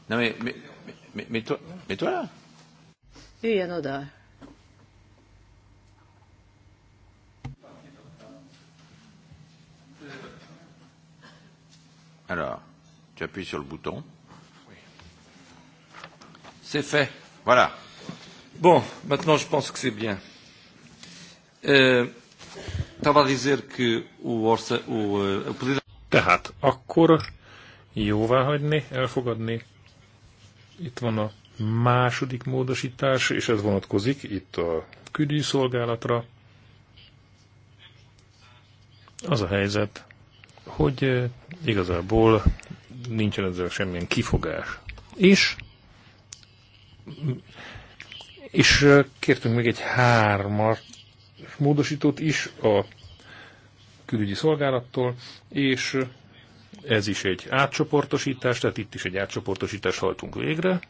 Non mais, mais mit, mais, toi, mais Üljön oda. Alors, tu appuies sur le bouton. C'est fait. Voilà. Bon, maintenant je pense que c'est bien. Uh, estava a dizer que o, orça, o, uh, a poder... Tehát akkor jóvá hagyni, elfogadni itt van a második módosítás, és ez vonatkozik itt a külügyszolgálatra. Az a helyzet, hogy eh, igazából nincsen ezzel semmilyen kifogás. És, és eh, kértünk még egy hármas módosítót is a külügyi szolgálattól, és eh, ez is egy átcsoportosítás, tehát itt is egy átcsoportosítás haltunk végre.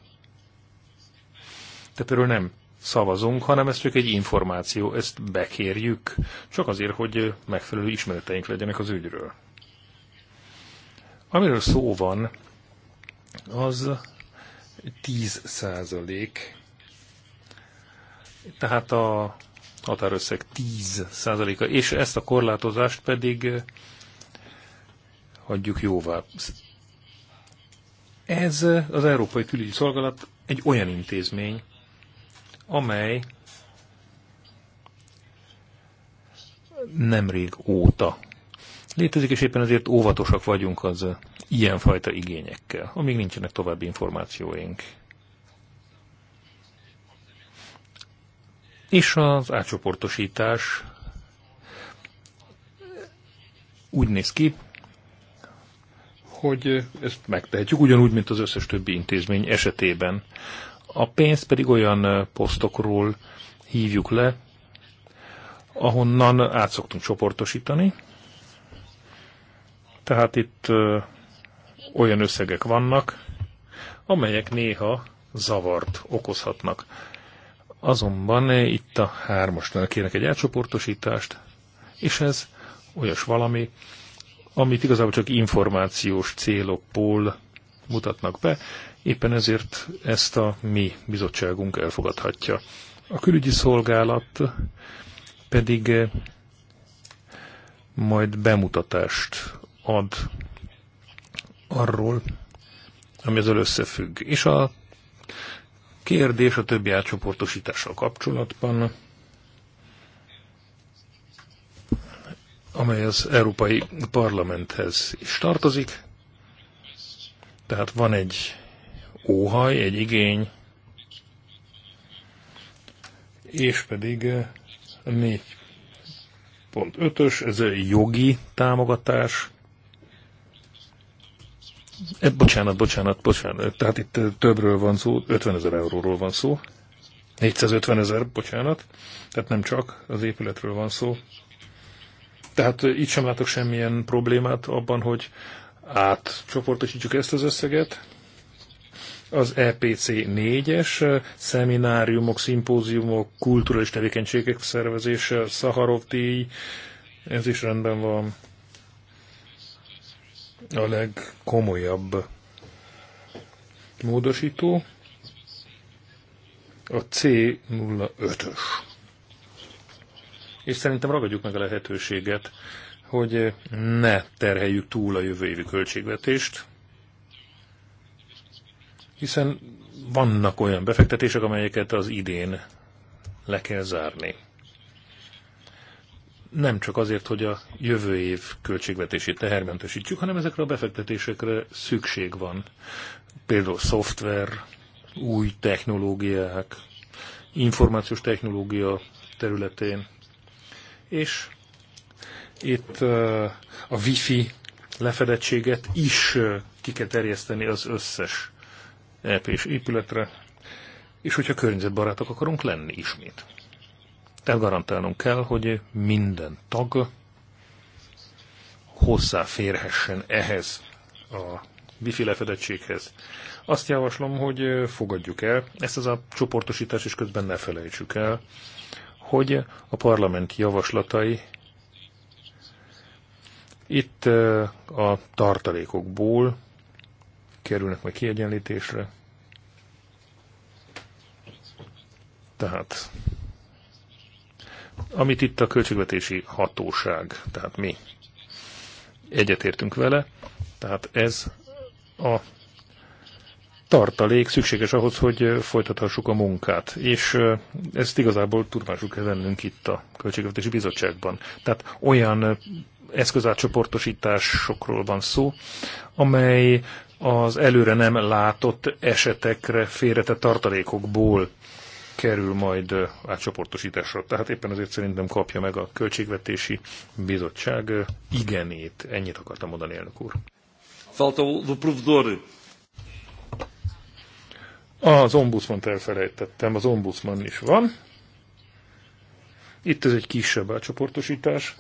Tehát erről nem szavazunk, hanem ez csak egy információ, ezt bekérjük, csak azért, hogy megfelelő ismereteink legyenek az ügyről. Amiről szó van, az 10 százalék. Tehát a határösszeg 10 százaléka, és ezt a korlátozást pedig hagyjuk jóvá. Ez az Európai Külügyi Szolgálat egy olyan intézmény, amely nemrég óta létezik, és éppen ezért óvatosak vagyunk az ilyenfajta igényekkel, amíg nincsenek további információink. És az átcsoportosítás úgy néz ki, hogy ezt megtehetjük, ugyanúgy, mint az összes többi intézmény esetében. A pénzt pedig olyan posztokról hívjuk le, ahonnan át szoktunk csoportosítani. Tehát itt olyan összegek vannak, amelyek néha zavart okozhatnak. Azonban itt a hármasnál kérnek egy átcsoportosítást, és ez olyas valami, amit igazából csak információs célokból mutatnak be, éppen ezért ezt a mi bizottságunk elfogadhatja. A külügyi szolgálat pedig eh, majd bemutatást ad arról, ami ezzel összefügg. És a kérdés a többi átcsoportosítással kapcsolatban amely az Európai Parlamenthez is tartozik. Tehát van egy óhaj, egy igény, és pedig 4.5-ös, eh, ez a jogi támogatás. E, bocsánat, bocsánat, bocsánat, tehát itt eh, többről van szó, 50 ezer euróról van szó. 450 ezer, bocsánat, tehát nem csak az épületről van szó, tehát itt sem látok semmilyen problémát abban, hogy átcsoportosítsuk ezt az összeget. Az EPC 4-es szemináriumok, szimpóziumok, kulturális tevékenységek szervezése, Szaharov díj, ez is rendben van. A legkomolyabb módosító a C05-ös és szerintem ragadjuk meg a lehetőséget, hogy ne terheljük túl a jövő évi költségvetést, hiszen vannak olyan befektetések, amelyeket az idén le kell zárni. Nem csak azért, hogy a jövő év költségvetését tehermentesítjük, hanem ezekre a befektetésekre szükség van. Például szoftver, új technológiák, információs technológia területén, és itt a wifi lefedettséget is ki kell terjeszteni az összes ep épületre, és hogyha környezetbarátok akarunk lenni ismét. Elgarantálnunk kell, hogy minden tag hozzáférhessen ehhez a wifi lefedettséghez. Azt javaslom, hogy fogadjuk el ezt az a csoportosítás, és közben ne felejtsük el, hogy a parlament javaslatai itt a tartalékokból kerülnek meg kiegyenlítésre. Tehát, amit itt a költségvetési hatóság, tehát mi egyetértünk vele, tehát ez a tartalék szükséges ahhoz, hogy folytathassuk a munkát. És ezt igazából tudomásul kell vennünk itt a Költségvetési Bizottságban. Tehát olyan eszközátcsoportosításokról van szó, amely az előre nem látott esetekre félretett tartalékokból kerül majd átcsoportosításra. Tehát éppen azért szerintem kapja meg a Költségvetési Bizottság igenét. Ennyit akartam mondani, elnök úr. Falta o do provedor az ombudsmant elfelejtettem, az ombudsman is van. Itt ez egy kisebb elcsoportosítás.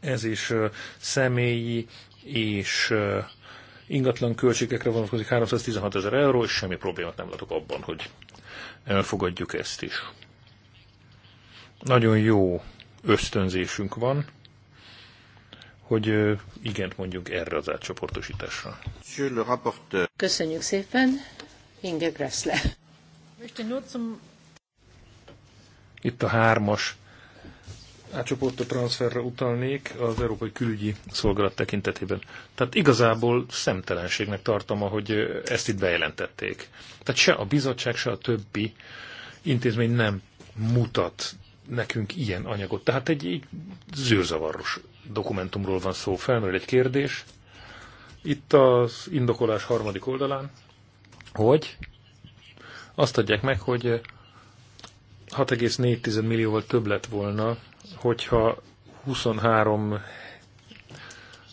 Ez is személyi és ingatlan költségekre vonatkozik 316 ezer euró, és semmi problémát nem látok abban, hogy elfogadjuk ezt is. Nagyon jó ösztönzésünk van hogy igent mondjunk erre az átcsoportosításra. Köszönjük szépen, Inge Gressle. Itt a hármas átcsoportot transferre utalnék az Európai Külügyi Szolgálat tekintetében. Tehát igazából szemtelenségnek tartom, ahogy ezt itt bejelentették. Tehát se a bizottság, se a többi intézmény nem mutat nekünk ilyen anyagot. Tehát egy, egy zűrzavaros dokumentumról van szó. Felmerül egy kérdés. Itt az indokolás harmadik oldalán, hogy azt adják meg, hogy 6,4 millióval több lett volna, hogyha 23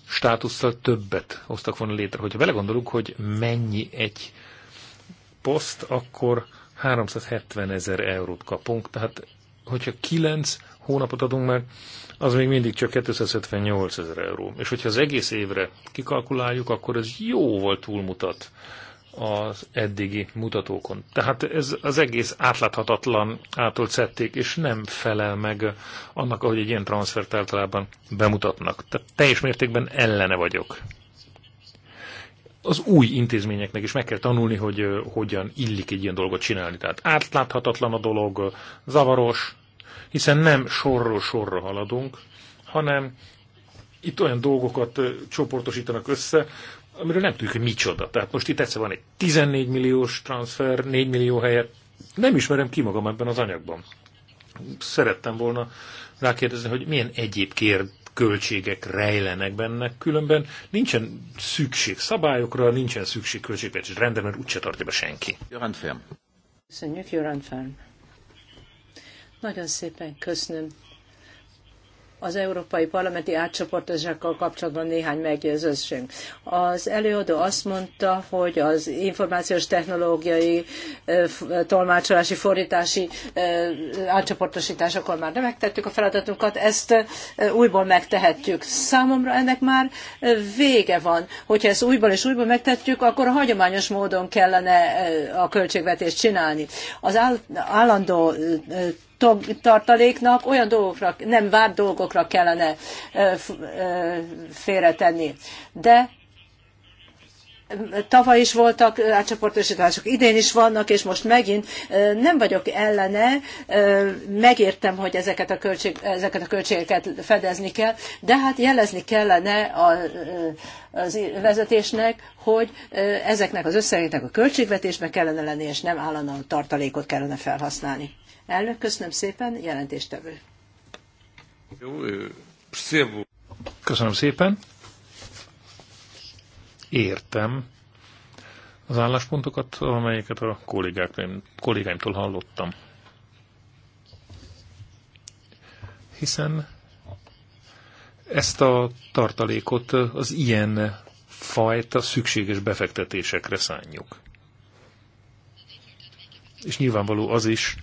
státusszal többet hoztak volna létre. Hogyha belegondolunk, hogy mennyi egy poszt, akkor 370 ezer eurót kapunk. Tehát, hogyha 9 hónapot adunk meg, az még mindig csak 278 ezer euró. És hogyha az egész évre kikalkuláljuk, akkor ez jóval túlmutat az eddigi mutatókon. Tehát ez az egész átláthatatlan által szedték, és nem felel meg annak, ahogy egy ilyen transfert általában bemutatnak. Tehát teljes mértékben ellene vagyok. Az új intézményeknek is meg kell tanulni, hogy hogyan illik egy ilyen dolgot csinálni. Tehát átláthatatlan a dolog, zavaros, hiszen nem sorról sorra haladunk, hanem itt olyan dolgokat csoportosítanak össze, amiről nem tudjuk, hogy micsoda. Tehát most itt egyszer van egy 14 milliós transfer, 4 millió helyet. Nem ismerem ki magam ebben az anyagban. Szerettem volna rákérdezni, hogy milyen egyéb kérd költségek rejlenek benne, különben nincsen szükség szabályokra, nincsen szükség költségvetés rendben, mert úgyse tartja be senki. Köszönjük, jó, Fern. Nagyon szépen köszönöm. Az Európai Parlamenti átcsoportosákkal kapcsolatban néhány megjegyzésünk. Az előadó azt mondta, hogy az információs technológiai tolmácsolási, fordítási átcsoportosításokon már nem megtettük a feladatunkat, ezt újból megtehetjük. Számomra ennek már vége van. Hogyha ezt újból és újból megtettük, akkor a hagyományos módon kellene a költségvetést csinálni. Az állandó tartaléknak olyan dolgokra, nem várt dolgokra kellene félretenni. De tavaly is voltak átcsoportosítások, idén is vannak, és most megint nem vagyok ellene, megértem, hogy ezeket a, költség, ezeket a költségeket fedezni kell, de hát jelezni kellene a, az vezetésnek, hogy ezeknek az összegeknek a költségvetésben kellene lenni, és nem állandóan tartalékot kellene felhasználni. Elnök, köszönöm szépen, jelentéstevő. Eh, köszönöm szépen. Értem az álláspontokat, amelyeket a kollégáimtól hallottam. Hiszen ezt a tartalékot az ilyen fajta szükséges befektetésekre szánjuk. És nyilvánvaló az is,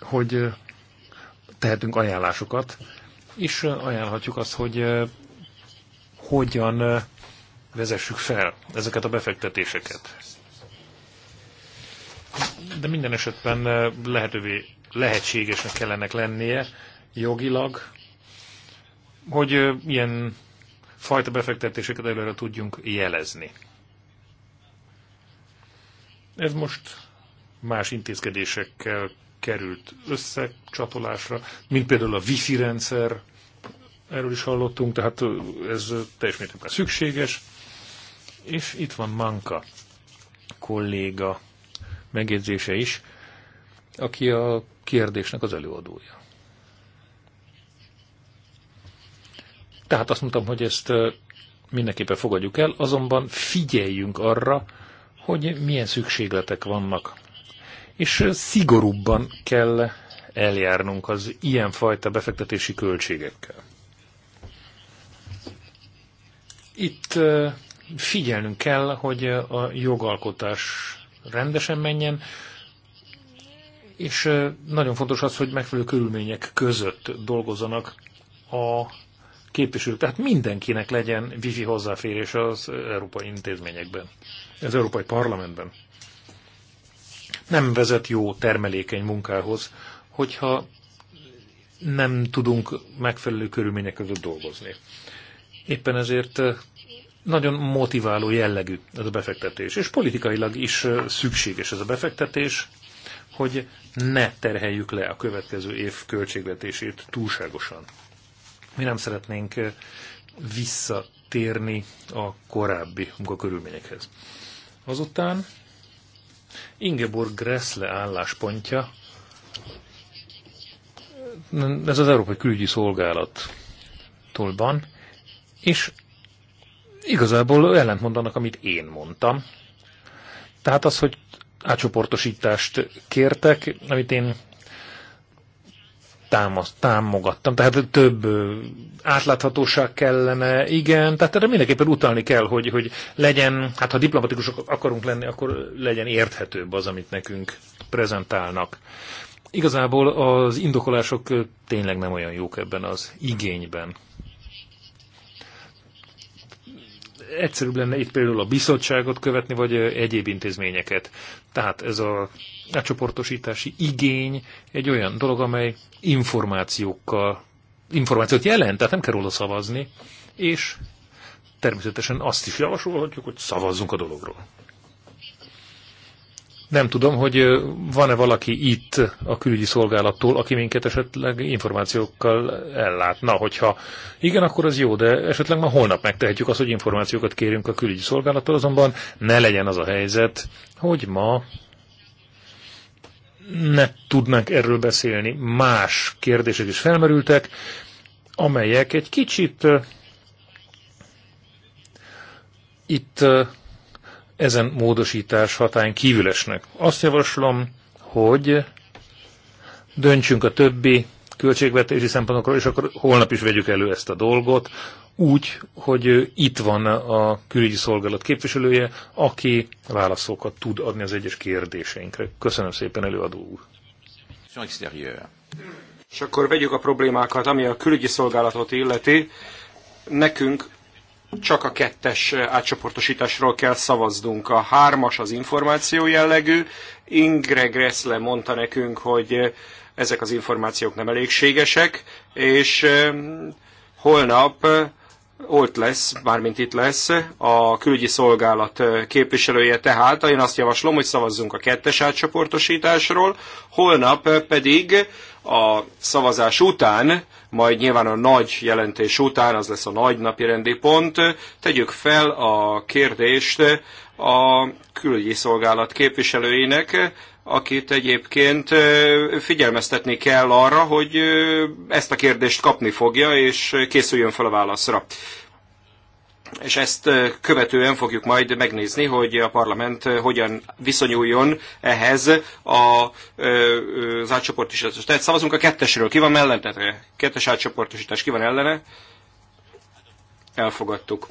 hogy tehetünk ajánlásokat, és ajánlhatjuk azt, hogy hogyan vezessük fel ezeket a befektetéseket. De minden esetben lehetővé, lehetségesnek kellene lennie jogilag, hogy ilyen fajta befektetéseket előre tudjunk jelezni. Ez most más intézkedésekkel került összecsatolásra, mint például a wifi rendszer, erről is hallottunk, tehát ez teljes mértékben szükséges. És itt van Manka kolléga megjegyzése is, aki a kérdésnek az előadója. Tehát azt mondtam, hogy ezt mindenképpen fogadjuk el, azonban figyeljünk arra, hogy milyen szükségletek vannak és szigorúbban kell eljárnunk az ilyenfajta befektetési költségekkel. Itt figyelnünk kell, hogy a jogalkotás rendesen menjen, és nagyon fontos az, hogy megfelelő körülmények között dolgozzanak a képviselők. Tehát mindenkinek legyen wifi hozzáférés az európai intézményekben, az európai parlamentben nem vezet jó termelékeny munkához, hogyha nem tudunk megfelelő körülmények között dolgozni. Éppen ezért eh, nagyon motiváló jellegű ez a befektetés, és politikailag is eh, szükséges ez a befektetés, hogy ne terheljük le a következő év költségvetését túlságosan. Mi nem szeretnénk eh, visszatérni a korábbi munkakörülményekhez. Azután Ingeborg Gressle álláspontja, ez az Európai Külügyi Szolgálattól van, és igazából ellentmondanak, amit én mondtam. Tehát az, hogy átcsoportosítást kértek, amit én támaszt, támogattam. Tehát több átláthatóság kellene, igen, tehát erre mindenképpen utalni kell, hogy, hogy legyen, hát ha diplomatikusok akarunk lenni, akkor legyen érthetőbb az, amit nekünk prezentálnak. Igazából az indokolások tényleg nem olyan jók ebben az igényben. Egyszerűbb lenne itt például a bizottságot követni, vagy egyéb intézményeket. Tehát ez a csoportosítási igény egy olyan dolog, amely információkkal, információt jelent, tehát nem kell róla szavazni, és természetesen azt is javasolhatjuk, hogy szavazzunk a dologról nem tudom, hogy van-e valaki itt a külügyi szolgálattól, aki minket esetleg információkkal ellátna. Hogyha igen, akkor az jó, de esetleg már holnap megtehetjük azt, hogy információkat kérünk a külügyi szolgálattól, azonban ne legyen az a helyzet, hogy ma ne tudnánk erről beszélni. Más kérdések is felmerültek, amelyek egy kicsit itt ezen módosítás hatány kívülesnek. Azt javaslom, hogy döntsünk a többi költségvetési szempontokról, és akkor holnap is vegyük elő ezt a dolgot, úgy, hogy itt van a külügyi szolgálat képviselője, aki válaszokat tud adni az egyes kérdéseinkre. Köszönöm szépen, előadó úr. És akkor vegyük a problémákat, ami a külügyi szolgálatot illeti. Nekünk csak a kettes átcsoportosításról kell szavaznunk. A hármas az információ jellegű. Ingre Gressle mondta nekünk, hogy eh, ezek az információk nem elégségesek, és eh, holnap eh, ott lesz, mármint itt lesz, a külügyi szolgálat képviselője tehát. Én azt javaslom, hogy szavazzunk a kettes átcsoportosításról, holnap pedig a szavazás után, majd nyilván a nagy jelentés után, az lesz a nagy napi rendi pont, tegyük fel a kérdést a külügyi szolgálat képviselőinek, akit egyébként figyelmeztetni kell arra, hogy ezt a kérdést kapni fogja, és készüljön fel a válaszra. És ezt követően fogjuk majd megnézni, hogy a parlament hogyan viszonyuljon ehhez a, az átcsoportosítás. Tehát szavazunk a kettesről. Ki van mellette? Kettes átcsoportosítás. Ki van ellene? Elfogadtuk.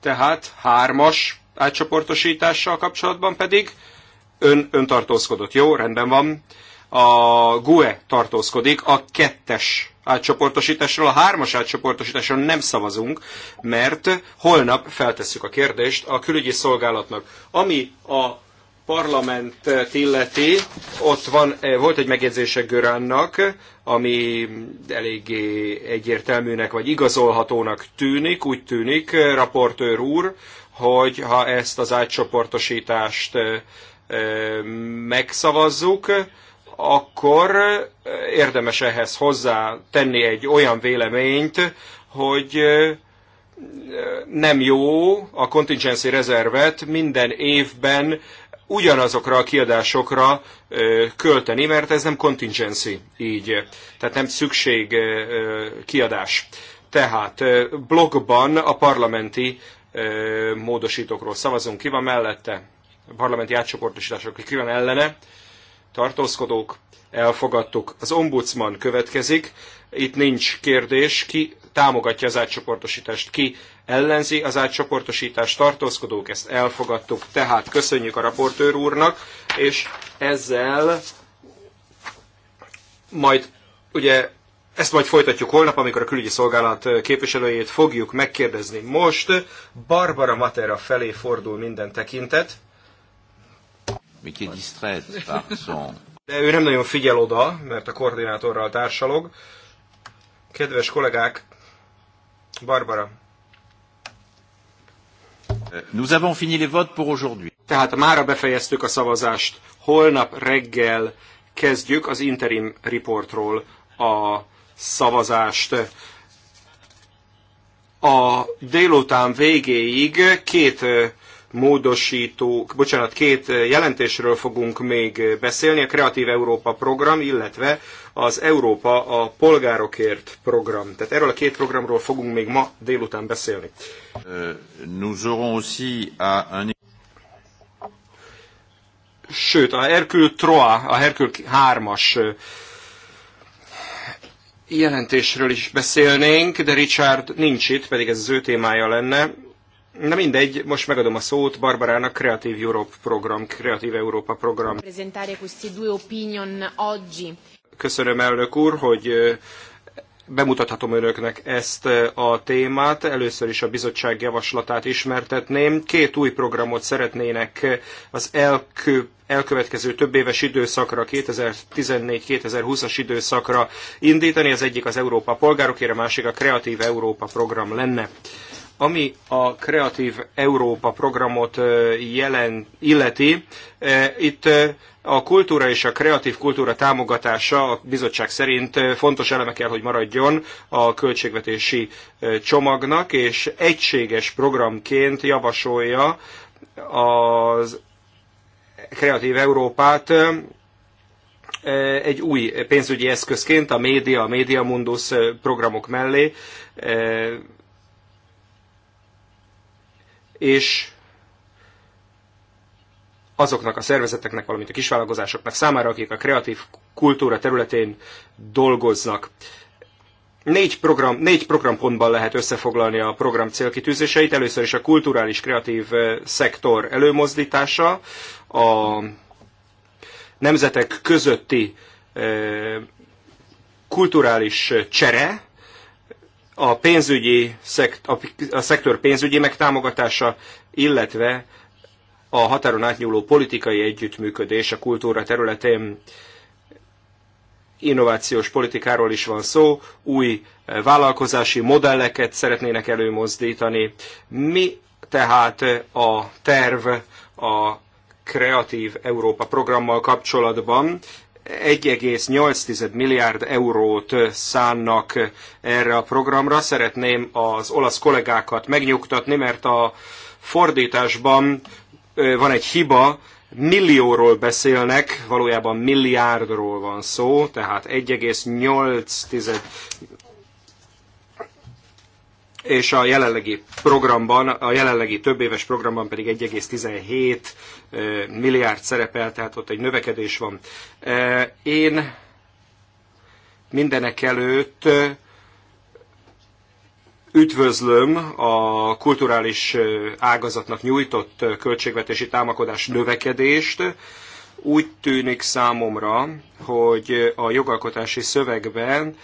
Tehát hármas átcsoportosítással kapcsolatban pedig ön, ön tartózkodott. Jó, rendben van. A GUE tartózkodik a kettes átcsoportosításról, a hármas átcsoportosításról nem szavazunk, mert holnap feltesszük a kérdést a külügyi szolgálatnak. Ami a parlament illeti, ott van, eh, volt egy megjegyzése Göránnak, ami eléggé egyértelműnek vagy igazolhatónak tűnik, úgy tűnik, eh, raportőr úr, hogy ha ezt az átcsoportosítást eh, megszavazzuk, akkor érdemes ehhez hozzá tenni egy olyan véleményt, hogy nem jó a contingency rezervet minden évben ugyanazokra a kiadásokra költeni, mert ez nem contingency így, tehát nem szükség kiadás. Tehát blogban a parlamenti módosítókról szavazunk, ki van mellette? parlamenti átcsoportosítások, külön ellene, tartózkodók, elfogadtuk. Az ombudsman következik, itt nincs kérdés, ki támogatja az átcsoportosítást, ki ellenzi az átcsoportosítást, tartózkodók, ezt elfogadtuk, tehát köszönjük a raportőr úrnak, és ezzel majd ugye ezt majd folytatjuk holnap, amikor a külügyi szolgálat képviselőjét fogjuk megkérdezni. Most Barbara Matera felé fordul minden tekintet par son... De ő nem nagyon figyel oda, mert a koordinátorral társalog. Kedves kollégák, Barbara. Nous avons fini les votes pour aujourd'hui. Tehát mára befejeztük a szavazást. Holnap reggel kezdjük az interim reportról a szavazást. A délután végéig két módosító, bocsánat, két jelentésről fogunk még beszélni, a Kreatív Európa program, illetve az Európa a polgárokért program. Tehát erről a két programról fogunk még ma délután beszélni. Sőt, a Hercule Troa, a Hercule 3-as jelentésről is beszélnénk, de Richard nincs itt, pedig ez az ő témája lenne Na mindegy, most megadom a szót Barbarának Creative Europe program, Creative Európa program. Köszönöm elnök úr, hogy bemutathatom önöknek ezt a témát. Először is a bizottság javaslatát ismertetném. Két új programot szeretnének az elkö, elkövetkező több éves időszakra, 2014-2020-as időszakra indítani. Az egyik az Európa polgárokére, a másik a Kreatív Európa program lenne. Ami a Kreatív Európa programot jelen, illeti, itt a kultúra és a kreatív kultúra támogatása a bizottság szerint fontos eleme kell, hogy maradjon a költségvetési csomagnak, és egységes programként javasolja az Kreatív Európát egy új pénzügyi eszközként a média, a Media Mundus programok mellé és azoknak a szervezeteknek, valamint a kisvállalkozásoknak számára, akik a kreatív kultúra területén dolgoznak. Négy, program, négy programpontban lehet összefoglalni a program célkitűzéseit. Először is a kulturális kreatív szektor előmozdítása, a nemzetek közötti kulturális csere, a pénzügyi szekt, a szektor pénzügyi megtámogatása, illetve a határon átnyúló politikai együttműködés a kultúra területén innovációs politikáról is van szó, új eh, vállalkozási modelleket szeretnének előmozdítani. Mi tehát eh, a terv a Kreatív Európa programmal kapcsolatban, 1,8 milliárd eurót szánnak erre a programra. Szeretném az olasz kollégákat megnyugtatni, mert a fordításban van egy hiba, millióról beszélnek, valójában milliárdról van szó, tehát 1,8 és a jelenlegi programban, a jelenlegi több éves programban pedig 1,17 milliárd szerepel, tehát ott egy növekedés van. Én mindenek előtt üdvözlöm a kulturális ágazatnak nyújtott költségvetési támogatás növekedést. Úgy tűnik számomra, hogy a jogalkotási szövegben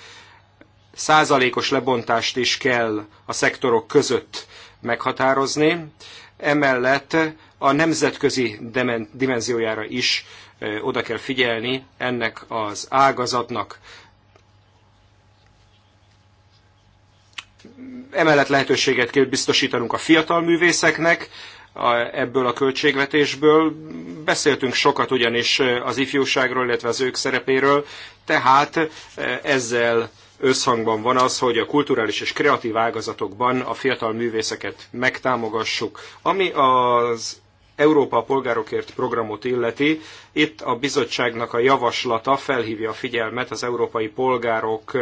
százalékos lebontást is kell a szektorok között meghatározni. Emellett a nemzetközi dimenziójára is oda kell figyelni ennek az ágazatnak. Emellett lehetőséget kell biztosítanunk a fiatal művészeknek, ebből a költségvetésből. Beszéltünk sokat ugyanis az ifjúságról, illetve az ők szerepéről, tehát ezzel összhangban van az, hogy a kulturális és kreatív ágazatokban a fiatal művészeket megtámogassuk. Ami az Európa a polgárokért programot illeti, itt a bizottságnak a javaslata felhívja a figyelmet az európai polgárok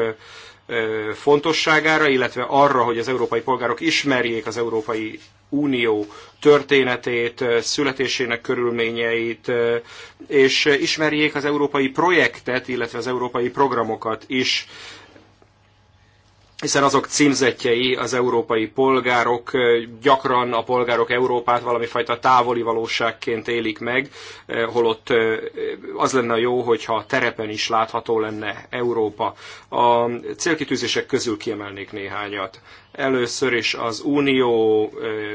fontosságára, illetve arra, hogy az európai polgárok ismerjék az Európai Unió történetét, születésének körülményeit, és ismerjék az európai projektet, illetve az európai programokat is hiszen azok címzetjei az európai polgárok, gyakran a polgárok Európát valami fajta távoli valóságként élik meg, holott az lenne jó, hogyha a terepen is látható lenne Európa. A célkitűzések közül kiemelnék néhányat. Először is az unió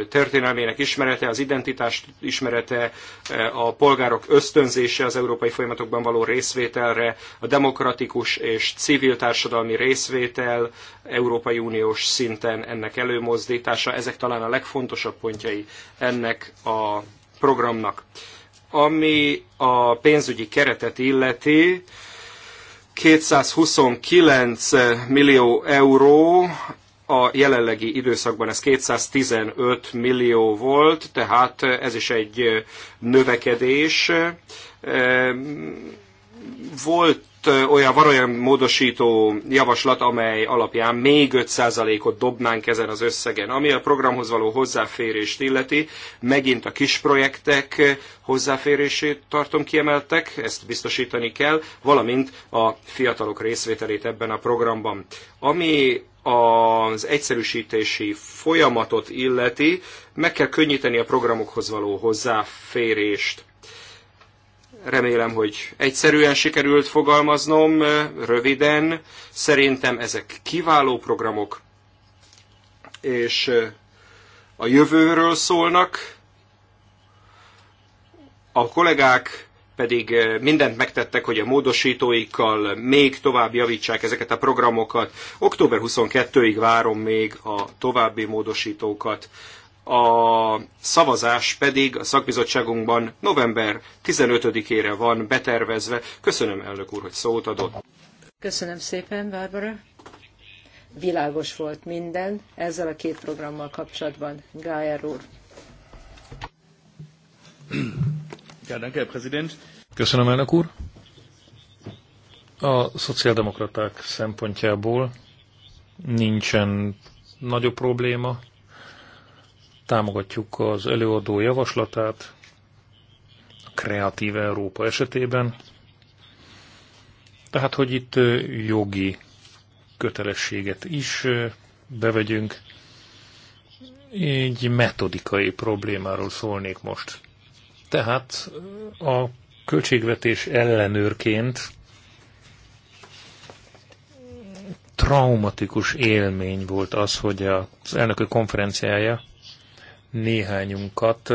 történelmének ismerete, az identitás ismerete, a polgárok ösztönzése az európai folyamatokban való részvételre, a demokratikus és civil társadalmi részvétel Európai Uniós szinten ennek előmozdítása, ezek talán a legfontosabb pontjai ennek a programnak. Ami a pénzügyi keretet illeti, 229 millió euró a jelenlegi időszakban ez 215 millió volt, tehát ez is egy növekedés. Volt olyan, van olyan módosító javaslat, amely alapján még 5%-ot dobnánk ezen az összegen. Ami a programhoz való hozzáférést illeti, megint a kis projektek hozzáférését tartom kiemeltek, ezt biztosítani kell, valamint a fiatalok részvételét ebben a programban. Ami az egyszerűsítési folyamatot illeti, meg kell könnyíteni a programokhoz való hozzáférést. Remélem, hogy egyszerűen sikerült fogalmaznom, röviden. Szerintem ezek kiváló programok, és a jövőről szólnak. A kollégák pedig eh, mindent megtettek, hogy a módosítóikkal még tovább javítsák ezeket a programokat. Október 22-ig várom még a további módosítókat. A szavazás pedig a szakbizottságunkban november 15-ére van betervezve. Köszönöm, elnök úr, hogy szót adott. Köszönöm szépen, Bárbara. Világos volt minden ezzel a két programmal kapcsolatban. Gájer úr. Köszönöm, elnök úr. A szociáldemokraták szempontjából nincsen nagyobb probléma. Támogatjuk az előadó javaslatát a kreatív Európa esetében. Tehát, hogy itt jogi kötelességet is bevegyünk. Egy metodikai problémáról szólnék most. Tehát a költségvetés ellenőrként traumatikus élmény volt az, hogy az elnökök konferenciája néhányunkat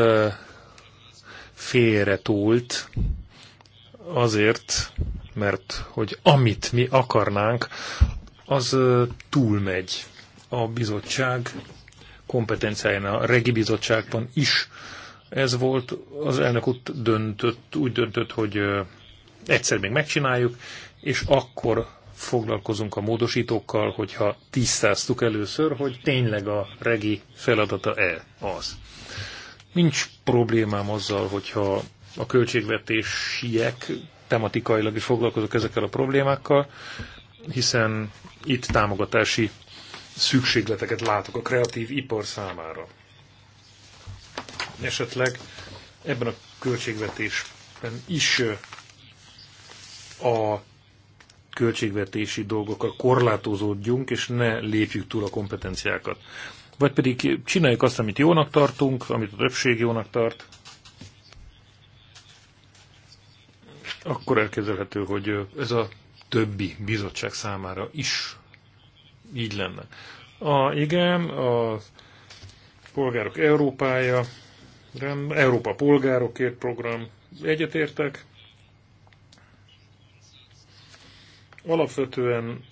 félretúlt azért, mert hogy amit mi akarnánk, az túlmegy a bizottság kompetenciáján, a regi bizottságban is ez volt, az elnök út döntött, úgy döntött, hogy egyszer még megcsináljuk, és akkor foglalkozunk a módosítókkal, hogyha tisztáztuk először, hogy tényleg a regi feladata-e az. Nincs problémám azzal, hogyha a költségvetésiek tematikailag is foglalkozok ezekkel a problémákkal, hiszen itt támogatási szükségleteket látok a kreatív ipar számára esetleg ebben a költségvetésben is a költségvetési dolgokra korlátozódjunk, és ne lépjük túl a kompetenciákat. Vagy pedig csináljuk azt, amit jónak tartunk, amit a többség jónak tart, akkor elképzelhető, hogy ez a többi bizottság számára is így lenne. A, igen, a polgárok Európája, Rem, Európa polgárokért program, egyetértek. Alapvetően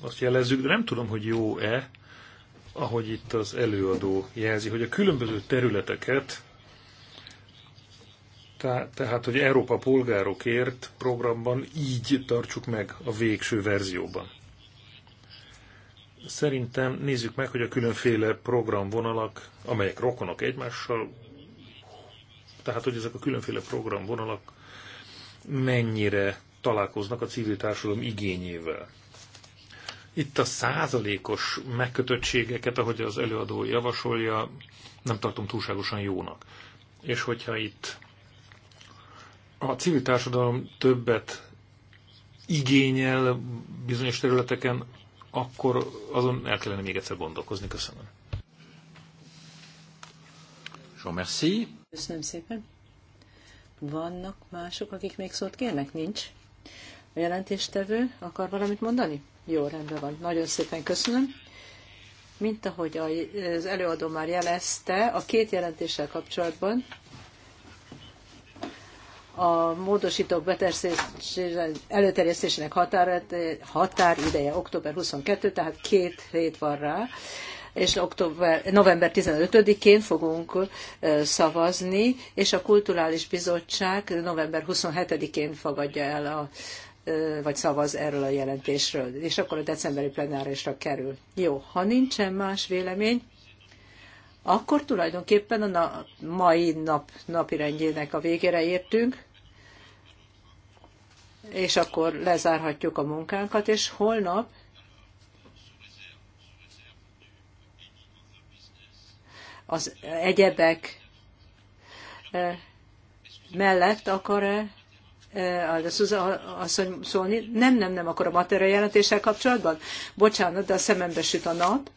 azt jelezzük, de nem tudom, hogy jó-e, ahogy itt az előadó jelzi, hogy a különböző területeket, tehát, hogy Európa polgárokért programban így tartsuk meg a végső verzióban. Szerintem nézzük meg, hogy a különféle programvonalak, amelyek rokonok egymással, tehát hogy ezek a különféle programvonalak mennyire találkoznak a civil társadalom igényével. Itt a százalékos megkötöttségeket, ahogy az előadó javasolja, nem tartom túlságosan jónak. És hogyha itt a civil társadalom többet igényel bizonyos területeken, akkor azon el kellene még egyszer gondolkozni. Köszönöm. Jó, merci. Köszönöm szépen. Vannak mások, akik még szót kérnek? Nincs. A jelentéstevő akar valamit mondani? Jó, rendben van. Nagyon szépen köszönöm. Mint ahogy az előadó már jelezte, a két jelentéssel kapcsolatban a módosítók előterjesztésének határideje október 22, tehát két hét van rá, és október, november 15-én fogunk szavazni, és a Kulturális Bizottság november 27-én fogadja el a vagy szavaz erről a jelentésről, és akkor a decemberi plenárisra kerül. Jó, ha nincsen más vélemény, akkor tulajdonképpen a mai nap napirendjének a végére értünk és akkor lezárhatjuk a munkánkat, és holnap az egyebek eh, mellett akar-e eh, eh, asszony szólni? Nem, nem, nem, akkor a materiál jelentéssel kapcsolatban? Bocsánat, de a szemembe süt a nap.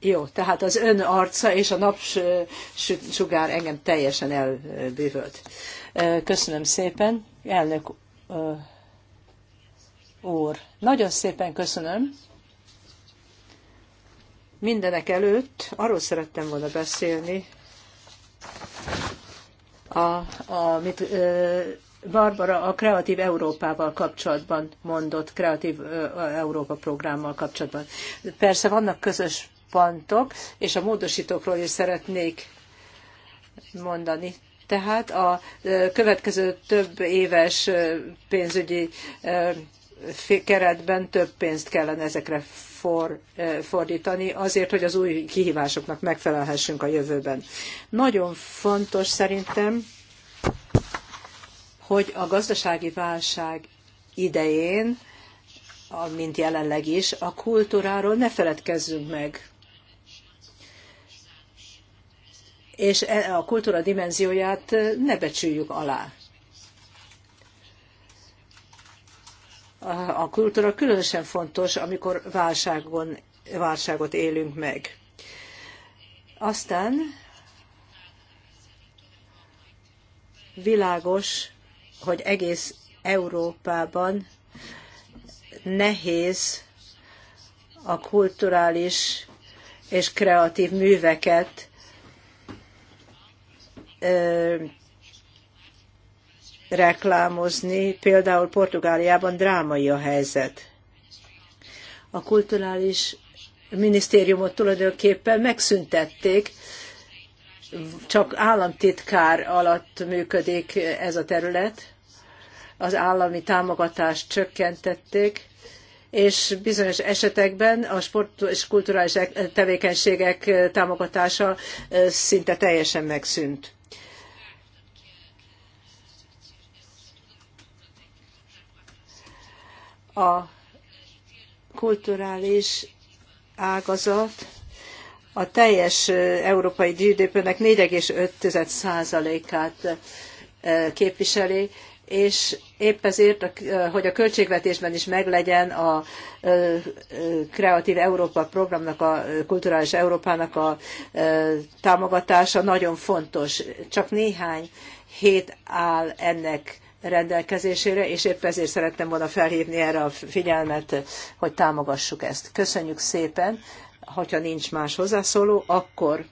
Jó, tehát az ön arca és a napsugár engem teljesen elbűvölt. Köszönöm szépen, elnök úr. Nagyon szépen köszönöm. Mindenek előtt arról szerettem volna beszélni, a, a amit Barbara a Kreatív Európával kapcsolatban mondott, Kreatív Európa programmal kapcsolatban. Persze vannak közös pontok, és a módosítókról is szeretnék mondani. Tehát a következő több éves pénzügyi keretben több pénzt kellene ezekre for, fordítani, azért, hogy az új kihívásoknak megfelelhessünk a jövőben. Nagyon fontos szerintem, hogy a gazdasági válság idején, mint jelenleg is, a kultúráról ne feledkezzünk meg. és e, a kultúra dimenzióját e, ne becsüljük alá. A kultúra különösen fontos, amikor válságon, válságot élünk meg. Aztán világos, hogy egész Európában nehéz a kulturális és kreatív műveket reklámozni. Például Portugáliában drámai a helyzet. A kulturális minisztériumot tulajdonképpen megszüntették, csak államtitkár alatt működik ez a terület. Az állami támogatást csökkentették, és bizonyos esetekben a sport és kulturális e- tevékenységek e, támogatása e, szinte teljesen megszűnt. A kulturális ágazat a teljes európai GDP-nek 4,5%-át képviseli, és épp ezért, hogy a költségvetésben is meglegyen a Kreatív Európa programnak, a Kulturális Európának a támogatása nagyon fontos. Csak néhány hét áll ennek rendelkezésére, és épp ezért szerettem volna felhívni erre a figyelmet, hogy támogassuk ezt. Köszönjük szépen, hogyha nincs más hozzászóló, akkor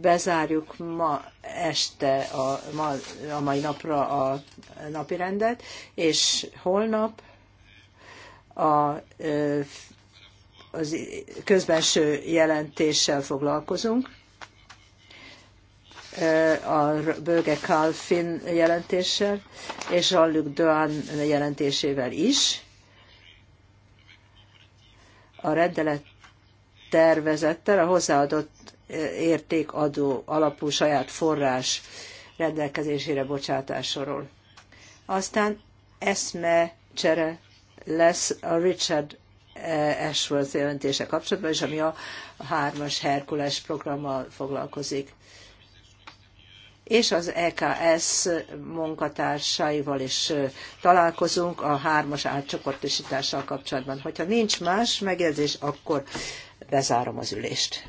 bezárjuk ma este, a, ma, a mai napra a napi rendet, és holnap a, az közbenső jelentéssel foglalkozunk, a Böge Kalfin jelentéssel, és a luc Doan jelentésével is. A rendelet tervezettel a hozzáadott értékadó alapú saját forrás rendelkezésére bocsátásról. Aztán eszme csere lesz a Richard eh, Ashworth jelentése kapcsolatban, és ami a hármas Herkules programmal foglalkozik. És az EKS munkatársaival is eh, találkozunk a hármas átcsoportosítással kapcsolatban. Hogyha nincs más megjegyzés, akkor bezárom az ülést.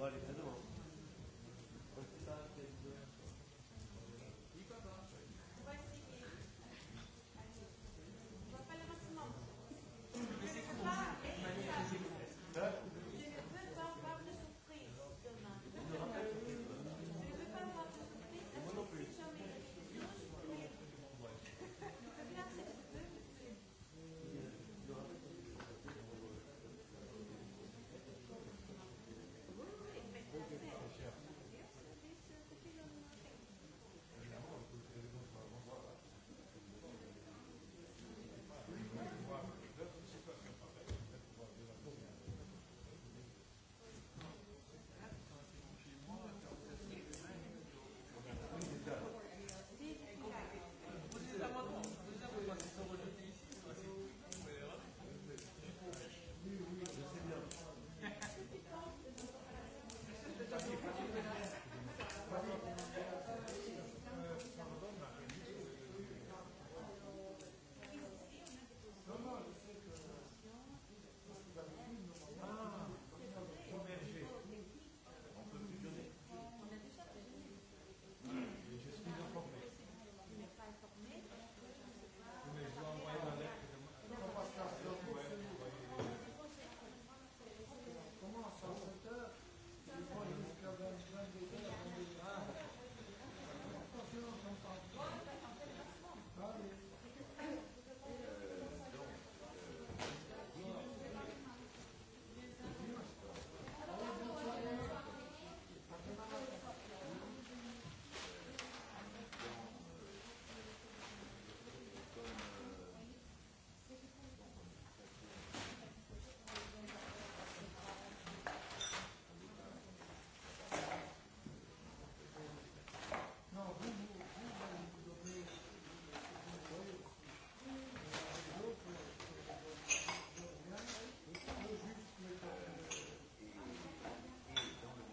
Bari, ez